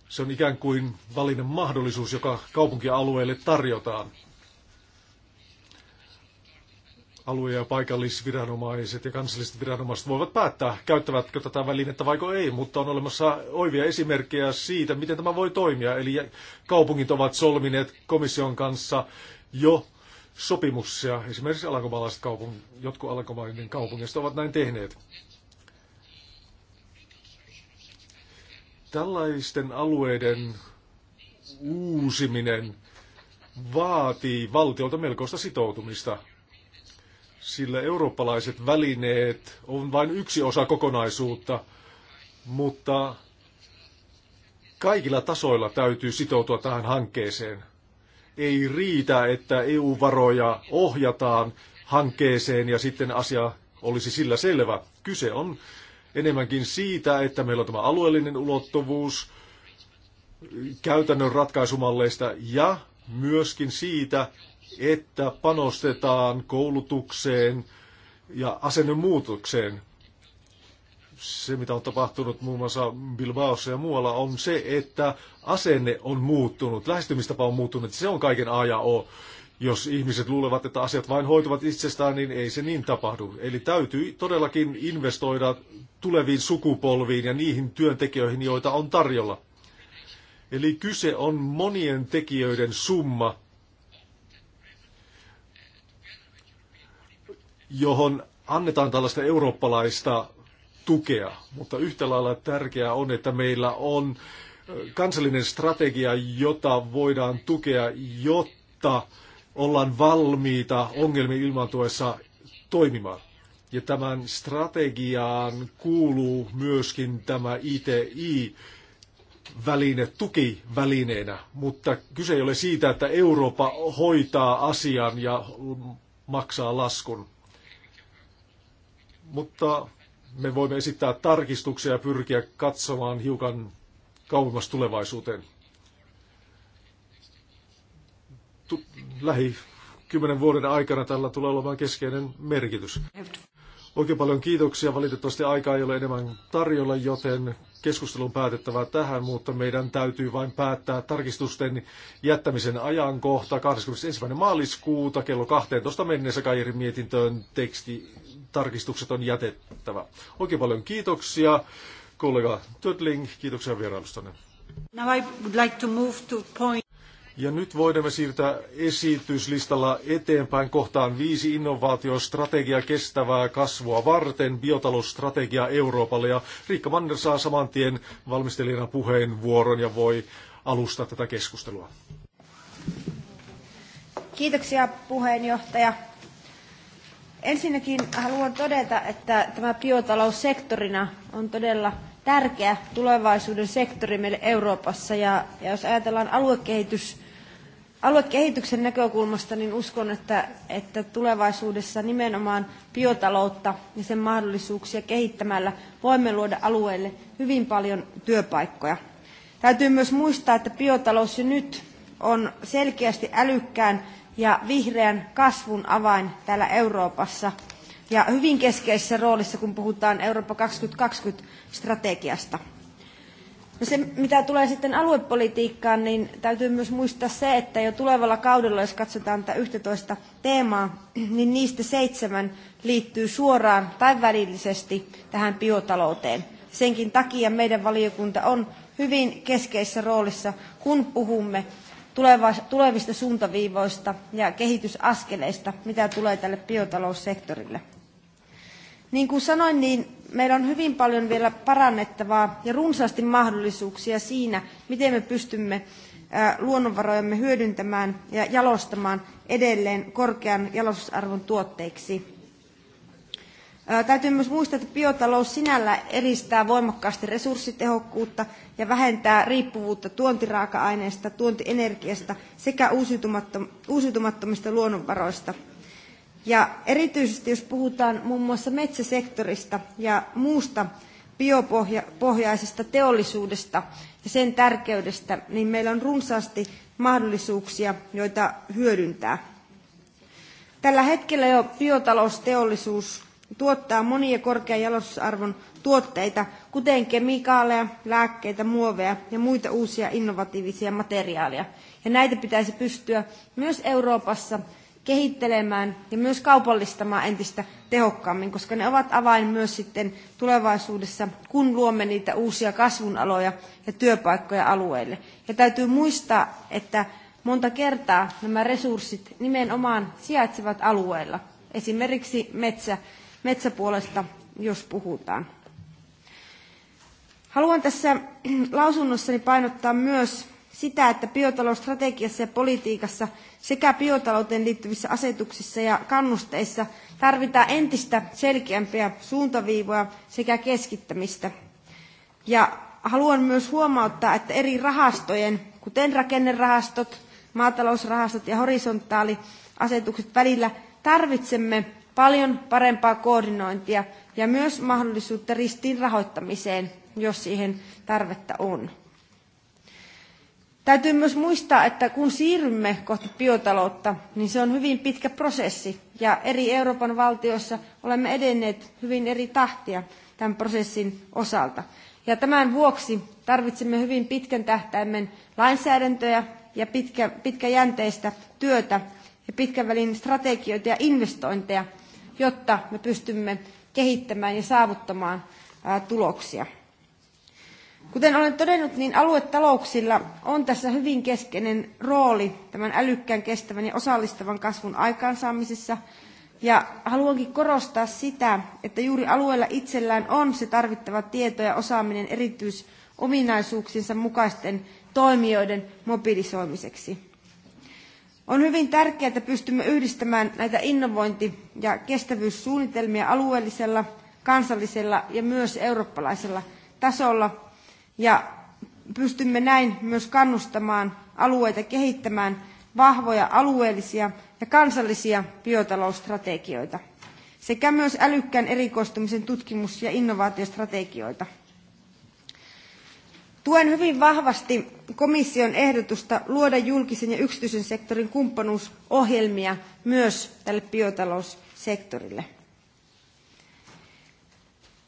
[SPEAKER 2] Se on ikään kuin valinnan mahdollisuus, joka kaupunkialueelle tarjotaan alue- ja paikallisviranomaiset ja kansalliset viranomaiset voivat päättää, käyttävätkö tätä välinettä vaiko ei, mutta on olemassa oivia esimerkkejä siitä, miten tämä voi toimia. Eli kaupungit ovat solmineet komission kanssa jo sopimuksia, esimerkiksi alankomaalaiset kaupungit, jotkut alankomaiden kaupungit ovat näin tehneet. Tällaisten alueiden uusiminen vaatii valtiolta melkoista sitoutumista sillä eurooppalaiset välineet on vain yksi osa kokonaisuutta, mutta kaikilla tasoilla täytyy sitoutua tähän hankkeeseen. Ei riitä, että EU-varoja ohjataan hankkeeseen ja sitten asia olisi sillä selvä. Kyse on enemmänkin siitä, että meillä on tämä alueellinen ulottuvuus käytännön ratkaisumalleista ja myöskin siitä, että panostetaan koulutukseen ja asennemuutokseen. Se, mitä on tapahtunut muun muassa Bilbaossa ja muualla, on se, että asenne on muuttunut, lähestymistapa on muuttunut. Se on kaiken A ja O. Jos ihmiset luulevat, että asiat vain hoituvat itsestään, niin ei se niin tapahdu. Eli täytyy todellakin investoida tuleviin sukupolviin ja niihin työntekijöihin, joita on tarjolla. Eli kyse on monien tekijöiden summa, johon annetaan tällaista eurooppalaista tukea. Mutta yhtä lailla tärkeää on, että meillä on kansallinen strategia, jota voidaan tukea, jotta ollaan valmiita ongelmien ilmaantuessa toimimaan. Ja tämän strategiaan kuuluu myöskin tämä ITI, väline tukivälineenä, mutta kyse ei ole siitä, että Eurooppa hoitaa asian ja maksaa laskun. Mutta me voimme esittää tarkistuksia ja pyrkiä katsomaan hiukan kauemmas tulevaisuuteen. Tu- lähi kymmenen vuoden aikana tällä tulee olemaan keskeinen merkitys. Oikein paljon kiitoksia. Valitettavasti aikaa ei ole enemmän tarjolla, joten keskustelun päätettävää tähän, mutta meidän täytyy vain päättää tarkistusten jättämisen ajankohta 21. maaliskuuta kello 12 mennessä Kairin mietintöön teksti tarkistukset on jätettävä. Oikein paljon kiitoksia kollega Tödling, kiitoksia vierailustanne.
[SPEAKER 1] Now I would like
[SPEAKER 2] to move to point... Ja nyt voidaan siirtää esityslistalla eteenpäin kohtaan viisi innovaatiostrategia kestävää kasvua varten, biotalousstrategia Euroopalle. Ja Riikka Manner saa saman tien valmistelijana puheenvuoron ja voi alustaa tätä keskustelua.
[SPEAKER 4] Kiitoksia puheenjohtaja. Ensinnäkin haluan todeta, että tämä biotalous sektorina on todella tärkeä tulevaisuuden sektori meille Euroopassa. Ja, ja jos ajatellaan aluekehitys, aluekehityksen näkökulmasta, niin uskon, että, että tulevaisuudessa nimenomaan biotaloutta ja sen mahdollisuuksia kehittämällä voimme luoda alueelle hyvin paljon työpaikkoja. Täytyy myös muistaa, että biotalous jo nyt on selkeästi älykkään ja vihreän kasvun avain täällä Euroopassa ja hyvin keskeisessä roolissa, kun puhutaan Eurooppa 2020-strategiasta. No se, mitä tulee sitten aluepolitiikkaan, niin täytyy myös muistaa se, että jo tulevalla kaudella, jos katsotaan tätä 11 teemaa, niin niistä seitsemän liittyy suoraan tai välillisesti tähän biotalouteen. Senkin takia meidän valiokunta on hyvin keskeisessä roolissa, kun puhumme tulevista suuntaviivoista ja kehitysaskeleista, mitä tulee tälle biotaloussektorille. Niin kuin sanoin, niin meillä on hyvin paljon vielä parannettavaa ja runsaasti mahdollisuuksia siinä, miten me pystymme luonnonvarojamme hyödyntämään ja jalostamaan edelleen korkean jalostusarvon tuotteiksi. Täytyy myös muistaa, että biotalous sinällä edistää voimakkaasti resurssitehokkuutta ja vähentää riippuvuutta tuontiraaka-aineista, tuontienergiasta sekä uusiutumattomista luonnonvaroista. Ja erityisesti jos puhutaan muun muassa metsäsektorista ja muusta biopohjaisesta teollisuudesta ja sen tärkeydestä, niin meillä on runsaasti mahdollisuuksia, joita hyödyntää. Tällä hetkellä jo biotalousteollisuus tuottaa monia korkean jalostusarvon tuotteita, kuten kemikaaleja, lääkkeitä, muoveja ja muita uusia innovatiivisia materiaaleja. Ja näitä pitäisi pystyä myös Euroopassa kehittelemään ja myös kaupallistamaan entistä tehokkaammin, koska ne ovat avain myös sitten tulevaisuudessa, kun luomme niitä uusia kasvunaloja ja työpaikkoja alueille. Ja täytyy muistaa, että monta kertaa nämä resurssit nimenomaan sijaitsevat alueilla, esimerkiksi metsä- metsäpuolesta, jos puhutaan. Haluan tässä lausunnossani painottaa myös sitä, että biotalousstrategiassa ja politiikassa sekä biotalouteen liittyvissä asetuksissa ja kannusteissa tarvitaan entistä selkeämpiä suuntaviivoja sekä keskittämistä. Ja haluan myös huomauttaa, että eri rahastojen, kuten rakennerahastot, maatalousrahastot ja horisontaaliasetukset välillä tarvitsemme paljon parempaa koordinointia ja myös mahdollisuutta ristiin rahoittamiseen, jos siihen tarvetta on. Täytyy myös muistaa, että kun siirrymme kohti biotaloutta, niin se on hyvin pitkä prosessi ja eri Euroopan valtioissa olemme edenneet hyvin eri tahtia tämän prosessin osalta. Ja tämän vuoksi tarvitsemme hyvin pitkän tähtäimen lainsäädäntöä ja pitkä, pitkäjänteistä työtä ja pitkän välin strategioita ja investointeja, jotta me pystymme kehittämään ja saavuttamaan tuloksia. Kuten olen todennut, niin aluetalouksilla on tässä hyvin keskeinen rooli tämän älykkään, kestävän ja osallistavan kasvun aikaansaamisessa. Ja haluankin korostaa sitä, että juuri alueella itsellään on se tarvittava tieto ja osaaminen erityisominaisuuksinsa mukaisten toimijoiden mobilisoimiseksi. On hyvin tärkeää, että pystymme yhdistämään näitä innovointi- ja kestävyyssuunnitelmia alueellisella, kansallisella ja myös eurooppalaisella tasolla ja pystymme näin myös kannustamaan alueita kehittämään vahvoja alueellisia ja kansallisia biotalousstrategioita sekä myös älykkään erikoistumisen tutkimus- ja innovaatiostrategioita – Tuen hyvin vahvasti komission ehdotusta luoda julkisen ja yksityisen sektorin kumppanuusohjelmia myös tälle biotaloussektorille.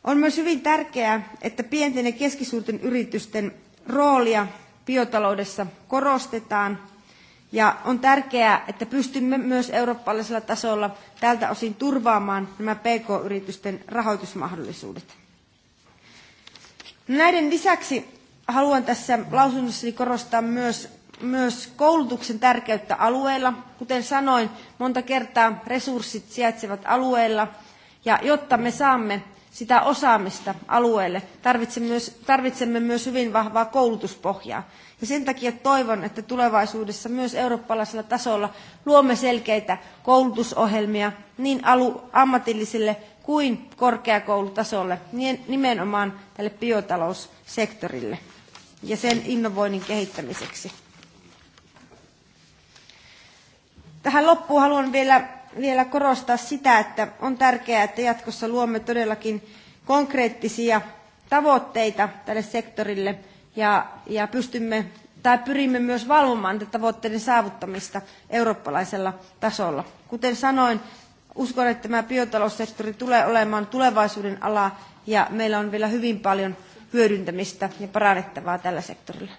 [SPEAKER 4] On myös hyvin tärkeää, että pienten ja keskisuurten yritysten roolia biotaloudessa korostetaan ja on tärkeää, että pystymme myös eurooppalaisella tasolla tältä osin turvaamaan nämä PK-yritysten rahoitusmahdollisuudet. Näiden lisäksi haluan tässä lausunnossani korostaa myös, myös koulutuksen tärkeyttä alueilla. Kuten sanoin, monta kertaa resurssit sijaitsevat alueilla, ja jotta me saamme sitä osaamista alueelle, tarvitsemme myös, tarvitsemme myös hyvin vahvaa koulutuspohjaa. Ja sen takia toivon, että tulevaisuudessa myös eurooppalaisella tasolla luomme selkeitä koulutusohjelmia niin alu, ammatilliselle kuin korkeakoulutasolle, nimenomaan tälle biotaloussektorille ja sen innovoinnin kehittämiseksi. Tähän loppuun haluan vielä, vielä korostaa sitä, että on tärkeää, että jatkossa luomme todellakin konkreettisia tavoitteita tälle sektorille ja, ja pystymme tai pyrimme myös valvomaan tavoitteiden saavuttamista eurooppalaisella tasolla. Kuten sanoin, uskon, että tämä biotaloussektori tulee olemaan tulevaisuuden ala ja meillä on vielä hyvin paljon hyödyntämistä ja parannettavaa tällä sektorilla.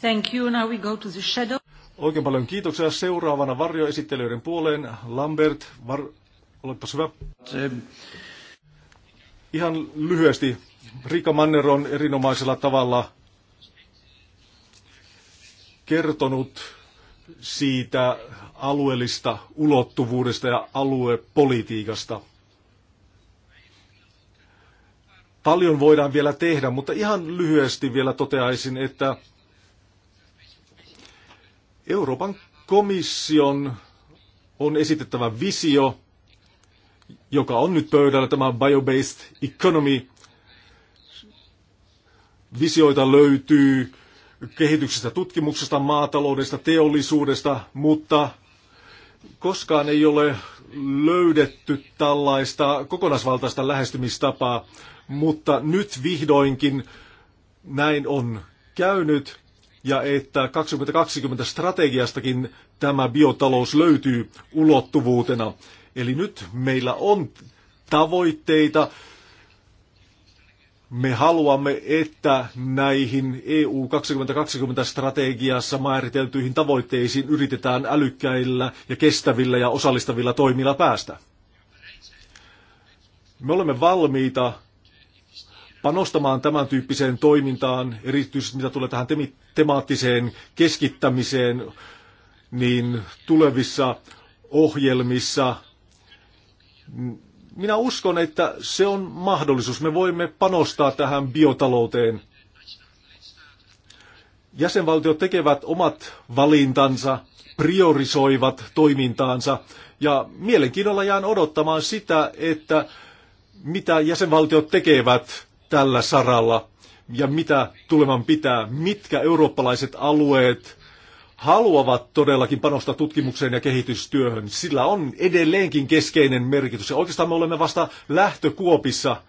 [SPEAKER 4] Thank you. Now we
[SPEAKER 1] go to the shadow.
[SPEAKER 2] Oikein paljon kiitoksia. Seuraavana varjoesittelijöiden puoleen. Lambert, var... olepas hyvä. Ihan lyhyesti. Rika Manner on erinomaisella tavalla kertonut siitä alueellista ulottuvuudesta ja aluepolitiikasta. Paljon voidaan vielä tehdä, mutta ihan lyhyesti vielä toteaisin, että Euroopan komission on esitettävä visio, joka on nyt pöydällä, tämä Biobased Economy. Visioita löytyy kehityksestä, tutkimuksesta, maataloudesta, teollisuudesta, mutta koskaan ei ole löydetty tällaista kokonaisvaltaista lähestymistapaa, mutta nyt vihdoinkin näin on käynyt ja että 2020 strategiastakin tämä biotalous löytyy ulottuvuutena. Eli nyt meillä on tavoitteita, me haluamme, että näihin EU 2020-strategiassa määriteltyihin tavoitteisiin yritetään älykkäillä ja kestävillä ja osallistavilla toimilla päästä. Me olemme valmiita panostamaan tämän tyyppiseen toimintaan, erityisesti mitä tulee tähän temaattiseen keskittämiseen, niin tulevissa ohjelmissa minä uskon, että se on mahdollisuus. Me voimme panostaa tähän biotalouteen. Jäsenvaltiot tekevät omat valintansa, priorisoivat toimintaansa ja mielenkiinnolla jään odottamaan sitä, että mitä jäsenvaltiot tekevät tällä saralla ja mitä tuleman pitää, mitkä eurooppalaiset alueet haluavat todellakin panostaa tutkimukseen ja kehitystyöhön. Sillä on edelleenkin keskeinen merkitys. Ja oikeastaan me olemme vasta lähtökuopissa.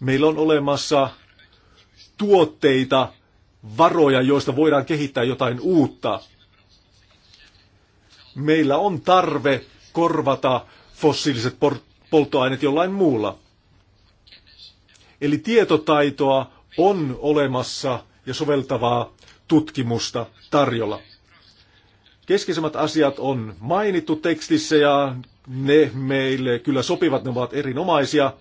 [SPEAKER 2] Meillä on olemassa tuotteita, varoja, joista voidaan kehittää jotain uutta. Meillä on tarve korvata fossiiliset polttoaineet jollain muulla. Eli tietotaitoa on olemassa ja soveltavaa tutkimusta tarjolla. Keskeisemmät asiat on mainittu tekstissä ja ne meille kyllä sopivat, ne ovat erinomaisia.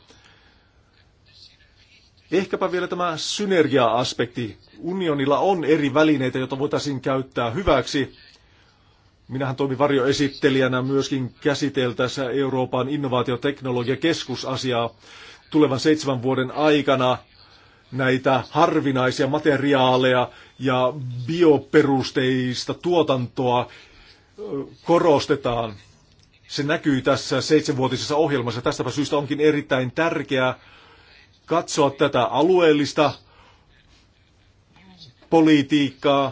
[SPEAKER 2] Ehkäpä vielä tämä synergia-aspekti. Unionilla on eri välineitä, joita voitaisiin käyttää hyväksi. Minähän toimin varjoesittelijänä myöskin käsiteltäessä Euroopan innovaatioteknologiakeskusasiaa tulevan seitsemän vuoden aikana näitä harvinaisia materiaaleja ja bioperusteista tuotantoa korostetaan. Se näkyy tässä seitsemänvuotisessa ohjelmassa. Tästäpä syystä onkin erittäin tärkeää katsoa tätä alueellista politiikkaa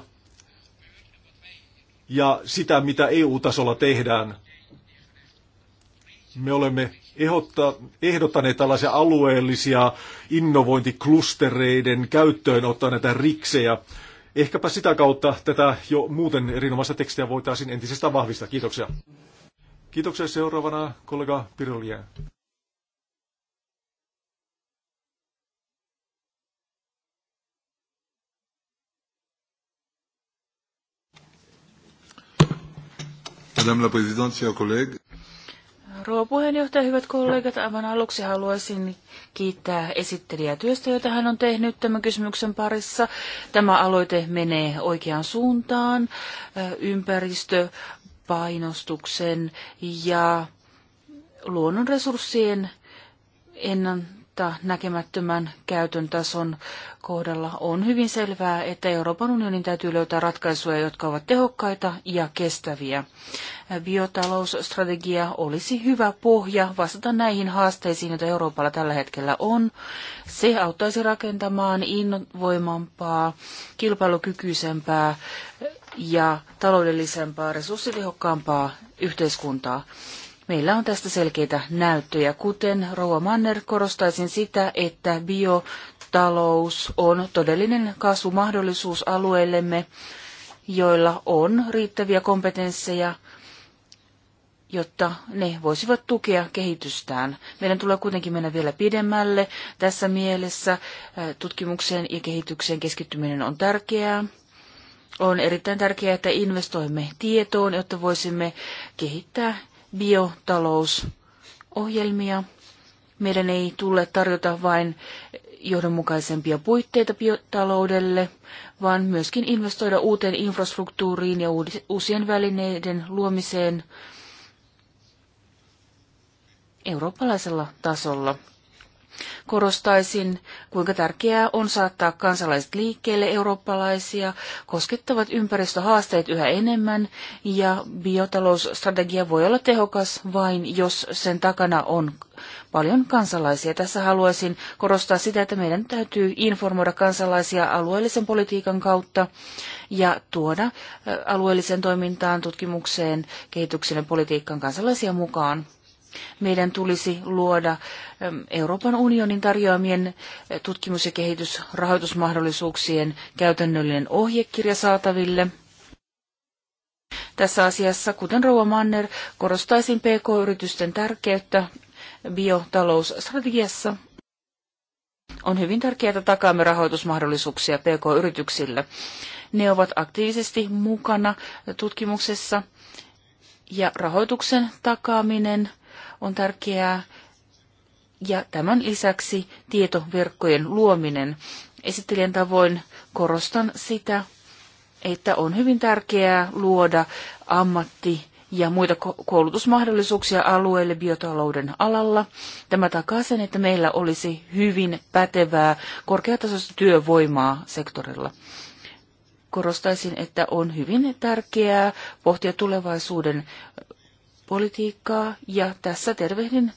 [SPEAKER 2] ja sitä, mitä EU-tasolla tehdään. Me olemme ehdottaneet tällaisia alueellisia innovointiklustereiden käyttöön ottaa näitä riksejä. Ehkäpä sitä kautta tätä jo muuten erinomaista tekstiä voitaisiin entisestään vahvistaa. Kiitoksia. Kiitoksia seuraavana kollega Pirolien. Madame la Présidente, chers collègues.
[SPEAKER 1] Rouva puheenjohtaja, hyvät kollegat, aivan aluksi haluaisin kiittää esittelijää työstä, jota hän on tehnyt tämän kysymyksen parissa. Tämä aloite menee oikeaan suuntaan ympäristöpainostuksen ja luonnonresurssien ennan mutta näkemättömän käytön tason kohdalla on hyvin selvää, että Euroopan unionin täytyy löytää ratkaisuja, jotka ovat tehokkaita ja kestäviä. Biotalousstrategia olisi hyvä pohja vastata näihin haasteisiin, joita Euroopalla tällä hetkellä on. Se auttaisi rakentamaan innovoimampaa, kilpailukykyisempää ja taloudellisempaa, resurssitehokkaampaa yhteiskuntaa. Meillä on tästä selkeitä näyttöjä, kuten Rouva Manner korostaisin sitä, että biotalous on todellinen kasvumahdollisuus alueellemme, joilla on riittäviä kompetensseja, jotta ne voisivat tukea kehitystään. Meidän tulee kuitenkin mennä vielä pidemmälle. Tässä mielessä äh, tutkimukseen ja kehitykseen keskittyminen on tärkeää. On erittäin tärkeää, että investoimme tietoon, jotta voisimme kehittää biotalousohjelmia. Meidän ei tule tarjota vain johdonmukaisempia puitteita biotaloudelle, vaan myöskin investoida uuteen infrastruktuuriin ja uusien välineiden luomiseen eurooppalaisella tasolla. Korostaisin, kuinka tärkeää on saattaa kansalaiset liikkeelle eurooppalaisia, koskettavat ympäristöhaasteet yhä enemmän, ja biotalousstrategia voi olla tehokas vain, jos sen takana on paljon kansalaisia. Tässä haluaisin korostaa sitä, että meidän täytyy informoida kansalaisia alueellisen politiikan kautta ja tuoda alueelliseen toimintaan, tutkimukseen, kehityksen ja politiikkaan kansalaisia mukaan. Meidän tulisi luoda ähm, Euroopan unionin tarjoamien äh, tutkimus- ja kehitysrahoitusmahdollisuuksien käytännöllinen ohjekirja saataville. Tässä asiassa, kuten Rouva Manner, korostaisin PK-yritysten tärkeyttä biotalousstrategiassa. On hyvin tärkeää, että takaamme rahoitusmahdollisuuksia PK-yrityksille. Ne ovat aktiivisesti mukana tutkimuksessa ja rahoituksen takaaminen – on tärkeää. Ja tämän lisäksi tietoverkkojen luominen. Esittelijän tavoin korostan sitä, että on hyvin tärkeää luoda ammatti ja muita koulutusmahdollisuuksia alueelle biotalouden alalla. Tämä takaa sen, että meillä olisi hyvin pätevää korkeatasoista työvoimaa sektorilla. Korostaisin, että on hyvin tärkeää pohtia tulevaisuuden politiikkaa ja tässä tervehdin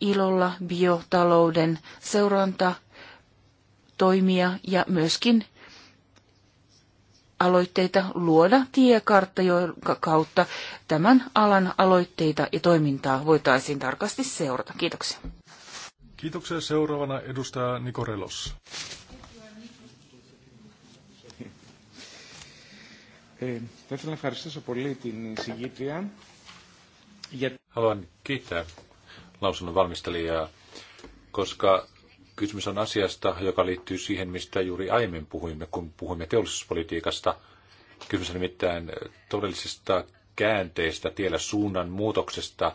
[SPEAKER 1] ilolla biotalouden seuranta toimia ja myöskin aloitteita luoda tiekartta, jonka kautta tämän alan aloitteita ja toimintaa voitaisiin tarkasti seurata. Kiitoksia. Kiitoksia. Seuraavana edustaja
[SPEAKER 2] Nikorelos. Θα ήθελα να ευχαριστήσω πολύ την εισηγήτρια
[SPEAKER 3] Haluan kiittää lausunnon valmistelijaa, koska kysymys on asiasta, joka liittyy siihen, mistä juuri aiemmin puhuimme, kun puhuimme teollisuuspolitiikasta. Kysymys on nimittäin todellisesta käänteestä, tiellä suunnan muutoksesta.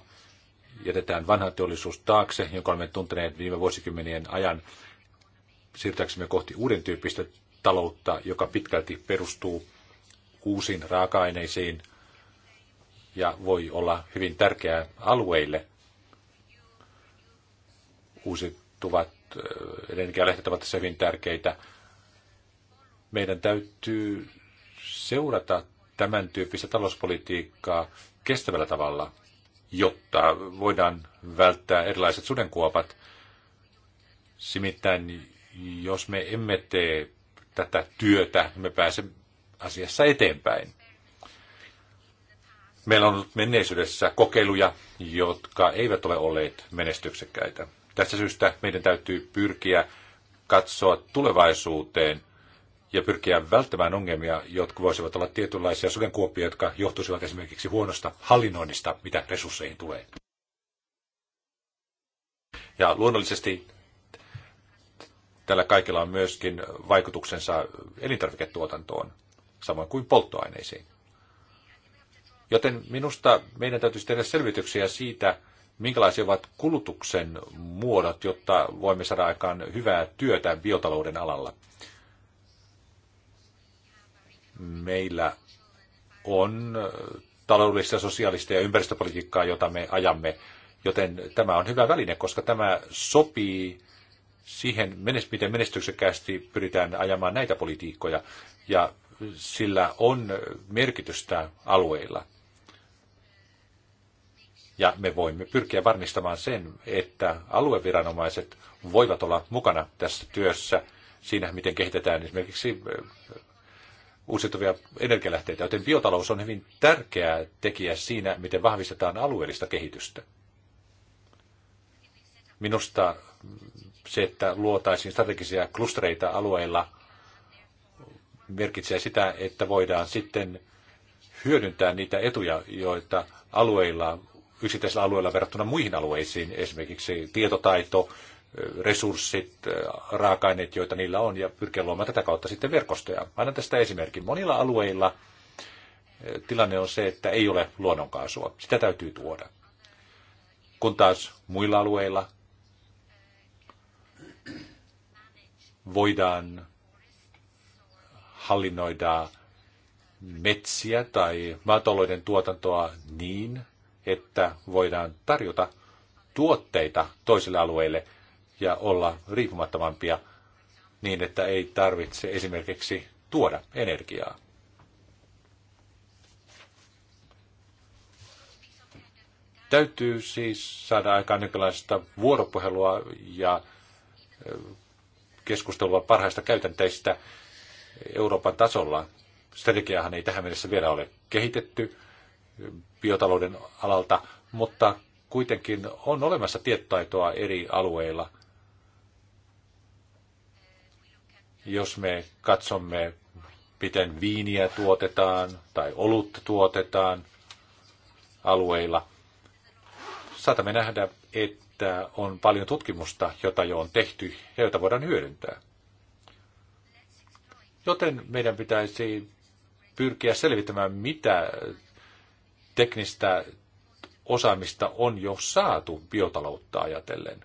[SPEAKER 3] Jätetään vanha teollisuus taakse, jonka olemme tunteneet viime vuosikymmenien ajan. Siirtääksemme kohti uuden tyyppistä taloutta, joka pitkälti perustuu uusiin raaka-aineisiin, ja voi olla hyvin tärkeää alueille. Uusittuvat eh, energialehdet ovat tässä hyvin tärkeitä. Meidän täytyy seurata tämän tyyppistä talouspolitiikkaa kestävällä tavalla, jotta voidaan välttää erilaiset sudenkuopat. Simittäin, jos me emme tee tätä työtä, me pääsemme asiassa eteenpäin. Meillä on ollut menneisyydessä kokeiluja, jotka eivät ole olleet menestyksekkäitä. Tästä syystä meidän täytyy pyrkiä katsoa tulevaisuuteen ja pyrkiä välttämään ongelmia, jotka voisivat olla tietynlaisia sudenkuoppia, jotka johtuisivat esimerkiksi huonosta hallinnoinnista, mitä resursseihin tulee. Ja luonnollisesti tällä kaikilla on myöskin vaikutuksensa elintarviketuotantoon, samoin kuin polttoaineisiin. Joten minusta meidän täytyisi tehdä selvityksiä siitä, minkälaisia ovat kulutuksen muodot, jotta voimme saada aikaan hyvää työtä biotalouden alalla. Meillä on taloudellista, sosiaalista ja ympäristöpolitiikkaa, jota me ajamme, joten tämä on hyvä väline, koska tämä sopii siihen, miten menestyksekkäästi pyritään ajamaan näitä politiikkoja, ja sillä on merkitystä alueilla ja me voimme pyrkiä varmistamaan sen, että alueviranomaiset voivat olla mukana tässä työssä siinä, miten kehitetään esimerkiksi uusiutuvia energialähteitä, joten biotalous on hyvin tärkeä tekijä siinä, miten vahvistetaan alueellista kehitystä. Minusta se, että luotaisiin strategisia klustereita alueilla, merkitsee sitä, että voidaan sitten hyödyntää niitä etuja, joita alueilla yksittäisillä alueilla verrattuna muihin alueisiin, esimerkiksi tietotaito, resurssit, raaka-aineet, joita niillä on, ja pyrkiä luomaan tätä kautta sitten verkostoja. Annan tästä esimerkin. Monilla alueilla eh, tilanne on se, että ei ole luonnonkaasua. Sitä täytyy tuoda. Kun taas muilla alueilla voidaan hallinnoida metsiä tai maatalouden tuotantoa niin, että voidaan tarjota tuotteita toisille alueille ja olla riippumattomampia niin, että ei tarvitse esimerkiksi tuoda energiaa. Täytyy siis saada aikaan jonkinlaista vuoropuhelua ja keskustelua parhaista käytänteistä Euroopan tasolla. Strategiahan ei tähän mennessä vielä ole kehitetty, biotalouden alalta, mutta kuitenkin on olemassa tietotaitoa eri alueilla. Jos me katsomme, miten viiniä tuotetaan tai olutta tuotetaan alueilla, saatamme nähdä, että on paljon tutkimusta, jota jo on tehty ja jota voidaan hyödyntää. Joten meidän pitäisi pyrkiä selvittämään, mitä teknistä osaamista on jo saatu biotaloutta ajatellen.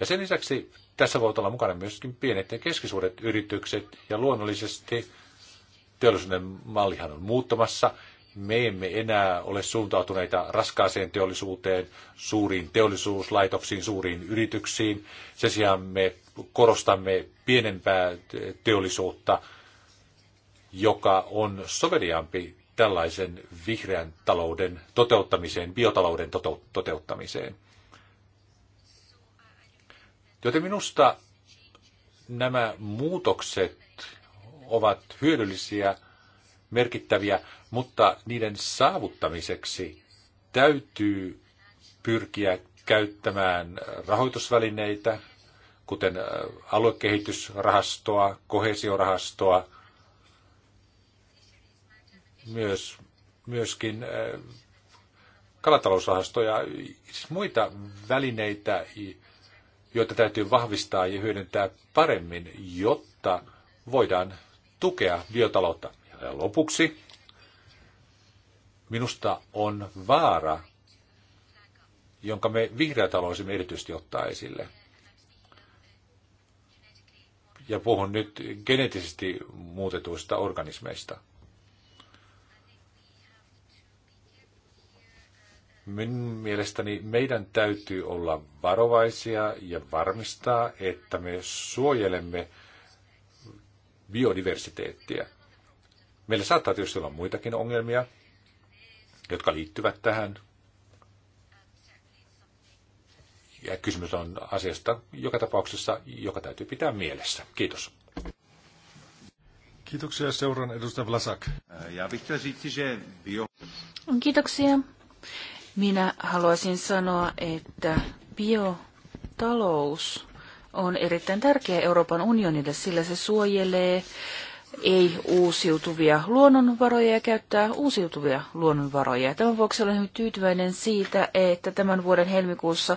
[SPEAKER 3] Ja sen lisäksi tässä voi olla mukana myöskin pienet ja keskisuuret yritykset, ja luonnollisesti teollisuuden mallihan on muuttumassa. Me emme enää ole suuntautuneita raskaaseen teollisuuteen, suuriin teollisuuslaitoksiin, suuriin yrityksiin. Sen sijaan me korostamme pienempää teollisuutta, joka on soveliaampi tällaisen vihreän talouden toteuttamiseen, biotalouden toteuttamiseen. Joten minusta nämä muutokset ovat hyödyllisiä, merkittäviä, mutta niiden saavuttamiseksi täytyy pyrkiä käyttämään rahoitusvälineitä, kuten aluekehitysrahastoa, kohesiorahastoa, myös, myöskin äh, kalatalousrahastoja, siis muita välineitä, joita täytyy vahvistaa ja hyödyntää paremmin, jotta voidaan tukea biotaloutta. Ja lopuksi minusta on vaara, jonka me vihreät haluaisimme erityisesti ottaa esille. Ja puhun nyt geneettisesti muutetuista organismeista. Minun mielestäni meidän täytyy olla varovaisia ja varmistaa, että me suojelemme biodiversiteettiä. Meillä saattaa tietysti olla muitakin ongelmia, jotka liittyvät tähän. Ja kysymys on asiasta joka tapauksessa, joka täytyy pitää mielessä. Kiitos.
[SPEAKER 2] Kiitoksia seuran edustaja Vlasak.
[SPEAKER 1] Kiitoksia. Minä haluaisin sanoa, että biotalous on erittäin tärkeä Euroopan unionille, sillä se suojelee ei uusiutuvia luonnonvaroja ja käyttää uusiutuvia luonnonvaroja. Tämän vuoksi olen hyvin tyytyväinen siitä, että tämän vuoden helmikuussa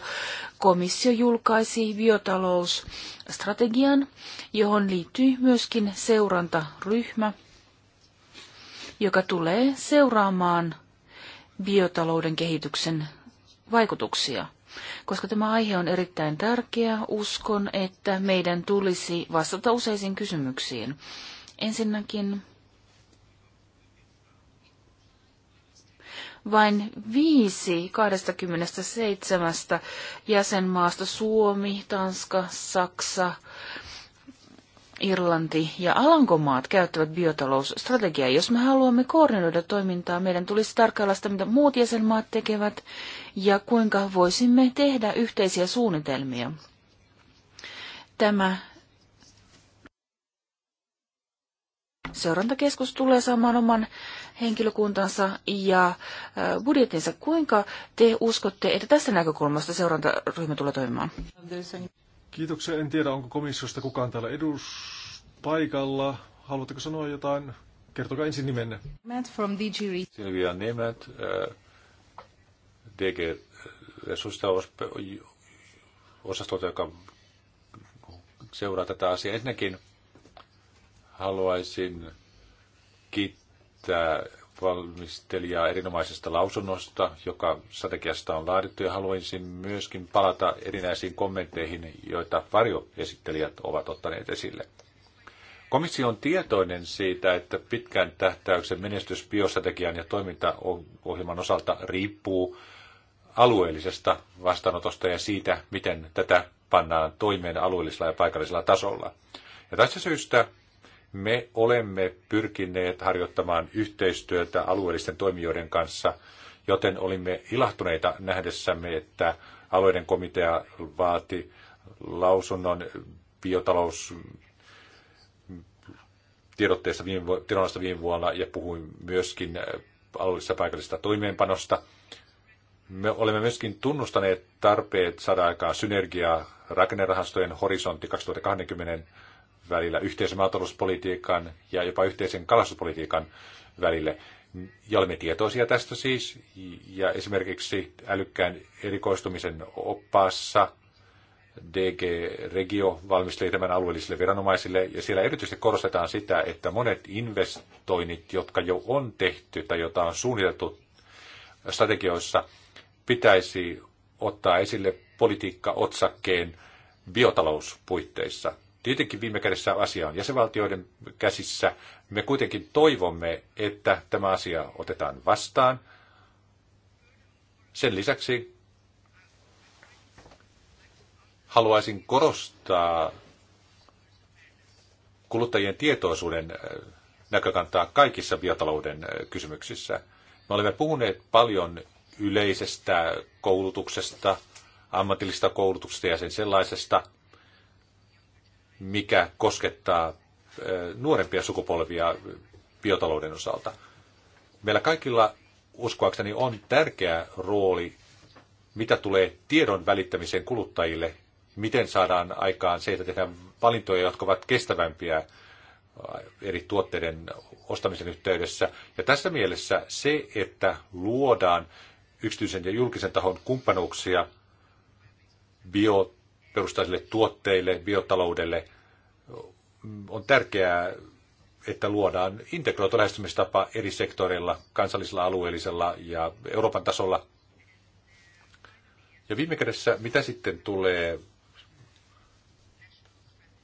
[SPEAKER 1] komissio julkaisi biotalousstrategian, johon liittyy myöskin seurantaryhmä, joka tulee seuraamaan – biotalouden kehityksen vaikutuksia. Koska tämä aihe on erittäin tärkeä, uskon, että meidän tulisi vastata useisiin kysymyksiin. Ensinnäkin vain viisi 27 jäsenmaasta Suomi, Tanska, Saksa, Irlanti ja Alankomaat käyttävät biotalousstrategiaa. Jos me haluamme koordinoida toimintaa, meidän tulisi tarkkailla sitä, mitä muut jäsenmaat tekevät ja kuinka voisimme tehdä yhteisiä suunnitelmia. Tämä seurantakeskus tulee saamaan oman henkilökuntansa ja äh, budjettinsa. Kuinka te uskotte, että tästä näkökulmasta seurantaryhmä tulee toimimaan?
[SPEAKER 2] Kiitoksia. En tiedä, onko komissiosta kukaan täällä eduspaikalla. Haluatteko sanoa jotain? Kertokaa ensin nimenne.
[SPEAKER 1] Matt from DG
[SPEAKER 3] Silvia Nemet, äh, DG Resurssista osastolta, joka seuraa tätä asiaa. Ensinnäkin haluaisin kiittää valmistelijaa erinomaisesta lausunnosta, joka strategiasta on laadittu, ja haluaisin myöskin palata erinäisiin kommentteihin, joita varjoesittelijät ovat ottaneet esille. Komissio on tietoinen siitä, että pitkän tähtäyksen menestys biostrategian ja toimintaohjelman osalta riippuu alueellisesta vastaanotosta ja siitä, miten tätä pannaan toimeen alueellisella ja paikallisella tasolla. Ja tästä syystä me olemme pyrkineet harjoittamaan yhteistyötä alueellisten toimijoiden kanssa, joten olimme ilahtuneita nähdessämme, että alueiden komitea vaati lausunnon biotalous tiedotteesta viime, viime vuonna ja puhuin myöskin äh, alueellisesta paikallisesta toimeenpanosta. Me olemme myöskin tunnustaneet tarpeet saada aikaan synergiaa rakennerahastojen horisontti 2020 välillä, yhteisen maatalouspolitiikan ja jopa yhteisen kalastuspolitiikan välille. Ja olemme tietoisia tästä siis, ja esimerkiksi älykkään erikoistumisen oppaassa DG Regio valmisteli tämän alueellisille viranomaisille, ja siellä erityisesti korostetaan sitä, että monet investoinnit, jotka jo on tehty tai joita on suunniteltu strategioissa, pitäisi ottaa esille politiikka-otsakkeen biotalouspuitteissa. Tietenkin viime kädessä asia on jäsenvaltioiden käsissä. Me kuitenkin toivomme, että tämä asia otetaan vastaan. Sen lisäksi haluaisin korostaa kuluttajien tietoisuuden äh, näkökantaa kaikissa biotalouden äh, kysymyksissä. Me olemme puhuneet paljon yleisestä koulutuksesta, ammatillisesta koulutuksesta ja sen sellaisesta – mikä koskettaa nuorempia sukupolvia biotalouden osalta. Meillä kaikilla uskoakseni on tärkeä rooli, mitä tulee tiedon välittämiseen kuluttajille, miten saadaan aikaan se, että tehdään valintoja, jotka ovat kestävämpiä eri tuotteiden ostamisen yhteydessä. Ja tässä mielessä se, että luodaan yksityisen ja julkisen tahon kumppanuuksia bio perustaisille tuotteille, biotaloudelle. On tärkeää, että luodaan integroitu lähestymistapa eri sektoreilla, kansallisella, alueellisella ja Euroopan tasolla. Ja viime kädessä, mitä sitten tulee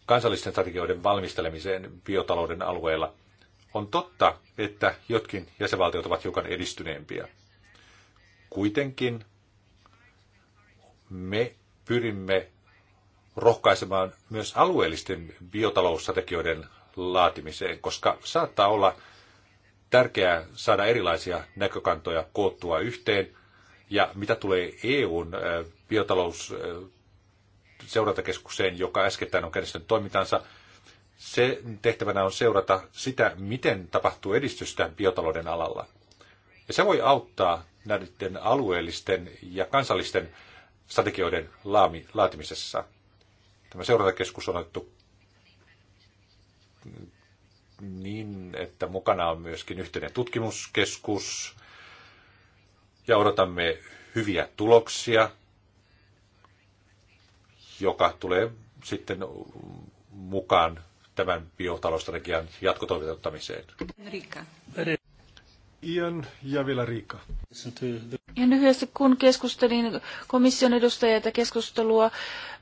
[SPEAKER 3] kansallisten strategioiden valmistelemiseen biotalouden alueella, on totta, että jotkin jäsenvaltiot ovat hiukan edistyneempiä. Kuitenkin me pyrimme rohkaisemaan myös alueellisten biotaloussategioiden laatimiseen, koska saattaa olla tärkeää saada erilaisia näkökantoja koottua yhteen. Ja mitä tulee EUn biotalousseurantakeskukseen, joka äskettäin on käynnistänyt toimintansa, se tehtävänä on seurata sitä, miten tapahtuu edistystä biotalouden alalla. Ja se voi auttaa näiden alueellisten ja kansallisten strategioiden laatimisessa tämä seurantakeskus on otettu niin, että mukana on myöskin yhteinen tutkimuskeskus ja odotamme hyviä tuloksia, joka tulee sitten mukaan tämän biotalousstrategian jatkotoimintamiseen.
[SPEAKER 1] Enrique.
[SPEAKER 2] Ian ja vielä Riikka.
[SPEAKER 1] Ja lyhyesti kun keskustelin komission edustajia keskustelua,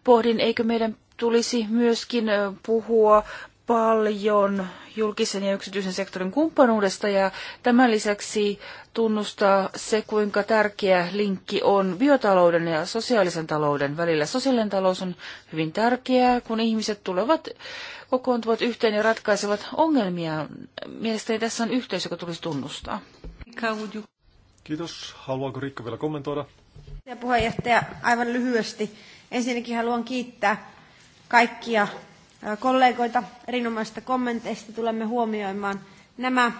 [SPEAKER 1] pohdin, eikö meidän tulisi myöskin puhua paljon julkisen ja yksityisen sektorin kumppanuudesta ja tämän lisäksi tunnustaa se, kuinka tärkeä linkki on biotalouden ja sosiaalisen talouden välillä. Sosiaalinen talous on hyvin tärkeää, kun ihmiset tulevat, kokoontuvat yhteen ja ratkaisevat ongelmia. Mielestäni tässä on
[SPEAKER 4] yhteys, joka tulisi tunnustaa.
[SPEAKER 2] Kiitos. Haluanko Riikka vielä kommentoida?
[SPEAKER 4] Ja puheenjohtaja, aivan lyhyesti. Ensinnäkin haluan kiittää kaikkia kollegoita erinomaisista kommenteista. Tulemme huomioimaan nämä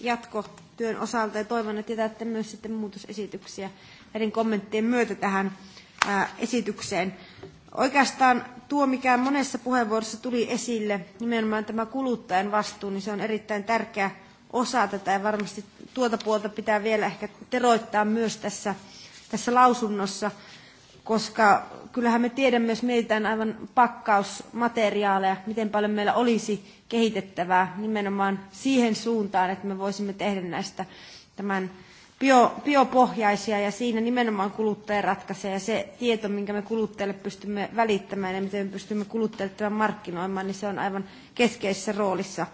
[SPEAKER 4] jatkotyön osalta ja toivon, että jätätte myös sitten muutosesityksiä näiden kommenttien myötä tähän esitykseen. Oikeastaan tuo, mikä monessa puheenvuorossa tuli esille, nimenomaan tämä kuluttajan vastuu, niin se on erittäin tärkeä osa tätä ja varmasti tuota puolta pitää vielä ehkä teroittaa myös tässä, tässä lausunnossa koska kyllähän me tiedämme, jos mietitään aivan pakkausmateriaaleja, miten paljon meillä olisi kehitettävää nimenomaan siihen suuntaan, että me voisimme tehdä näistä tämän bio, biopohjaisia ja siinä nimenomaan kuluttaja ratkaisee ja se tieto, minkä me kuluttajalle pystymme välittämään ja miten me pystymme kuluttajalle tämän markkinoimaan, niin se on aivan keskeisessä roolissa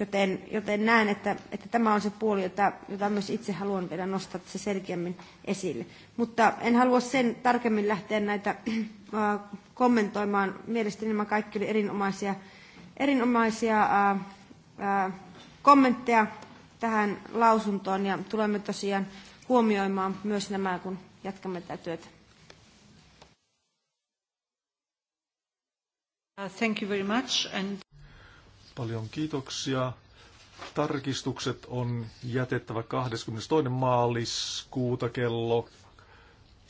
[SPEAKER 4] Joten, joten näen, että, että tämä on se puoli, jota, jota myös itse haluan vielä nostaa se selkeämmin esille. Mutta en halua sen tarkemmin lähteä näitä äh, kommentoimaan. Mielestäni nämä kaikki oli erinomaisia, erinomaisia äh, äh, kommentteja tähän lausuntoon ja tulemme tosiaan huomioimaan myös nämä, kun jatkamme tätä työtä.
[SPEAKER 1] Uh, thank you very much. And...
[SPEAKER 2] Paljon kiitoksia. Tarkistukset on jätettävä 22. maaliskuuta kello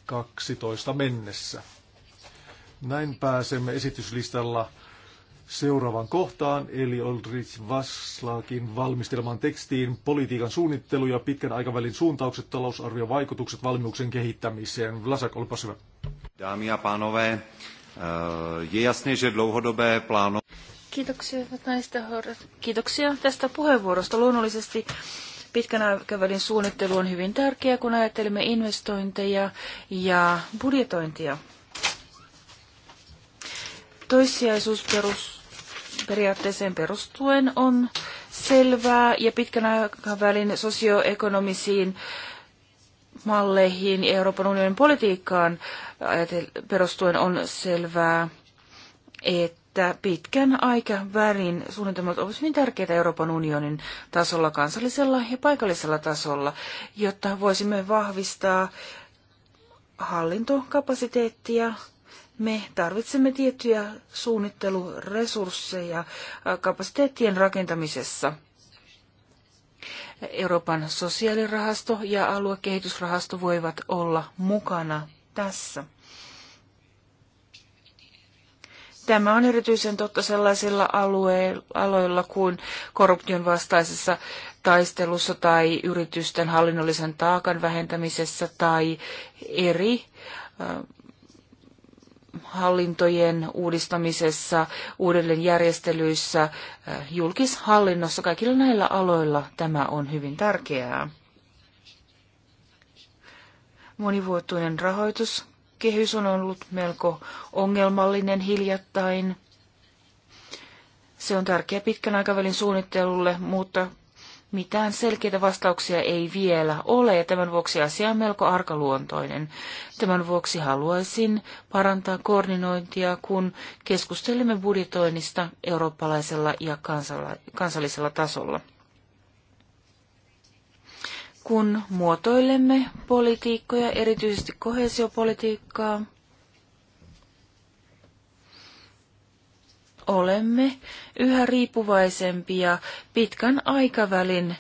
[SPEAKER 2] 12 mennessä. Näin pääsemme esityslistalla seuraavaan kohtaan, eli Oldrich Vaslaakin valmistelemaan tekstiin politiikan suunnittelu ja pitkän aikavälin suuntaukset, talousarvio, vaikutukset valmiuksen kehittämiseen. Vlasak, olipa hyvä.
[SPEAKER 3] Dámy a pánové, eh, je jasné, že dlouhodobé
[SPEAKER 2] pláno...
[SPEAKER 1] Kiitoksia, hyvät naiset herrat. Kiitoksia tästä puheenvuorosta. Luonnollisesti pitkän aikavälin suunnittelu on hyvin tärkeää, kun ajattelemme investointeja ja budjetointia. Toissijaisuusperiaatteeseen perustuen on selvää ja pitkän aikavälin sosioekonomisiin malleihin ja Euroopan unionin politiikkaan perustuen on selvää, että että pitkän aikavälin suunnitelmat ovat hyvin tärkeitä Euroopan unionin tasolla, kansallisella ja paikallisella tasolla, jotta voisimme vahvistaa hallintokapasiteettia. Me tarvitsemme tiettyjä suunnitteluresursseja kapasiteettien rakentamisessa. Euroopan sosiaalirahasto ja aluekehitysrahasto voivat olla mukana tässä. Tämä on erityisen totta sellaisilla alueilla, aloilla kuin korruption vastaisessa taistelussa tai yritysten hallinnollisen taakan vähentämisessä tai eri hallintojen uudistamisessa, uudelleenjärjestelyissä, julkishallinnossa, kaikilla näillä aloilla tämä on hyvin tärkeää. Monivuotuinen rahoitus kehys on ollut melko ongelmallinen hiljattain. Se on tärkeä pitkän aikavälin suunnittelulle, mutta mitään selkeitä vastauksia ei vielä ole ja tämän vuoksi asia on melko arkaluontoinen. Tämän vuoksi haluaisin parantaa koordinointia, kun keskustelemme budjetoinnista eurooppalaisella ja kansallisella tasolla kun muotoilemme politiikkoja, erityisesti kohesiopolitiikkaa, olemme yhä riippuvaisempia pitkän aikavälin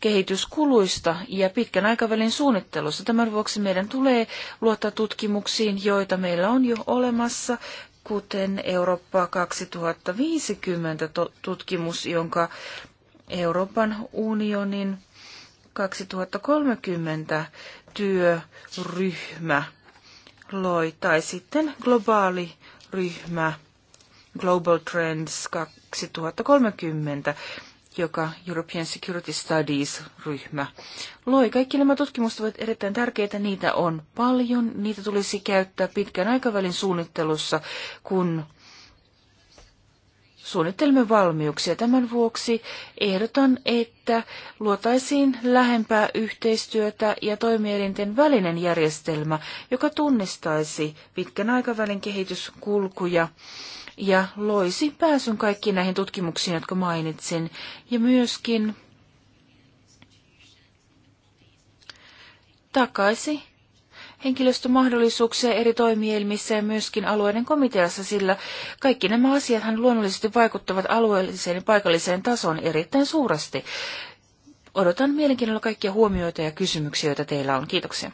[SPEAKER 1] kehityskuluista ja pitkän aikavälin suunnittelusta. Tämän vuoksi meidän tulee luottaa tutkimuksiin, joita meillä on jo olemassa, kuten Eurooppa 2050 tutkimus, jonka Euroopan unionin 2030 työryhmä loi, tai sitten globaali ryhmä Global Trends 2030, joka European Security Studies-ryhmä loi. Kaikki nämä tutkimukset ovat erittäin tärkeitä, niitä on paljon, niitä tulisi käyttää pitkän aikavälin suunnittelussa, kun suunnittelemme valmiuksia. Tämän vuoksi ehdotan, että luotaisiin lähempää yhteistyötä ja toimielinten välinen järjestelmä, joka tunnistaisi pitkän aikavälin kehityskulkuja ja loisi pääsyn kaikkiin näihin tutkimuksiin, jotka mainitsin, ja myöskin takaisi henkilöstömahdollisuuksia eri toimielmissä ja myöskin alueiden komiteassa, sillä kaikki nämä asiathan luonnollisesti vaikuttavat alueelliseen ja paikalliseen tasoon erittäin suuresti. Odotan mielenkiinnolla kaikkia huomioita ja kysymyksiä, joita teillä on. Kiitoksia.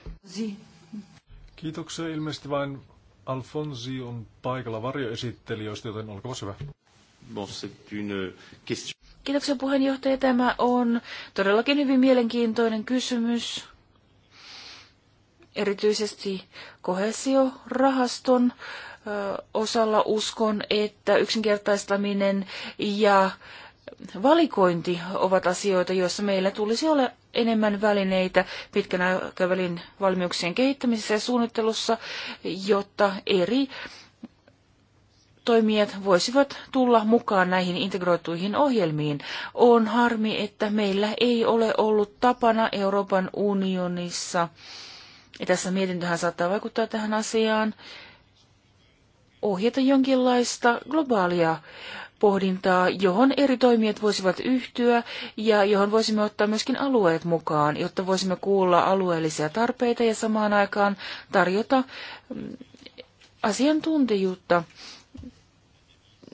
[SPEAKER 2] Kiitoksia. Ilmeisesti vain Alfonsi on paikalla varjoesittelijöistä, joten olkaa hyvä.
[SPEAKER 1] Kiitoksia puheenjohtaja. Tämä on todellakin hyvin mielenkiintoinen kysymys erityisesti kohesiorahaston osalla uskon, että yksinkertaistaminen ja valikointi ovat asioita, joissa meillä tulisi olla enemmän välineitä pitkän aikavälin valmiuksien kehittämisessä ja suunnittelussa, jotta eri toimijat voisivat tulla mukaan näihin integroituihin ohjelmiin. On harmi, että meillä ei ole ollut tapana Euroopan unionissa äh, ja tässä mietintöhän saattaa vaikuttaa tähän asiaan, ohjata jonkinlaista globaalia pohdintaa, johon eri toimijat voisivat yhtyä ja johon voisimme ottaa myöskin alueet mukaan, jotta voisimme kuulla alueellisia tarpeita ja samaan aikaan tarjota mm, asiantuntijuutta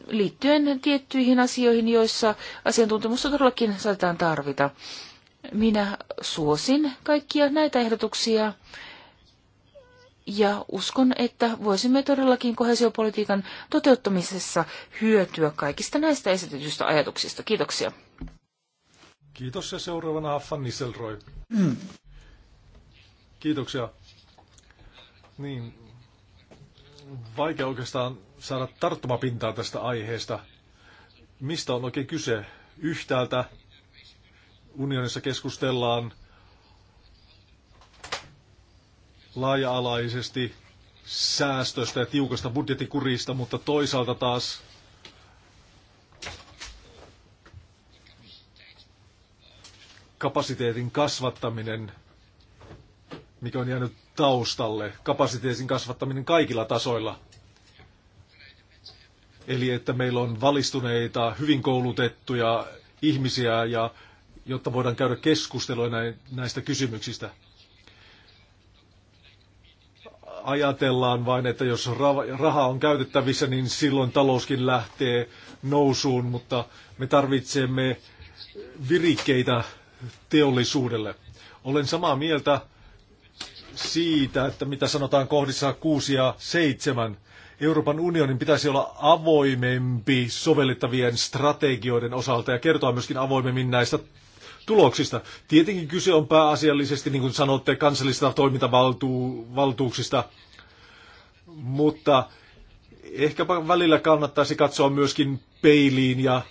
[SPEAKER 1] liittyen tiettyihin asioihin, joissa asiantuntemusta todellakin saatetaan tarvita. Minä suosin kaikkia näitä ehdotuksia ja uskon, että voisimme todellakin kohesiopolitiikan toteuttamisessa hyötyä kaikista näistä esitetyistä ajatuksista. Kiitoksia. Kiitos
[SPEAKER 2] ja seuraavana Affan Selroy. Mm. Kiitoksia. Niin, vaikea oikeastaan saada tarttumapintaa tästä aiheesta. Mistä on oikein kyse? Yhtäältä unionissa keskustellaan laaja-alaisesti säästöstä ja tiukasta budjettikurista, mutta toisaalta taas kapasiteetin kasvattaminen, mikä on jäänyt taustalle, kapasiteetin kasvattaminen kaikilla tasoilla. Eli että meillä on valistuneita, hyvin koulutettuja ihmisiä, ja, jotta voidaan käydä keskustelua näistä kysymyksistä ajatellaan vain, että jos raha on käytettävissä, niin silloin talouskin lähtee nousuun, mutta me tarvitsemme virikkeitä teollisuudelle. Olen samaa mieltä siitä, että mitä sanotaan kohdissa 6 ja 7. Euroopan unionin pitäisi olla avoimempi sovellettavien strategioiden osalta ja kertoa myöskin avoimemmin näistä tuloksista. Tietenkin kyse on pääasiallisesti, niin kuin sanotte, kansallisista toimintavaltuuksista, mutta ehkäpä välillä kannattaisi katsoa myöskin peiliin ja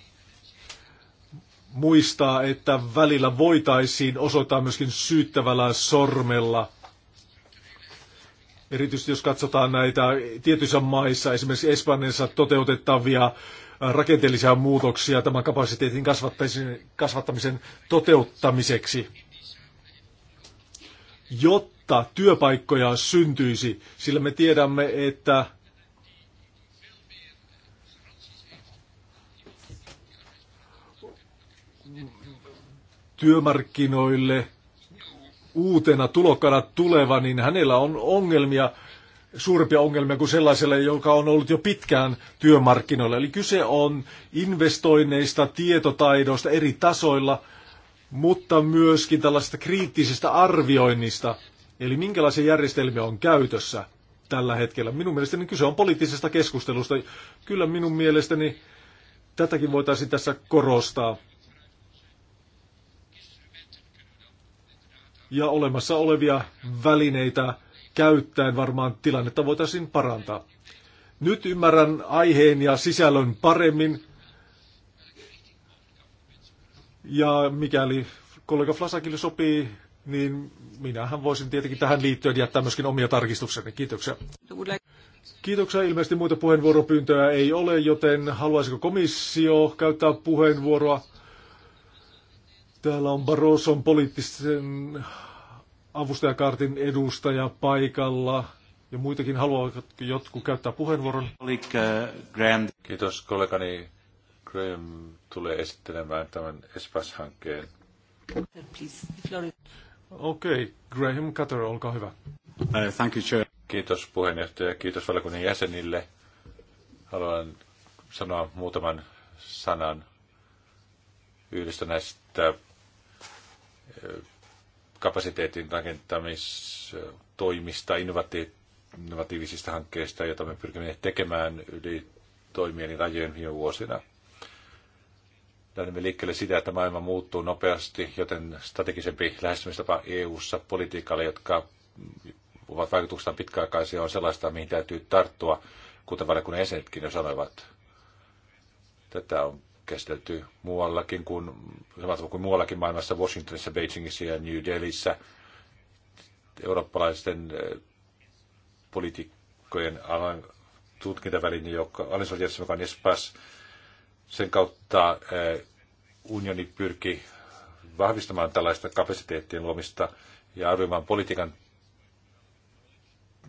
[SPEAKER 2] muistaa, että välillä voitaisiin osoittaa myöskin syyttävällä sormella – Erityisesti jos katsotaan näitä tietyissä maissa, esimerkiksi Espanjassa toteutettavia äh, rakenteellisia muutoksia tämän kapasiteetin kasvattamisen toteuttamiseksi, jotta työpaikkoja syntyisi, sillä me tiedämme, että työmarkkinoille – uutena tulokkana tuleva, niin hänellä on ongelmia, suurempia ongelmia kuin sellaiselle, joka on ollut jo pitkään työmarkkinoilla. Eli kyse on investoinneista, tietotaidoista eri tasoilla, mutta myöskin tällaisesta kriittisestä arvioinnista, eli minkälaisia järjestelmiä on käytössä tällä hetkellä. Minun mielestäni kyse on poliittisesta keskustelusta. Kyllä minun mielestäni tätäkin voitaisiin tässä korostaa. ja olemassa olevia välineitä käyttäen varmaan tilannetta voitaisiin parantaa. Nyt ymmärrän aiheen ja sisällön paremmin. Ja mikäli kollega Flasakille sopii, niin minähän voisin tietenkin tähän liittyen jättää myöskin omia tarkistuksia. Kiitoksia. Kiitoksia. Ilmeisesti muita puheenvuoropyyntöjä ei ole, joten haluaisiko komissio käyttää puheenvuoroa? Täällä on Barroson poliittisen avustajakaartin edustaja paikalla. Ja muitakin haluaa jotkut käyttää puheenvuoron. Uh,
[SPEAKER 3] kiitos kollegani Graham tulee esittelemään tämän Espas-hankkeen.
[SPEAKER 2] Okei, okay. Graham Cutter, olkaa hyvä.
[SPEAKER 3] Uh, thank you, Chair. Kiitos puheenjohtaja, kiitos valiokunnan jäsenille. Haluan sanoa muutaman sanan yhdestä näistä kapasiteetin rakentamistoimista, innovati- innovatiivisista hankkeista, joita me pyrkimme tekemään yli toimien rajojen viime vuosina. Lähdemme liikkeelle sitä, että maailma muuttuu nopeasti, joten strategisempi lähestymistapa EU-ssa politiikalle, jotka ovat vaikutuksenaan pitkäaikaisia, on sellaista, mihin täytyy tarttua, kuten valiokunnan jäsenetkin jo sanoivat. Tätä on käsitelty muuallakin kuin, kuin muuallakin maailmassa, Washingtonissa, Beijingissä ja New Delhissä eurooppalaisten eh, poliitikkojen alan tutkintaväline, joka Alinsoliassa, joka on Espas, sen kautta eh, unioni pyrki vahvistamaan tällaista kapasiteettien luomista ja arvioimaan politiikan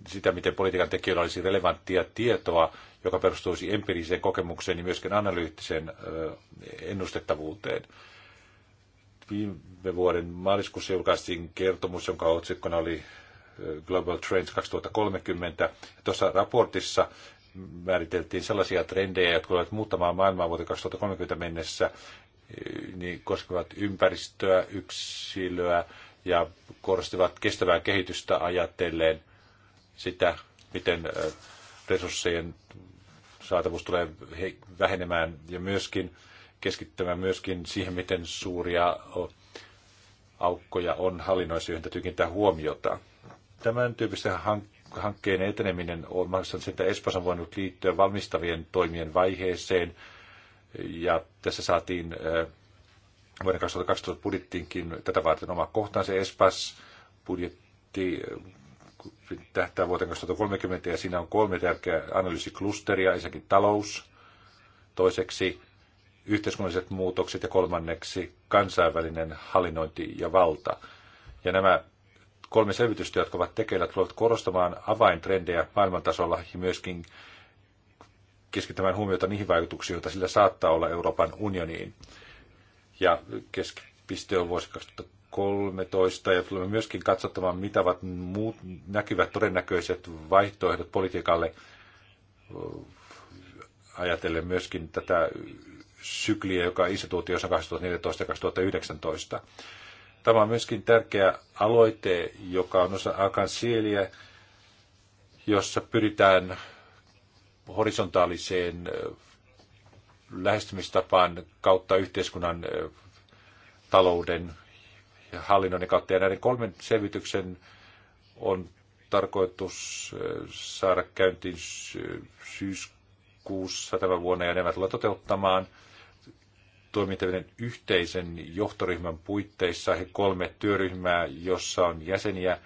[SPEAKER 3] sitä, miten politiikan tekijöillä olisi relevanttia tietoa, joka perustuisi empiiriseen kokemukseen ja niin myöskin analyyttiseen ennustettavuuteen. Viime vuoden maaliskuussa julkaistiin kertomus, jonka otsikkona oli Global Trends 2030. Ja tuossa raportissa määriteltiin sellaisia trendejä, jotka olivat muuttamaan maailmaa vuoteen 2030 mennessä, niin koskevat ympäristöä, yksilöä ja korostivat kestävää kehitystä ajatellen sitä, miten resurssien saatavuus tulee vähenemään ja myöskin keskittämään myöskin siihen, miten suuria aukkoja on hallinnoissa, joihin täytyy kiinnittää huomiota. Tämän tyyppisten hankkeen eteneminen on mahdollista, että Espas on voinut liittyä valmistavien toimien vaiheeseen, ja tässä saatiin vuoden 2012 budjettiinkin tätä varten oma kohtaansa Espas budjetti tähtää vuoteen 2030 ja siinä on kolme tärkeää analyysiklusteria, ensinnäkin talous, toiseksi yhteiskunnalliset muutokset ja kolmanneksi kansainvälinen hallinnointi ja valta. Ja nämä kolme selvitystä, jotka ovat tekeillä, tulevat korostamaan avaintrendejä maailmantasolla ja myöskin keskittämään huomiota niihin vaikutuksiin, joita sillä saattaa olla Euroopan unioniin. Ja keskipiste on vuosi 2013 ja tulemme myöskin katsottamaan, mitä ovat muut näkyvät todennäköiset vaihtoehdot politiikalle ajatellen myöskin tätä sykliä, joka instituutiossa on 2014 ja 2019. Tämä on myöskin tärkeä aloite, joka on osa Akan sieliä, jossa pyritään horisontaaliseen lähestymistapaan kautta yhteiskunnan talouden ja hallinnoinnin kautta. Ja näiden kolmen selvityksen on tarkoitus saada käyntiin syyskuussa tämän vuonna ja nämä tulee toteuttamaan toimintavien yhteisen johtoryhmän puitteissa he kolme työryhmää, jossa on jäseniä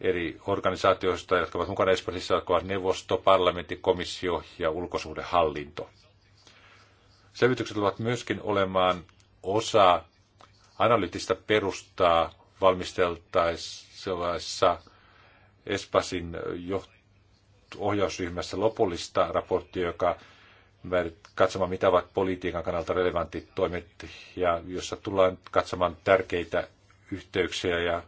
[SPEAKER 3] eri organisaatioista, jotka ovat mukana Espanjassa, jotka ovat neuvosto, parlamentti, komissio ja ulkosuhdehallinto. Selvitykset ovat myöskin olemaan osa analyyttistä perustaa valmisteltaessa Espasin ohjausryhmässä lopullista raporttia, joka katsomaan, mitä ovat politiikan kannalta relevantit toimet, ja jossa tullaan katsomaan tärkeitä yhteyksiä ja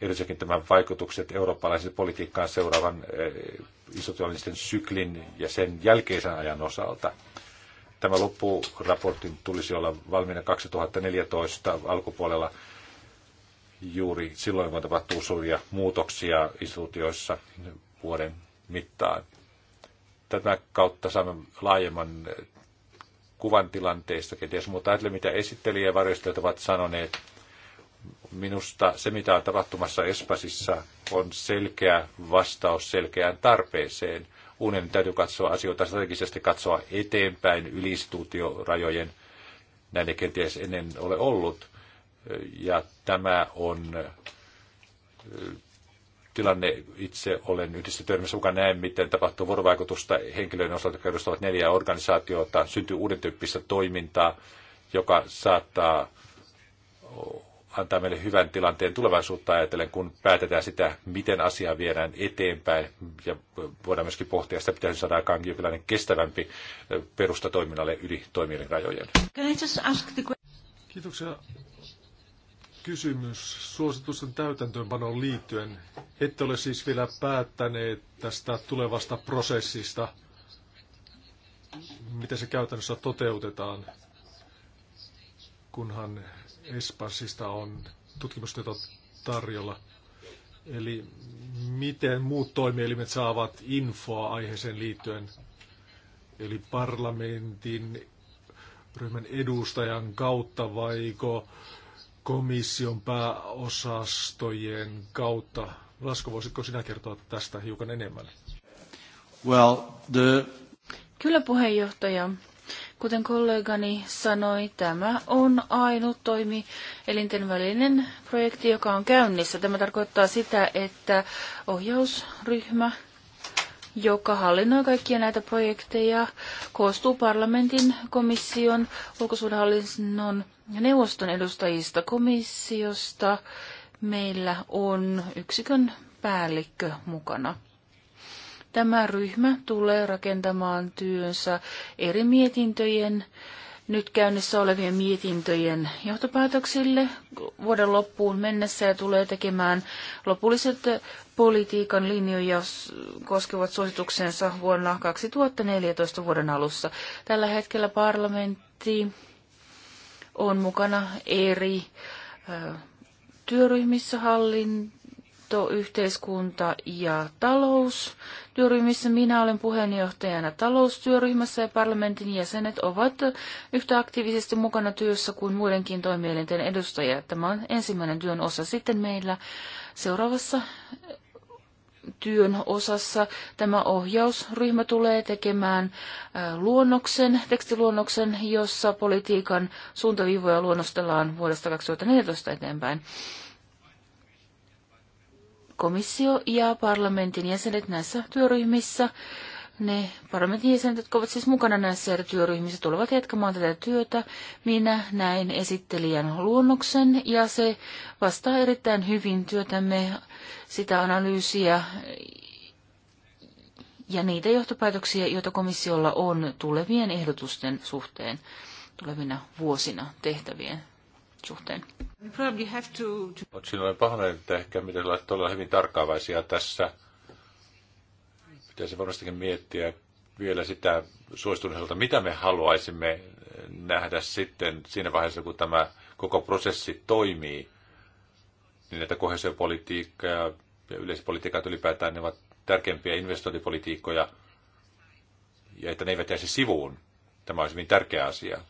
[SPEAKER 3] erityisesti tämän vaikutukset eurooppalaisen politiikkaan seuraavan eh, isotiolallisten syklin ja sen jälkeisen ajan osalta. Tämä loppuraportin tulisi olla valmiina 2014 alkupuolella juuri silloin, kun tapahtuu suuria muutoksia instituutioissa vuoden mittaan. Tätä kautta saamme laajemman kuvan tilanteesta kenties, mutta ajattelen, mitä esittelijä ja varjostajat ovat sanoneet. Minusta se, mitä on tapahtumassa Espasissa, on selkeä vastaus selkeään tarpeeseen unionin täytyy katsoa asioita strategisesti, katsoa eteenpäin yli instituutiorajojen. Näin ei kenties ennen ole ollut. Ja tämä on tilanne. Itse olen yhdessä työryhmässä mukaan näen, miten tapahtuu vuorovaikutusta henkilöiden osalta, jotka edustavat neljää organisaatiota. Syntyy uuden tyyppistä toimintaa, joka saattaa antaa meille hyvän tilanteen tulevaisuutta ajatellen, kun päätetään sitä, miten asiaa viedään eteenpäin. Ja voidaan myöskin pohtia sitä, pitäisi saada aikaan jonkinlainen kestävämpi perusta toiminnalle yli toimijoiden rajojen.
[SPEAKER 2] Kiitoksia. Kysymys suositusten täytäntöönpanoon liittyen. Ette ole siis vielä päättäneet tästä tulevasta prosessista, miten se käytännössä toteutetaan kunhan Espansista on tutkimustieto tarjolla. Eli miten muut toimielimet saavat infoa aiheeseen liittyen, eli parlamentin ryhmän edustajan kautta vaiko komission pääosastojen kautta. Lasko, voisitko sinä kertoa tästä hiukan enemmän? Well, the...
[SPEAKER 1] Kyllä puheenjohtaja. Kuten kollegani sanoi, tämä on ainut toimi elinten välinen projekti, joka on käynnissä. Tämä tarkoittaa sitä, että ohjausryhmä, joka hallinnoi kaikkia näitä projekteja, koostuu parlamentin, komission, ulkosuudenhallinnon ja neuvoston edustajista komissiosta. Meillä on yksikön päällikkö mukana. Tämä ryhmä tulee rakentamaan työnsä eri mietintöjen, nyt käynnissä olevien mietintöjen johtopäätöksille vuoden loppuun mennessä ja tulee tekemään lopulliset politiikan linjoja koskevat suosituksensa vuonna 2014 vuoden alussa. Tällä hetkellä parlamentti on mukana eri työryhmissä hallin liitto, yhteiskunta ja talous. Työryhmissä minä olen puheenjohtajana taloustyöryhmässä ja parlamentin jäsenet ovat yhtä aktiivisesti mukana työssä kuin muidenkin toimielinten edustajat. Tämä on ensimmäinen työn osa. Sitten meillä seuraavassa työn osassa tämä ohjausryhmä tulee tekemään luonnoksen, tekstiluonnoksen, jossa politiikan suuntaviivoja luonnostellaan vuodesta 2014 eteenpäin komissio ja parlamentin jäsenet näissä työryhmissä. Ne parlamentin jäsenet, jotka ovat siis mukana näissä eri työryhmissä, tulevat jatkamaan tätä työtä. Minä näin esittelijän luonnoksen ja se vastaa erittäin hyvin työtämme sitä analyysiä ja niitä johtopäätöksiä, joita komissiolla on tulevien ehdotusten suhteen tulevina vuosina tehtävien suhteen.
[SPEAKER 3] Otsin olen pahoillani, että ehkä miten olla hyvin tarkkaavaisia tässä. Pitäisi varmastikin miettiä vielä sitä suosituneelta, mitä me haluaisimme nähdä sitten siinä vaiheessa, kun tämä koko prosessi toimii, niin että kohesiopolitiikka ja, ja yleispolitiikat ylipäätään ne ovat tärkeimpiä investointipolitiikkoja, ja että ne eivät jäisi sivuun. Tämä olisi hyvin tärkeä asia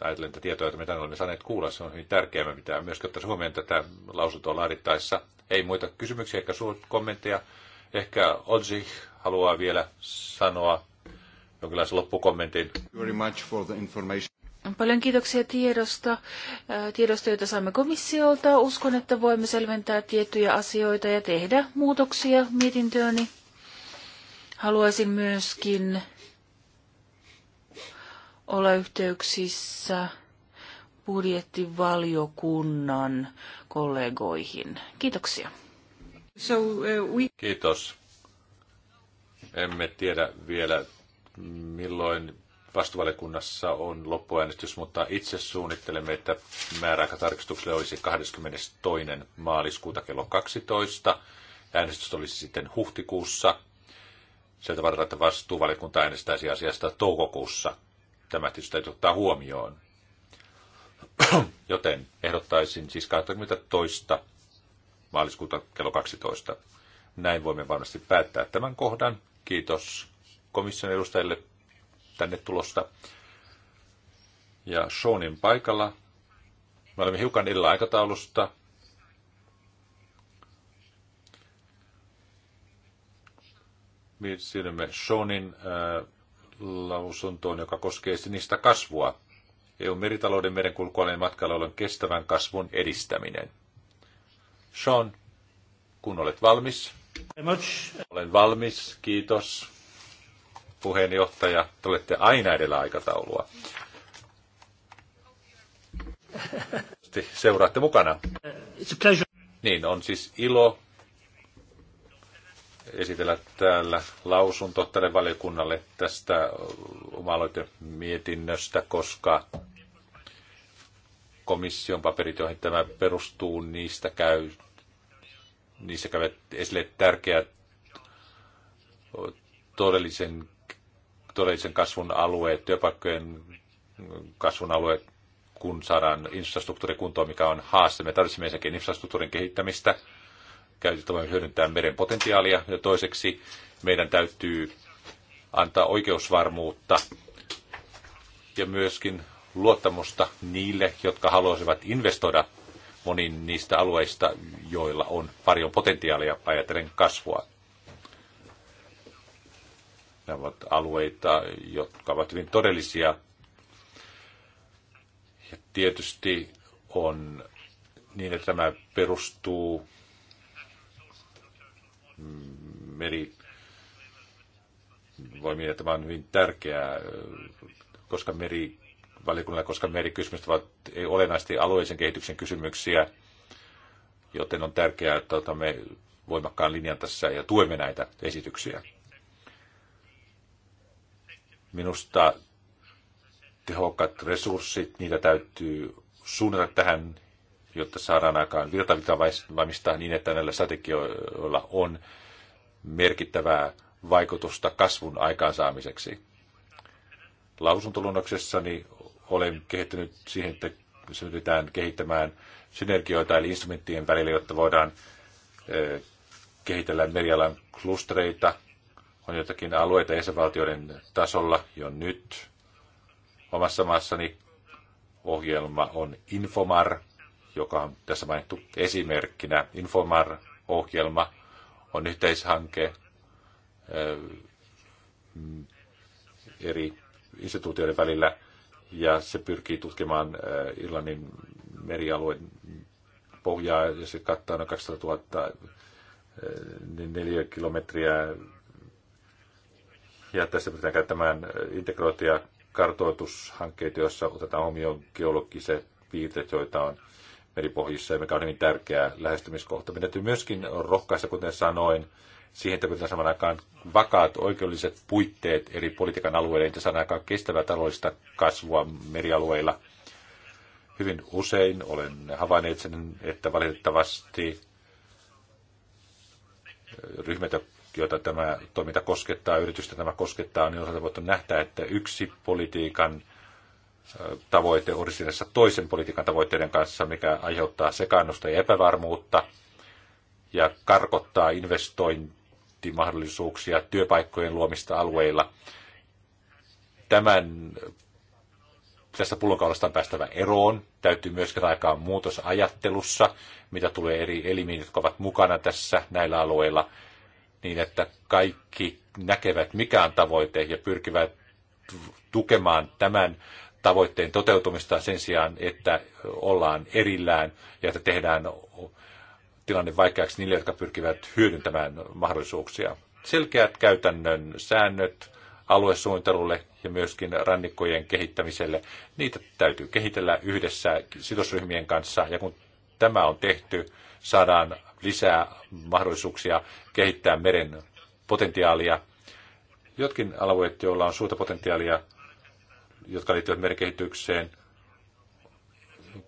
[SPEAKER 3] ajatellen tätä tietoa, jota me olemme saaneet kuulla, se on hyvin tärkeää. Me pitää myös ottaa huomioon tätä lausuntoa laadittaessa. Ei muita kysymyksiä, ehkä kommentteja. Ehkä Odzi haluaa vielä sanoa jonkinlaisen loppukommentin. Very much for the information.
[SPEAKER 1] Paljon kiitoksia tiedosta, tiedosta, jota saamme komissiolta. Uskon, että voimme selventää tiettyjä asioita ja tehdä muutoksia mietintööni. Haluaisin myöskin olla yhteyksissä budjettivaliokunnan kollegoihin. Kiitoksia. So, uh, we...
[SPEAKER 3] Kiitos. Emme tiedä vielä, milloin vastuvaliokunnassa on loppuäänestys, mutta itse suunnittelemme, että määräaikatarkistukselle olisi 22. maaliskuuta kello 12. Äänestys olisi sitten huhtikuussa. Sieltä varten, että vastuuvaliokunta äänestäisi asiasta toukokuussa tämä tietysti täytyy ottaa huomioon. Joten ehdottaisin siis 22. maaliskuuta kello 12. Näin voimme varmasti päättää tämän kohdan. Kiitos komission edustajille tänne tulosta. Ja Seanin paikalla. Me olemme hiukan illa aikataulusta. Siirrymme Seanin äh, lausuntoon, joka koskee sinistä kasvua. EUn meritalouden merenkulkualueen matkailualueen kestävän kasvun edistäminen. Sean, kun olet valmis. Olen valmis, kiitos. Puheenjohtaja, te olette aina edellä aikataulua. Seuraatte mukana. Niin, on siis ilo esitellä täällä lausunto tälle valiokunnalle tästä oma mietinnöstä, koska komission paperit, joihin tämä perustuu, niistä käy, niissä käy esille tärkeät todellisen, todellisen kasvun alueet, työpaikkojen kasvun alueet, kun saadaan infrastruktuuri kuntoon, mikä on haaste. Me tarvitsemme ensinnäkin infrastruktuurin kehittämistä – käytettävä hyödyntää meren potentiaalia. Ja toiseksi meidän täytyy antaa oikeusvarmuutta ja myöskin luottamusta niille, jotka haluaisivat investoida moniin niistä alueista, joilla on paljon potentiaalia ajatellen kasvua. Nämä ovat alueita, jotka ovat hyvin todellisia. Ja tietysti on niin, että tämä perustuu meri voimia. Tämä on hyvin tärkeää, koska meri valiokunnalle, koska merikysymykset ovat ei olennaisesti alueellisen kehityksen kysymyksiä, joten on tärkeää, että otamme voimakkaan linjan tässä ja tuemme näitä esityksiä. Minusta tehokkaat resurssit, niitä täytyy suunnata tähän jotta saadaan aikaan virtavitavaimista niin, että näillä strategioilla on merkittävää vaikutusta kasvun aikaansaamiseksi. Lausuntoluonnoksessani olen kehittynyt siihen, että sytytään kehittämään synergioita eli instrumenttien välillä, jotta voidaan kehitellä merialan klustereita. On jotakin alueita jäsenvaltioiden tasolla jo nyt. Omassa maassani ohjelma on Infomar, joka on tässä mainittu esimerkkinä. Infomar-ohjelma on yhteishanke eri instituutioiden välillä ja se pyrkii tutkimaan Irlannin merialueen pohjaa ja se kattaa noin 200 000 niin neljä kilometriä. Ja tässä pitää käyttämään integroituja kartoitushankkeita, joissa otetaan huomioon geologiset piirteet, joita on meripohjissa, mikä on hyvin tärkeä lähestymiskohta. Meidän täytyy myöskin rohkaista, kuten sanoin, siihen, että pitää saman aikaan vakaat oikeudelliset puitteet eri politiikan alueille, että saadaan aikaan kestävää taloudellista kasvua merialueilla. Hyvin usein olen havainnut sen, että valitettavasti ryhmät, joita tämä toiminta koskettaa, yritystä tämä koskettaa, niin osalta voitu nähdä, että yksi politiikan tavoite ristiriidassa toisen politiikan tavoitteiden kanssa, mikä aiheuttaa sekaannusta ja epävarmuutta ja karkottaa investointimahdollisuuksia työpaikkojen luomista alueilla. Tämän, tästä pullonkaulasta on päästävä eroon. Täytyy myös aikaan muutos ajattelussa, mitä tulee eri elimiin, jotka ovat mukana tässä näillä alueilla, niin että kaikki näkevät, mikä on tavoite ja pyrkivät tukemaan tämän tavoitteen toteutumista sen sijaan, että ollaan erillään ja että tehdään tilanne vaikeaksi niille, jotka pyrkivät hyödyntämään mahdollisuuksia. Selkeät käytännön säännöt aluesuunnittelulle ja myöskin rannikkojen kehittämiselle, niitä täytyy kehitellä yhdessä sidosryhmien kanssa ja kun tämä on tehty, saadaan lisää mahdollisuuksia kehittää meren potentiaalia. Jotkin alueet, joilla on suurta potentiaalia, jotka liittyvät merikehitykseen,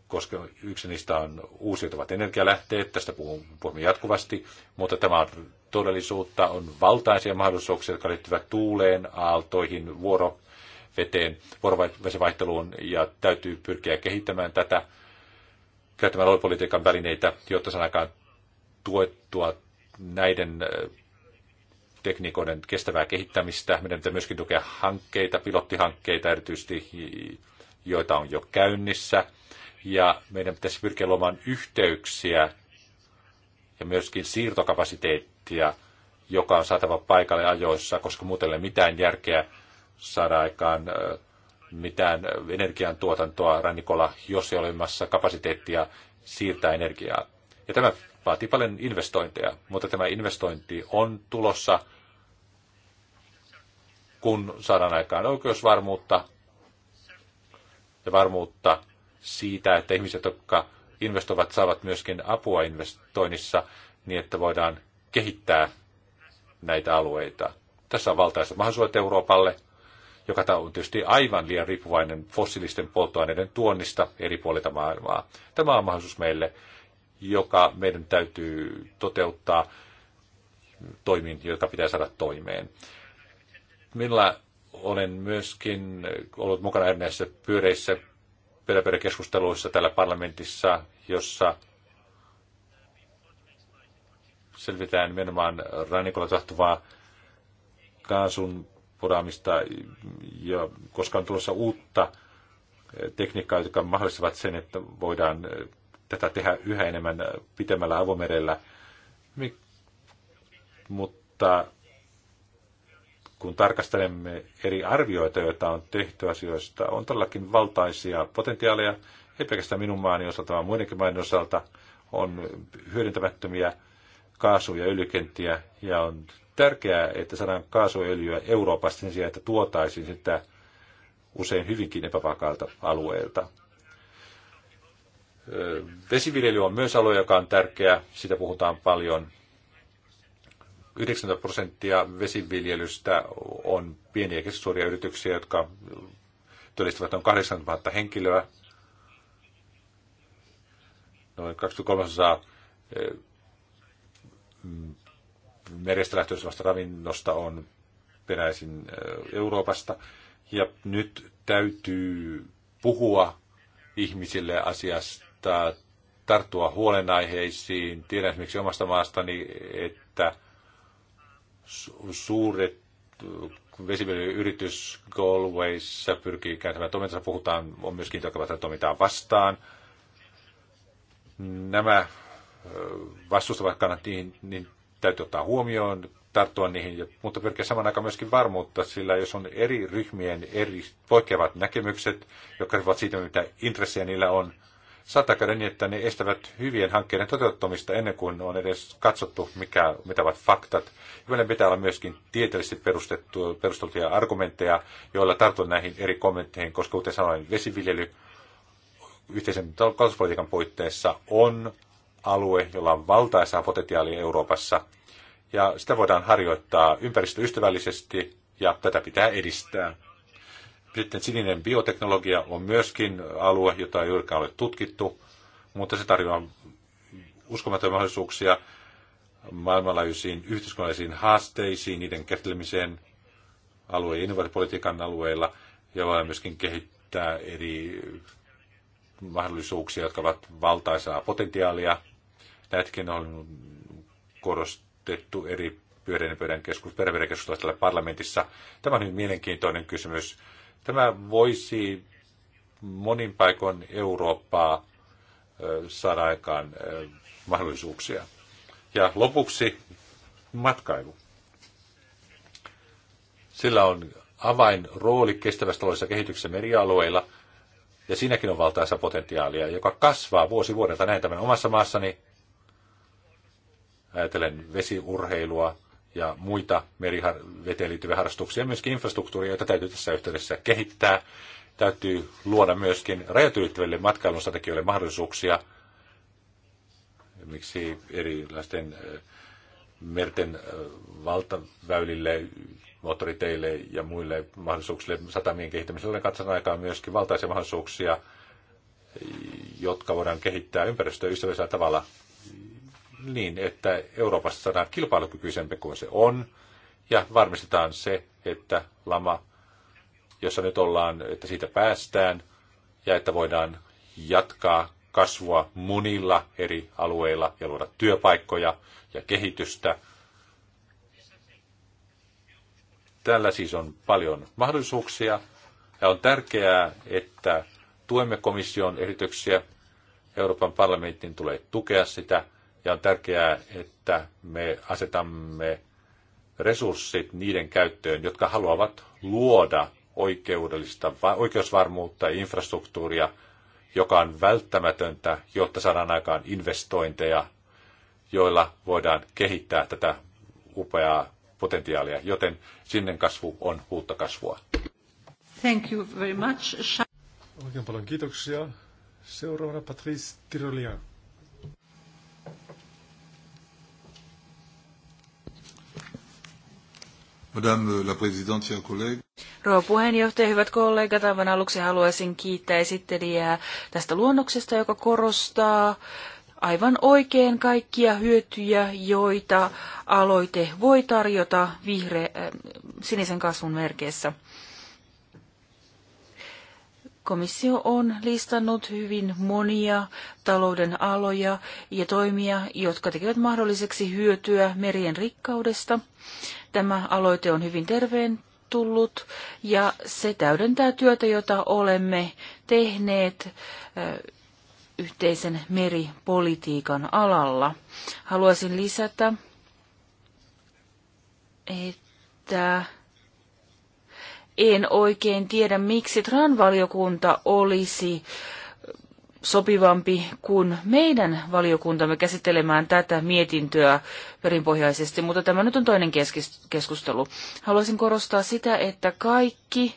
[SPEAKER 3] koska yksi niistä on uusiutuvat energialähteet, tästä puhumme jatkuvasti, mutta tämä on todellisuutta, on valtaisia mahdollisuuksia, jotka liittyvät tuuleen, aaltoihin, vuoroveteen, vuorovesivaihteluun, ja täytyy pyrkiä kehittämään tätä, käyttämään aluepolitiikan välineitä, jotta saadaan tuettua näiden tekniikoiden kestävää kehittämistä. Meidän pitää myöskin tukea hankkeita, pilottihankkeita erityisesti, joita on jo käynnissä. Ja meidän pitäisi pyrkiä luomaan yhteyksiä ja myöskin siirtokapasiteettia, joka on saatava paikalle ajoissa, koska muuten ei ole mitään järkeä saada aikaan mitään energiantuotantoa rannikolla, jos ei ole olemassa kapasiteettia siirtää energiaa. Ja tämä vaatii paljon investointeja, mutta tämä investointi on tulossa, kun saadaan aikaan oikeusvarmuutta ja varmuutta siitä, että ihmiset, jotka investoivat, saavat myöskin apua investoinnissa niin, että voidaan kehittää näitä alueita. Tässä on valtaiset mahdollisuudet Euroopalle, joka on tietysti aivan liian riippuvainen fossiilisten polttoaineiden tuonnista eri puolilta maailmaa. Tämä on mahdollisuus meille joka meidän täytyy toteuttaa toimin, jotka pitää saada toimeen. Millä olen myöskin ollut mukana erinäisissä pyöreissä pyöräpyöräkeskusteluissa täällä parlamentissa, jossa selvitään nimenomaan rannikolla tahtuvaa kaasun puraamista, ja koska on tulossa uutta tekniikkaa, joka mahdollistavat sen, että voidaan tätä tehdä yhä enemmän pitemmällä avomerellä. Mik, mutta kun tarkastelemme eri arvioita, joita on tehty asioista, on todellakin valtaisia potentiaaleja, ei pelkästään minun maani osalta, vaan muidenkin maiden osalta on hyödyntämättömiä kaasu- ja öljykenttiä, ja on tärkeää, että saadaan kaasuöljyä Euroopasta sen sijaan, että tuotaisiin sitä usein hyvinkin epävakaalta alueelta. Vesiviljely on myös alue, joka on tärkeä. Sitä puhutaan paljon. 90 prosenttia vesiviljelystä on pieniä ja keskisuuria yrityksiä, jotka työllistävät noin 80 000 henkilöä. Noin 2300 merestä lähtöisestä ravinnosta on peräisin Euroopasta. Ja nyt täytyy puhua ihmisille asiasta kannattaa tarttua huolenaiheisiin. Tiedän esimerkiksi omasta maastani, että suuret vesiviljelyyritys Galwayssa pyrkii kääntämään toimintansa. Puhutaan, on myöskin jotka toimintaa vastaan. Nämä vastustavat kannat, niihin, niin täytyy ottaa huomioon, tarttua niihin, mutta pyrkiä saman aikaan myöskin varmuutta, sillä jos on eri ryhmien eri poikkeavat näkemykset, jotka ovat siitä, mitä intressejä niillä on, saattaa käydä niin, että ne estävät hyvien hankkeiden toteuttamista ennen kuin on edes katsottu, mikä, mitä ovat faktat. Meillä pitää olla myöskin tieteellisesti perusteltuja argumentteja, joilla tartun näihin eri kommentteihin, koska kuten sanoin, vesiviljely yhteisen kalastuspolitiikan puitteissa on alue, jolla on valtaisaa potentiaalia Euroopassa, ja sitä voidaan harjoittaa ympäristöystävällisesti, ja tätä pitää edistää. Sitten sininen bioteknologia on myöskin alue, jota ei juurikaan ole tutkittu, mutta se tarjoaa uskomattomia mahdollisuuksia maailmanlaajuisiin yhteiskunnallisiin haasteisiin, niiden käsittelemiseen alue- ja innovaatiopolitiikan alueilla, ja voidaan myöskin kehittää eri mahdollisuuksia, jotka ovat valtaisaa potentiaalia. Näitäkin on korostettu eri pyöreän pöydän keskus, parlamentissa. Tämä on hyvin mielenkiintoinen kysymys Tämä voisi monin paikoin Eurooppaa saada aikaan mahdollisuuksia. Ja lopuksi matkailu. Sillä on rooli kestävässä taloudellisessa kehityksessä merialueilla, ja siinäkin on valtaisa potentiaalia, joka kasvaa vuosi vuodelta. Näin tämän omassa maassani, ajatellen vesiurheilua, ja muita meriveteen liittyviä harrastuksia, myöskin infrastruktuuria, joita täytyy tässä yhteydessä kehittää. Täytyy luoda myöskin rajat ylittäville matkailun strategioille mahdollisuuksia, miksi erilaisten merten valtaväylille, moottoriteille ja muille mahdollisuuksille satamien kehittämiselle katson aikaan myöskin valtaisia mahdollisuuksia, jotka voidaan kehittää ympäristöystävällisellä tavalla niin, että Euroopassa saadaan kilpailukykyisempi kuin se on, ja varmistetaan se, että lama, jossa nyt ollaan, että siitä päästään, ja että voidaan jatkaa kasvua monilla eri alueilla ja luoda työpaikkoja ja kehitystä. Tällä siis on paljon mahdollisuuksia ja on tärkeää, että tuemme komission esityksiä. Euroopan parlamentin tulee tukea sitä ja on tärkeää, että me asetamme resurssit niiden käyttöön, jotka haluavat luoda oikeudellista, oikeusvarmuutta ja infrastruktuuria, joka on välttämätöntä, jotta saadaan aikaan investointeja, joilla voidaan kehittää tätä upeaa potentiaalia, joten sinne kasvu on uutta kasvua.
[SPEAKER 2] Thank you very much. Oikein paljon kiitoksia. Seuraavana Patrice Tirolian.
[SPEAKER 3] Madame la présidente,
[SPEAKER 1] Rouva puheenjohtaja, hyvät kollegat, aivan aluksi haluaisin kiittää esittelijää tästä luonnoksesta, joka korostaa aivan oikein kaikkia hyötyjä, joita aloite voi tarjota vihre, äh, sinisen kasvun merkeissä. Komissio on listannut hyvin monia talouden aloja ja toimia, jotka tekevät mahdolliseksi hyötyä merien rikkaudesta. Tämä aloite on hyvin terveen tullut ja se täydentää työtä, jota olemme tehneet yhteisen meripolitiikan alalla. Haluaisin lisätä, että en oikein tiedä, miksi TRAN-valiokunta olisi äh, sopivampi kuin meidän valiokuntamme käsittelemään tätä mietintöä perinpohjaisesti, mutta tämä nyt on toinen keskustelu. Haluaisin korostaa sitä, että kaikki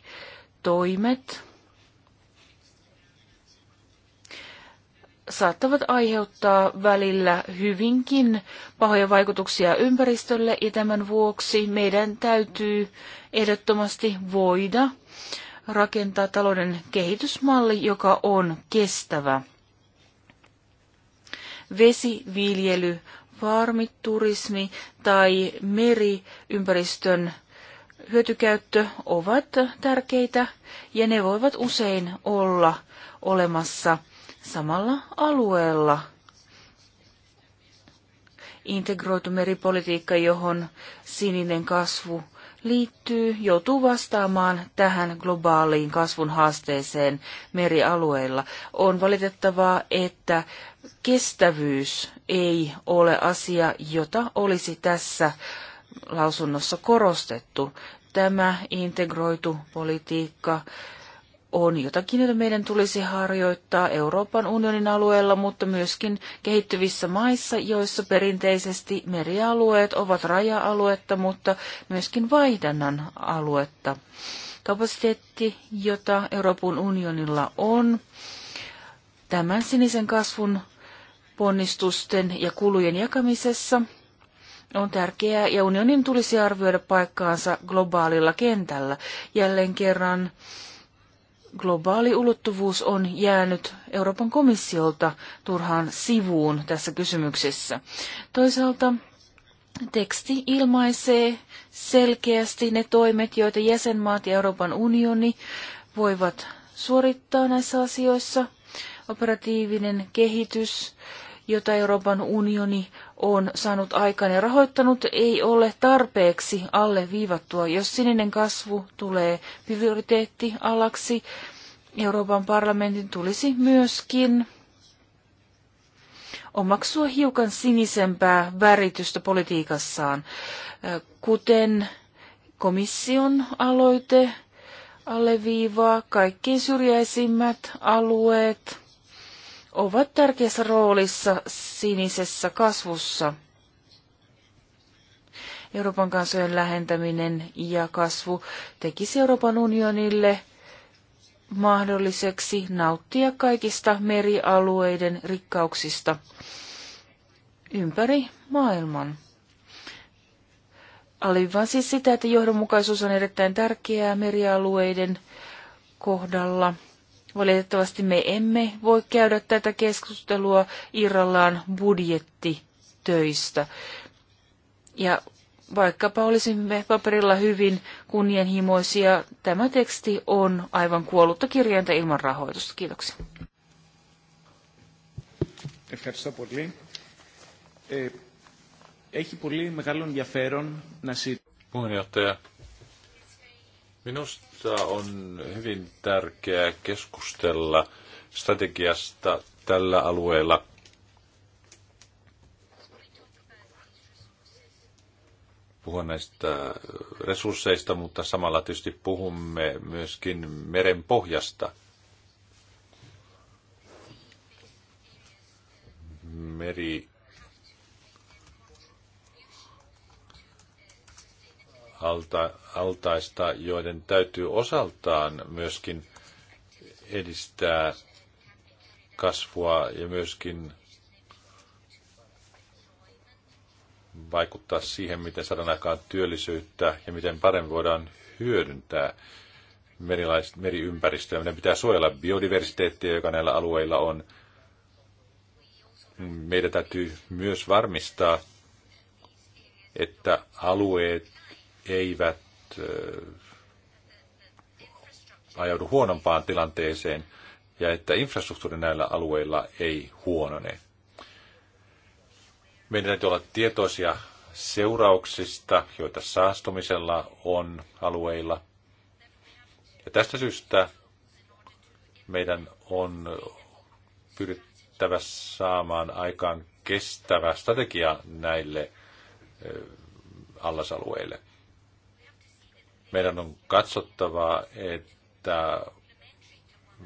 [SPEAKER 1] toimet saattavat aiheuttaa välillä hyvinkin pahoja vaikutuksia ympäristölle ja tämän vuoksi meidän täytyy ehdottomasti voida rakentaa talouden kehitysmalli, joka on kestävä. Vesi, Vesiviljely, farmiturismi tai meriympäristön hyötykäyttö ovat tärkeitä ja ne voivat usein olla olemassa samalla alueella. Integroitu meripolitiikka, johon sininen kasvu liittyy, joutuu vastaamaan tähän globaaliin kasvun haasteeseen merialueilla. On valitettavaa, että kestävyys ei ole asia, jota olisi tässä lausunnossa korostettu. Tämä integroitu politiikka on jotakin, jota meidän tulisi harjoittaa Euroopan unionin alueella, mutta myöskin kehittyvissä maissa, joissa perinteisesti merialueet ovat raja-aluetta, mutta myöskin vaihdannan aluetta. Kapasiteetti, jota Euroopan unionilla on, tämän sinisen kasvun ponnistusten ja kulujen jakamisessa on tärkeää ja unionin tulisi arvioida paikkaansa globaalilla kentällä. Jälleen kerran globaali ulottuvuus on jäänyt Euroopan komissiolta turhaan sivuun tässä kysymyksessä. Toisaalta teksti ilmaisee selkeästi ne toimet, joita jäsenmaat ja Euroopan unioni voivat suorittaa näissä asioissa. Operatiivinen kehitys, jota Euroopan unioni on saanut aikaan ja rahoittanut, ei ole tarpeeksi alle viivattua. Jos sininen kasvu tulee prioriteettialaksi, Euroopan parlamentin tulisi myöskin omaksua hiukan sinisempää väritystä politiikassaan, kuten komission aloite alleviivaa kaikkiin syrjäisimmät alueet – ovat tärkeässä roolissa sinisessä kasvussa. Euroopan kansojen lähentäminen ja kasvu tekisi Euroopan unionille mahdolliseksi nauttia kaikista merialueiden rikkauksista ympäri maailman. Alivan siis sitä, että johdonmukaisuus on erittäin tärkeää merialueiden kohdalla. Valitettavasti me emme voi käydä tätä keskustelua irrallaan budjettitöistä. Ja vaikkapa olisimme paperilla hyvin kunnianhimoisia, tämä teksti on aivan kuollutta kirjainta ilman rahoitusta. Kiitoksia.
[SPEAKER 2] Ευχαριστώ πολύ. Ε, έχει πολύ μεγάλο ενδιαφέρον
[SPEAKER 3] να συζητήσουμε. Minusta on hyvin tärkeää keskustella strategiasta tällä alueella. Puhua näistä resursseista, mutta samalla tietysti puhumme myöskin meren pohjasta. Meri alta, altaista, joiden täytyy osaltaan myöskin edistää kasvua ja myöskin vaikuttaa siihen, miten saadaan aikaan työllisyyttä ja miten paremmin voidaan hyödyntää meriympäristöä. Meidän pitää suojella biodiversiteettiä, joka näillä alueilla on. Meidän täytyy myös varmistaa, että alueet eivät äh, ajaudu huonompaan tilanteeseen ja että infrastruktuuri näillä alueilla ei huonone. Meidän täytyy olla tietoisia seurauksista, joita saastumisella on alueilla. Ja tästä syystä meidän on pyrittävä saamaan aikaan kestävä strategia näille äh, allasalueille. Meidän on katsottava, että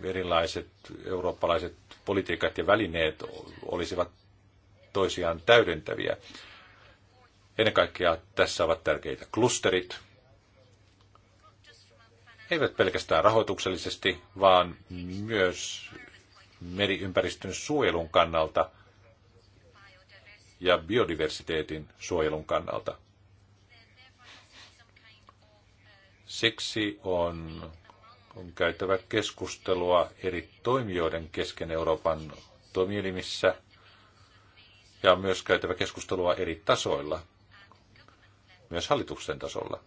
[SPEAKER 3] erilaiset eurooppalaiset politiikat ja välineet olisivat toisiaan täydentäviä. Ennen kaikkea tässä ovat tärkeitä klusterit, eivät pelkästään rahoituksellisesti, vaan myös meriympäristön suojelun kannalta ja biodiversiteetin suojelun kannalta. Siksi on, on käytävä keskustelua eri toimijoiden kesken Euroopan toimielimissä ja on myös käytävä keskustelua eri tasoilla, myös hallituksen tasolla.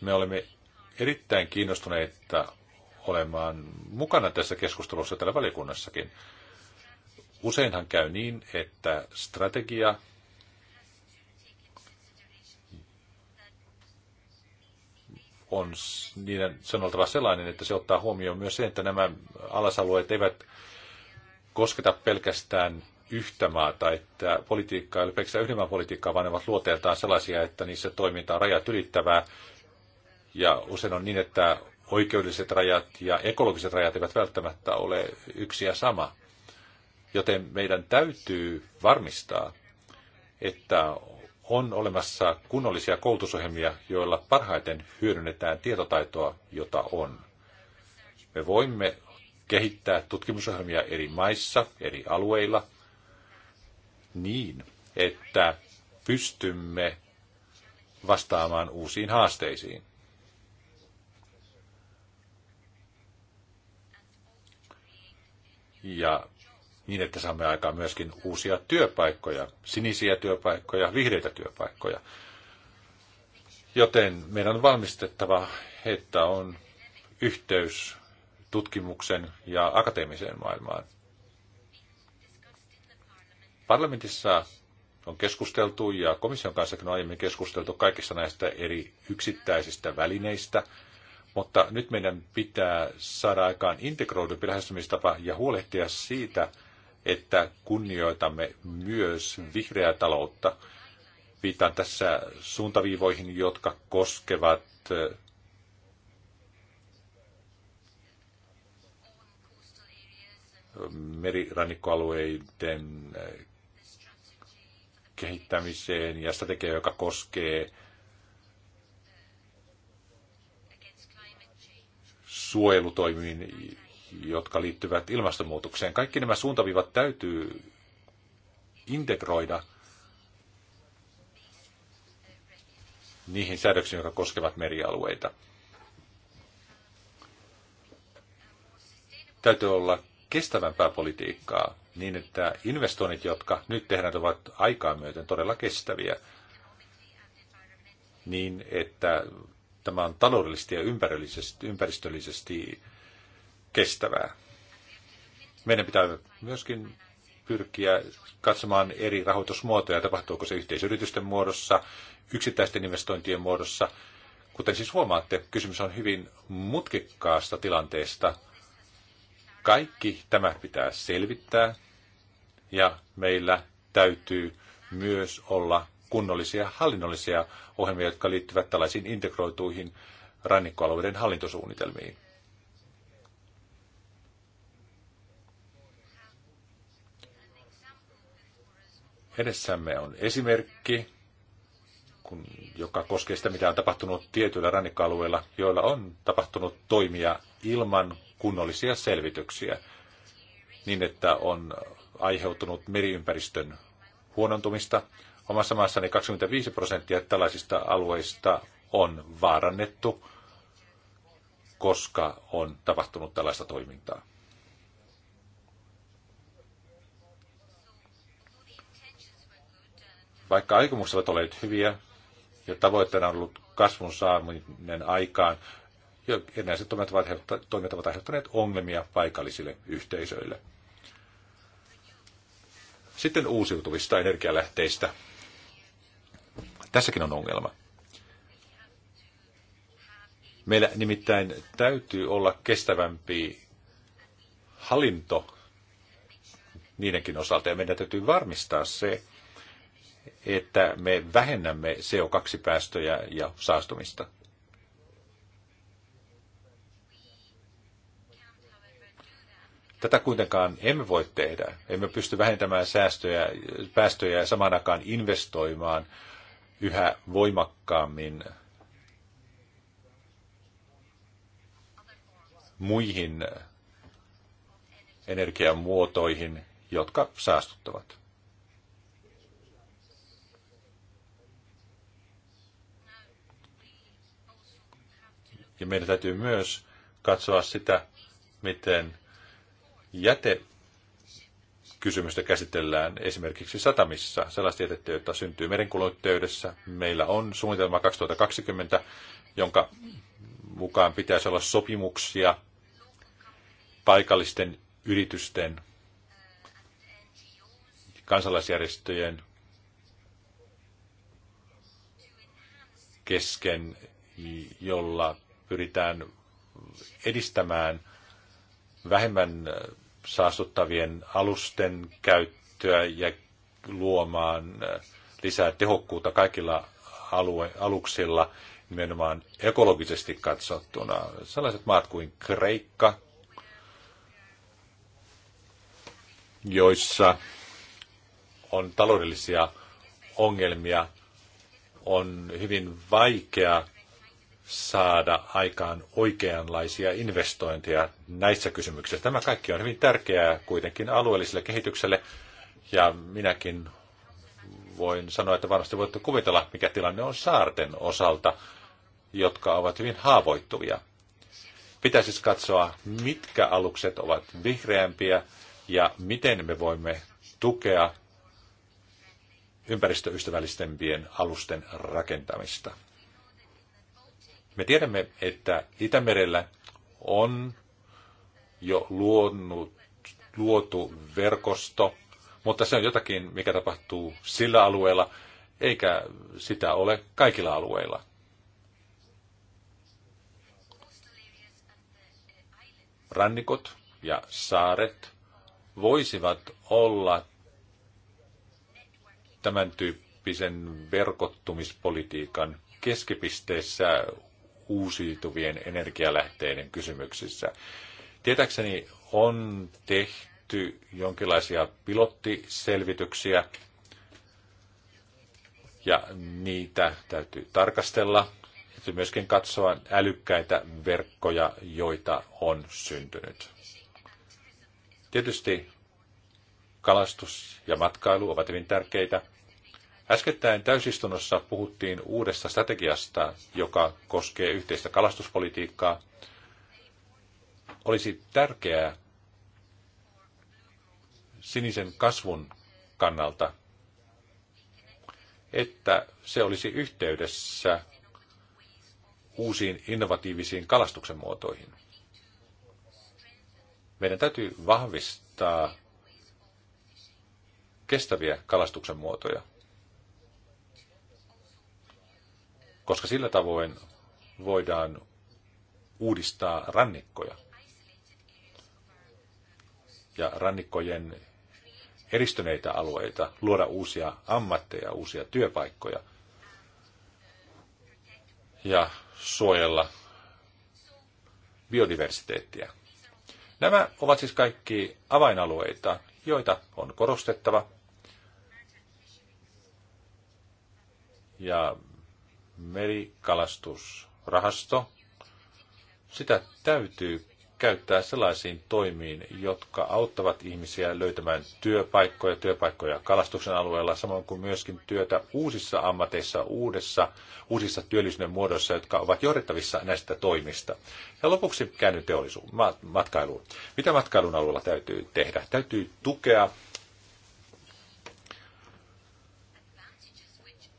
[SPEAKER 3] Me olemme erittäin kiinnostuneita olemaan mukana tässä keskustelussa täällä valiokunnassakin. Useinhan käy niin, että strategia on niiden sen oltava sellainen, että se ottaa huomioon myös sen, että nämä alasalueet eivät kosketa pelkästään yhtä maata, että politiikka ei ole pelkästään yhden maan politiikkaa, vaan ne ovat luoteeltaan sellaisia, että niissä toiminta on rajat ylittävää. Ja usein on niin, että oikeudelliset rajat ja ekologiset rajat eivät välttämättä ole yksi ja sama. Joten meidän täytyy varmistaa, että on olemassa kunnollisia koulutusohjelmia, joilla parhaiten hyödynnetään tietotaitoa, jota on. Me voimme kehittää tutkimusohjelmia eri maissa, eri alueilla niin, että pystymme vastaamaan uusiin haasteisiin. Ja niin, että saamme aikaan myöskin uusia työpaikkoja, sinisiä työpaikkoja, vihreitä työpaikkoja. Joten meidän on valmistettava, että on yhteys tutkimuksen ja akateemiseen maailmaan. Parlamentissa on keskusteltu ja komission kanssa on aiemmin keskusteltu kaikista näistä eri yksittäisistä välineistä, mutta nyt meidän pitää saada aikaan integroidumpi lähestymistapa ja huolehtia siitä, että kunnioitamme myös vihreää taloutta. Viittaan tässä suuntaviivoihin, jotka koskevat eh, merirannikkoalueiden eh, kehittämiseen ja strategia, joka koskee suojelutoimiin jotka liittyvät ilmastonmuutokseen. Kaikki nämä suuntaviivat täytyy integroida niihin säädöksiin, jotka koskevat merialueita. Täytyy olla kestävämpää politiikkaa niin, että investoinnit, jotka nyt tehdään, ovat aikaa myöten todella kestäviä, niin että tämä on taloudellisesti ja ympäristöllisesti kestävää. Meidän pitää myöskin pyrkiä katsomaan eri rahoitusmuotoja, tapahtuuko se yhteisyritysten muodossa, yksittäisten investointien muodossa. Kuten siis huomaatte, kysymys on hyvin mutkikkaasta tilanteesta. Kaikki tämä pitää selvittää ja meillä täytyy myös olla kunnollisia hallinnollisia ohjelmia, jotka liittyvät tällaisiin integroituihin rannikkoalueiden hallintosuunnitelmiin. Edessämme on esimerkki, kun, joka koskee sitä, mitä on tapahtunut tietyillä rannikkoalueilla, joilla on tapahtunut toimia ilman kunnollisia selvityksiä, niin että on aiheutunut meriympäristön huonontumista. Omassa maassani 25 prosenttia tällaisista alueista on vaarannettu, koska on tapahtunut tällaista toimintaa. Vaikka aikomukset ovat olleet hyviä ja tavoitteena on ollut kasvun saaminen aikaan, jo erinäiset toimet ovat aiheuttaneet ongelmia paikallisille yhteisöille. Sitten uusiutuvista energialähteistä. Tässäkin on ongelma. Meillä nimittäin täytyy olla kestävämpi hallinto niidenkin osalta, ja meidän täytyy varmistaa se, että me vähennämme CO2-päästöjä ja saastumista. Tätä kuitenkaan emme voi tehdä. Emme pysty vähentämään säästöjä, päästöjä ja aikaan investoimaan yhä voimakkaammin muihin energiamuotoihin, jotka saastuttavat. Ja meidän täytyy myös katsoa sitä, miten jäte kysymystä käsitellään esimerkiksi satamissa, sellaista jätettä, jota syntyy merenkulutteydessä. Meillä on suunnitelma 2020, jonka mukaan pitäisi olla sopimuksia paikallisten yritysten, kansalaisjärjestöjen kesken, jolla pyritään edistämään vähemmän saastuttavien alusten käyttöä ja luomaan lisää tehokkuutta kaikilla alue, aluksilla nimenomaan ekologisesti katsottuna. Sellaiset maat kuin Kreikka, joissa on taloudellisia ongelmia, on hyvin vaikea saada aikaan oikeanlaisia investointeja näissä kysymyksissä. Tämä kaikki on hyvin tärkeää kuitenkin alueelliselle kehitykselle ja minäkin voin sanoa, että varmasti voitte kuvitella, mikä tilanne on saarten osalta, jotka ovat hyvin haavoittuvia. Pitäisi siis katsoa, mitkä alukset ovat vihreämpiä ja miten me voimme tukea ympäristöystävällisempien alusten rakentamista. Me tiedämme, että Itämerellä on jo luonut, luotu verkosto, mutta se on jotakin, mikä tapahtuu sillä alueella, eikä sitä ole kaikilla alueilla. Rannikot ja saaret voisivat olla tämän tyyppisen verkottumispolitiikan keskipisteessä uusiutuvien energialähteiden kysymyksissä. Tietääkseni on tehty jonkinlaisia pilottiselvityksiä, ja niitä täytyy tarkastella. Täytyy myöskin katsoa älykkäitä verkkoja, joita on syntynyt. Tietysti kalastus ja matkailu ovat hyvin tärkeitä. Äskettäin täysistunnossa puhuttiin uudesta strategiasta, joka koskee yhteistä kalastuspolitiikkaa. Olisi tärkeää sinisen kasvun kannalta, että se olisi yhteydessä uusiin innovatiivisiin kalastuksen muotoihin. Meidän täytyy vahvistaa kestäviä kalastuksen muotoja. koska sillä tavoin voidaan uudistaa rannikkoja. Ja rannikkojen eristyneitä alueita, luoda uusia ammatteja, uusia työpaikkoja ja suojella biodiversiteettiä. Nämä ovat siis kaikki avainalueita, joita on korostettava. Ja merikalastusrahasto, sitä täytyy käyttää sellaisiin toimiin, jotka auttavat ihmisiä löytämään työpaikkoja, työpaikkoja kalastuksen alueella, samoin kuin myöskin työtä uusissa ammateissa, uudessa, uusissa työllisyyden muodoissa, jotka ovat johdettavissa näistä toimista. Ja lopuksi käänny teollisuus, matkailuun. Mitä matkailun alueella täytyy tehdä? Täytyy tukea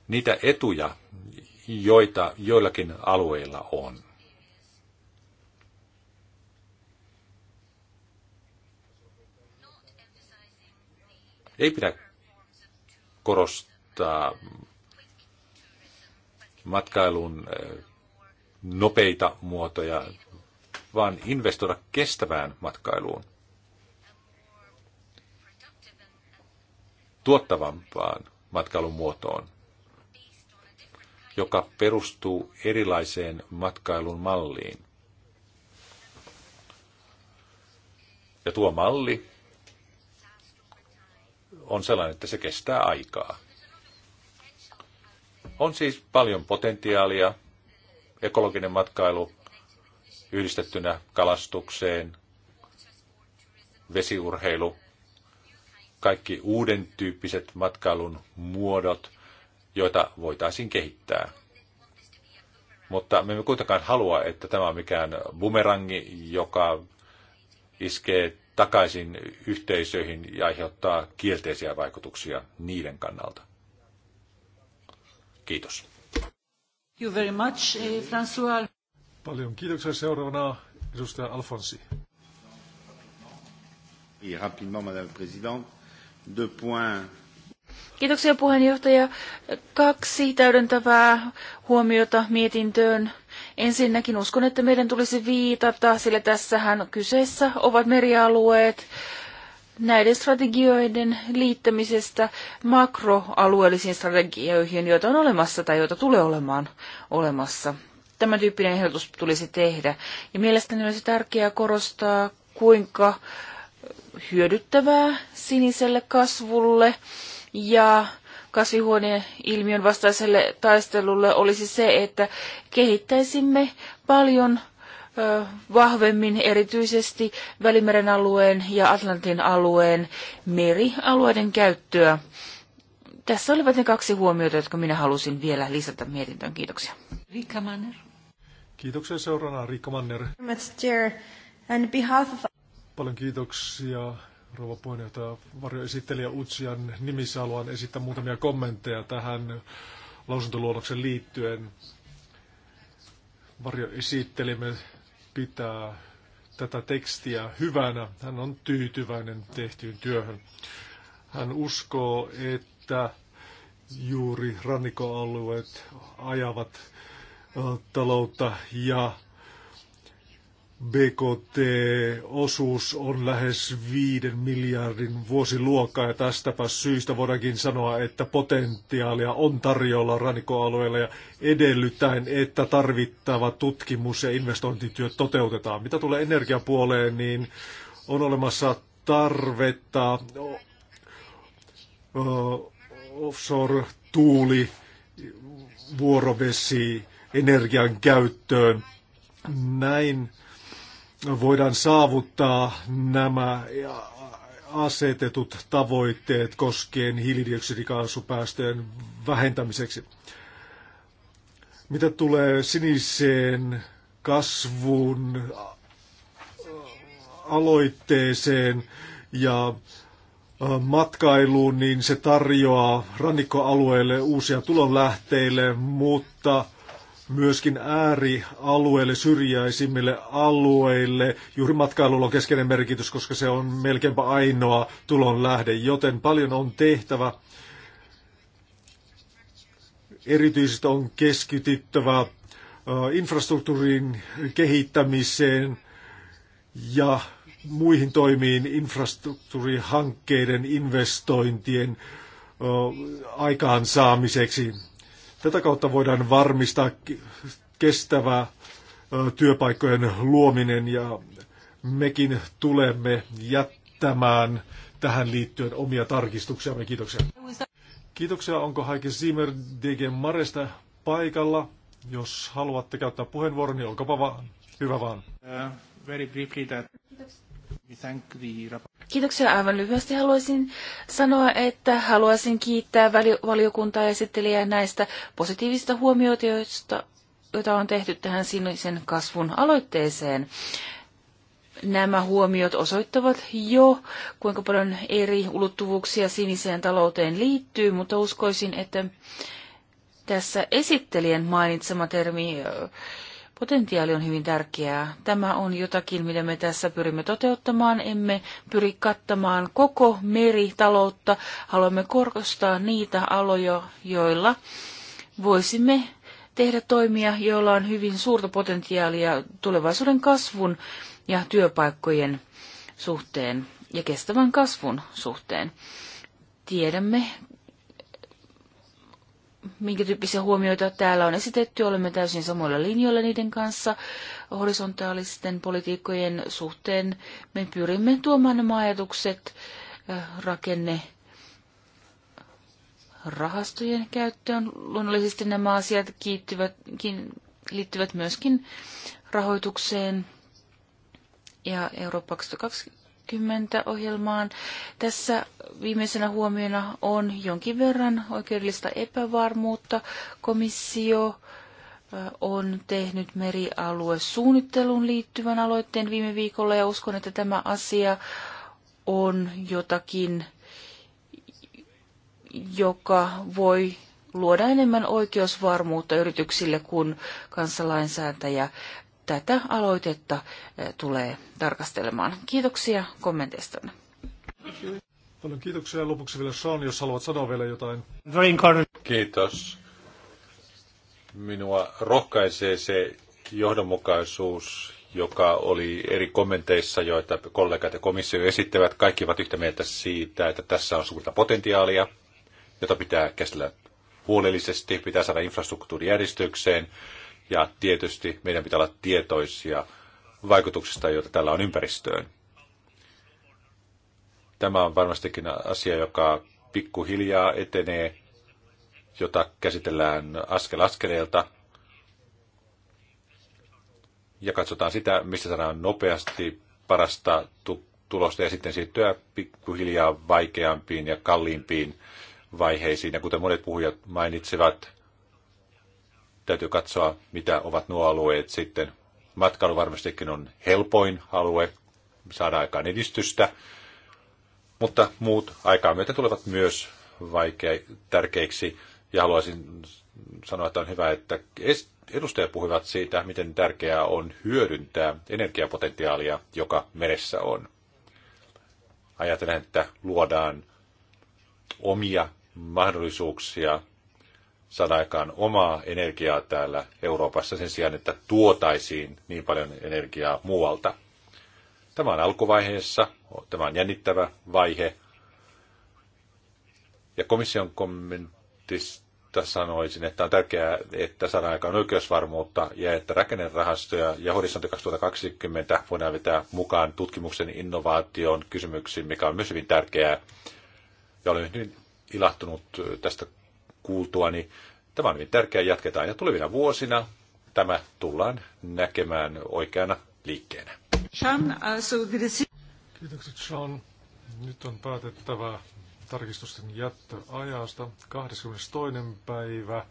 [SPEAKER 3] niitä etuja, joita joillakin alueilla on. Ei pidä korostaa matkailun eh, nopeita muotoja, vaan investoida kestävään matkailuun. Tuottavampaan matkailun muotoon joka perustuu erilaiseen matkailun malliin. Ja tuo malli on sellainen, että se kestää aikaa. On siis paljon potentiaalia. Ekologinen matkailu yhdistettynä kalastukseen, vesiurheilu, kaikki uuden tyyppiset matkailun muodot – joita voitaisiin kehittää. Mutta me emme kuitenkaan halua, että tämä on mikään bumerangi, joka iskee takaisin yhteisöihin ja aiheuttaa kielteisiä vaikutuksia niiden kannalta. Kiitos.
[SPEAKER 1] You very much, eh, François.
[SPEAKER 2] Paljon kiitoksia. Seuraavana edustaja Alfonsi.
[SPEAKER 3] Et rapidement, Madame la Présidente, deux points
[SPEAKER 1] Kiitoksia puheenjohtaja. Kaksi täydentävää huomiota mietintöön. Ensinnäkin uskon, että meidän tulisi viitata, sillä tässähän kyseessä ovat merialueet näiden strategioiden liittämisestä makroalueellisiin strategioihin, joita on olemassa tai joita tulee olemaan olemassa. Tämän tyyppinen ehdotus tulisi tehdä. Ja mielestäni olisi tärkeää korostaa, kuinka hyödyttävää siniselle kasvulle ja kasvihuoneilmiön vastaiselle taistelulle olisi se, että kehittäisimme paljon vahvemmin erityisesti Välimeren alueen ja Atlantin alueen merialueiden käyttöä. Tässä olivat ne kaksi huomiota, jotka minä halusin vielä lisätä mietintöön. Kiitoksia. Riikka Manner.
[SPEAKER 2] Kiitoksia seurana Riikka Manner. Paljon kiitoksia rouva puheenjohtaja, varjoesittelijä Utsian nimissä haluan esittää muutamia kommentteja tähän lausuntoluonnoksen liittyen. Varjoesittelimme pitää tätä tekstiä hyvänä. Hän on tyytyväinen tehtyyn työhön. Hän uskoo, että juuri rannikkoalueet ajavat taloutta ja BKT-osuus on lähes 5 miljardin vuosiluokkaa ja tästäpä syystä voidaankin sanoa, että potentiaalia on tarjolla rannikkoalueella ja edellyttäen, että tarvittava tutkimus- ja investointityö toteutetaan. Mitä tulee energiapuoleen, niin on olemassa tarvetta offshore, tuuli, vuorovesi, energian käyttöön. Näin voidaan saavuttaa nämä asetetut tavoitteet koskien hiilidioksidikaasupäästöjen vähentämiseksi. Mitä tulee siniseen kasvun aloitteeseen ja matkailuun, niin se tarjoaa rannikkoalueelle uusia tulonlähteille, mutta myöskin äärialueille, syrjäisimmille alueille. Juuri matkailulla on keskeinen merkitys, koska se on melkeinpä ainoa lähde, joten paljon on tehtävä. Erityisesti on keskityttävä infrastruktuurin kehittämiseen ja muihin toimiin infrastruktuurihankkeiden investointien aikaansaamiseksi Tätä kautta voidaan varmistaa kestävä työpaikkojen luominen ja mekin tulemme jättämään tähän liittyen omia tarkistuksiamme. Kiitoksia. Kiitoksia. Onko Heike Zimmer DG Maresta paikalla? Jos haluatte käyttää puheenvuoron, niin olkapa vaan. Hyvä vaan. Uh, very briefly that we thank
[SPEAKER 1] the Kiitoksia. Aivan lyhyesti haluaisin sanoa, että haluaisin kiittää valiokuntaa esittelijää näistä positiivista huomioita, joista, joita on tehty tähän sinisen kasvun aloitteeseen. Nämä huomiot osoittavat jo, kuinka paljon eri ulottuvuuksia siniseen talouteen liittyy, mutta uskoisin, että tässä esittelijän mainitsema termi Potentiaali on hyvin tärkeää. Tämä on jotakin, mitä me tässä pyrimme toteuttamaan. Emme pyri kattamaan koko meritaloutta. Haluamme korostaa niitä aloja, joilla voisimme tehdä toimia, joilla on hyvin suurta potentiaalia tulevaisuuden kasvun ja työpaikkojen suhteen ja kestävän kasvun suhteen. Tiedämme minkä tyyppisiä huomioita täällä on esitetty. Olemme täysin samoilla linjoilla niiden kanssa horisontaalisten politiikkojen suhteen. Me pyrimme tuomaan nämä ajatukset äh, rakenne rahastojen käyttöön. Luonnollisesti nämä asiat liittyvät myöskin rahoitukseen ja Eurooppa 2020 2020 ohjelmaan. Tässä viimeisenä huomiona on jonkin verran oikeudellista epävarmuutta. Komissio on tehnyt merialuesuunnitteluun liittyvän aloitteen viime viikolla ja uskon, että tämä asia on jotakin, joka voi luoda enemmän oikeusvarmuutta yrityksille, kun kansalainsäätäjä tätä aloitetta eh, tulee tarkastelemaan. Kiitoksia kommenteista.
[SPEAKER 2] Paljon kiitoksia. Lopuksi vielä Sean, jos haluat sanoa vielä jotain.
[SPEAKER 3] Kiitos. Minua rohkaisee se johdonmukaisuus, joka oli eri kommenteissa, joita kollegat ja komissio esittävät. Kaikki ovat yhtä mieltä siitä, että tässä on suurta potentiaalia, jota pitää käsitellä huolellisesti, pitää saada infrastruktuuri järjestykseen ja tietysti meidän pitää olla tietoisia vaikutuksista, joita tällä on ympäristöön. Tämä on varmastikin asia, joka pikkuhiljaa etenee, jota käsitellään askel askeleelta. Ja katsotaan sitä, mistä saadaan nopeasti parasta tulosta ja sitten siirtyä pikkuhiljaa vaikeampiin ja kalliimpiin vaiheisiin. Ja kuten monet puhujat mainitsevat, Täytyy katsoa, mitä ovat nuo alueet sitten. Matkailu varmastikin on helpoin alue saada aikaan edistystä, mutta muut aikaa myötä tulevat myös vaikea, tärkeiksi. Ja haluaisin sanoa, että on hyvä, että edustajat puhuvat siitä, miten tärkeää on hyödyntää energiapotentiaalia, joka meressä on. Ajatellen, että luodaan omia mahdollisuuksia saada aikaan omaa energiaa täällä Euroopassa sen sijaan, että tuotaisiin niin paljon energiaa muualta. Tämä on alkuvaiheessa, tämä on jännittävä vaihe. Ja komission kommentista sanoisin, että on tärkeää, että saadaan aikaan oikeusvarmuutta ja että rakennerahastoja ja horisontti 2020 voidaan vetää mukaan tutkimuksen innovaation kysymyksiin, mikä on myös hyvin tärkeää. Ja olen hyvin ilahtunut tästä niin Tämä on hyvin tärkeää, jatketaan ja tulevina vuosina tämä tullaan näkemään oikeana liikkeenä.
[SPEAKER 1] Uh, Kiitokset
[SPEAKER 2] Sean. Nyt on päätettävä tarkistusten jättöajasta 22. päivä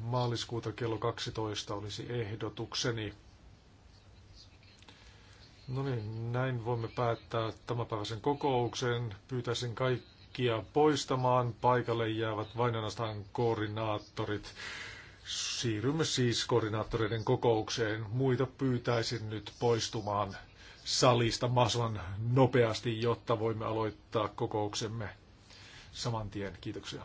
[SPEAKER 2] maaliskuuta kello 12 olisi ehdotukseni. No niin, näin voimme päättää tämänpäiväisen kokouksen. Pyytäisin kaikki kaikkia poistamaan. Paikalle jäävät vain ainoastaan koordinaattorit. Siirrymme siis koordinaattoreiden kokoukseen. Muita pyytäisin nyt poistumaan salista mahdollisimman nopeasti, jotta voimme aloittaa kokouksemme saman tien. Kiitoksia.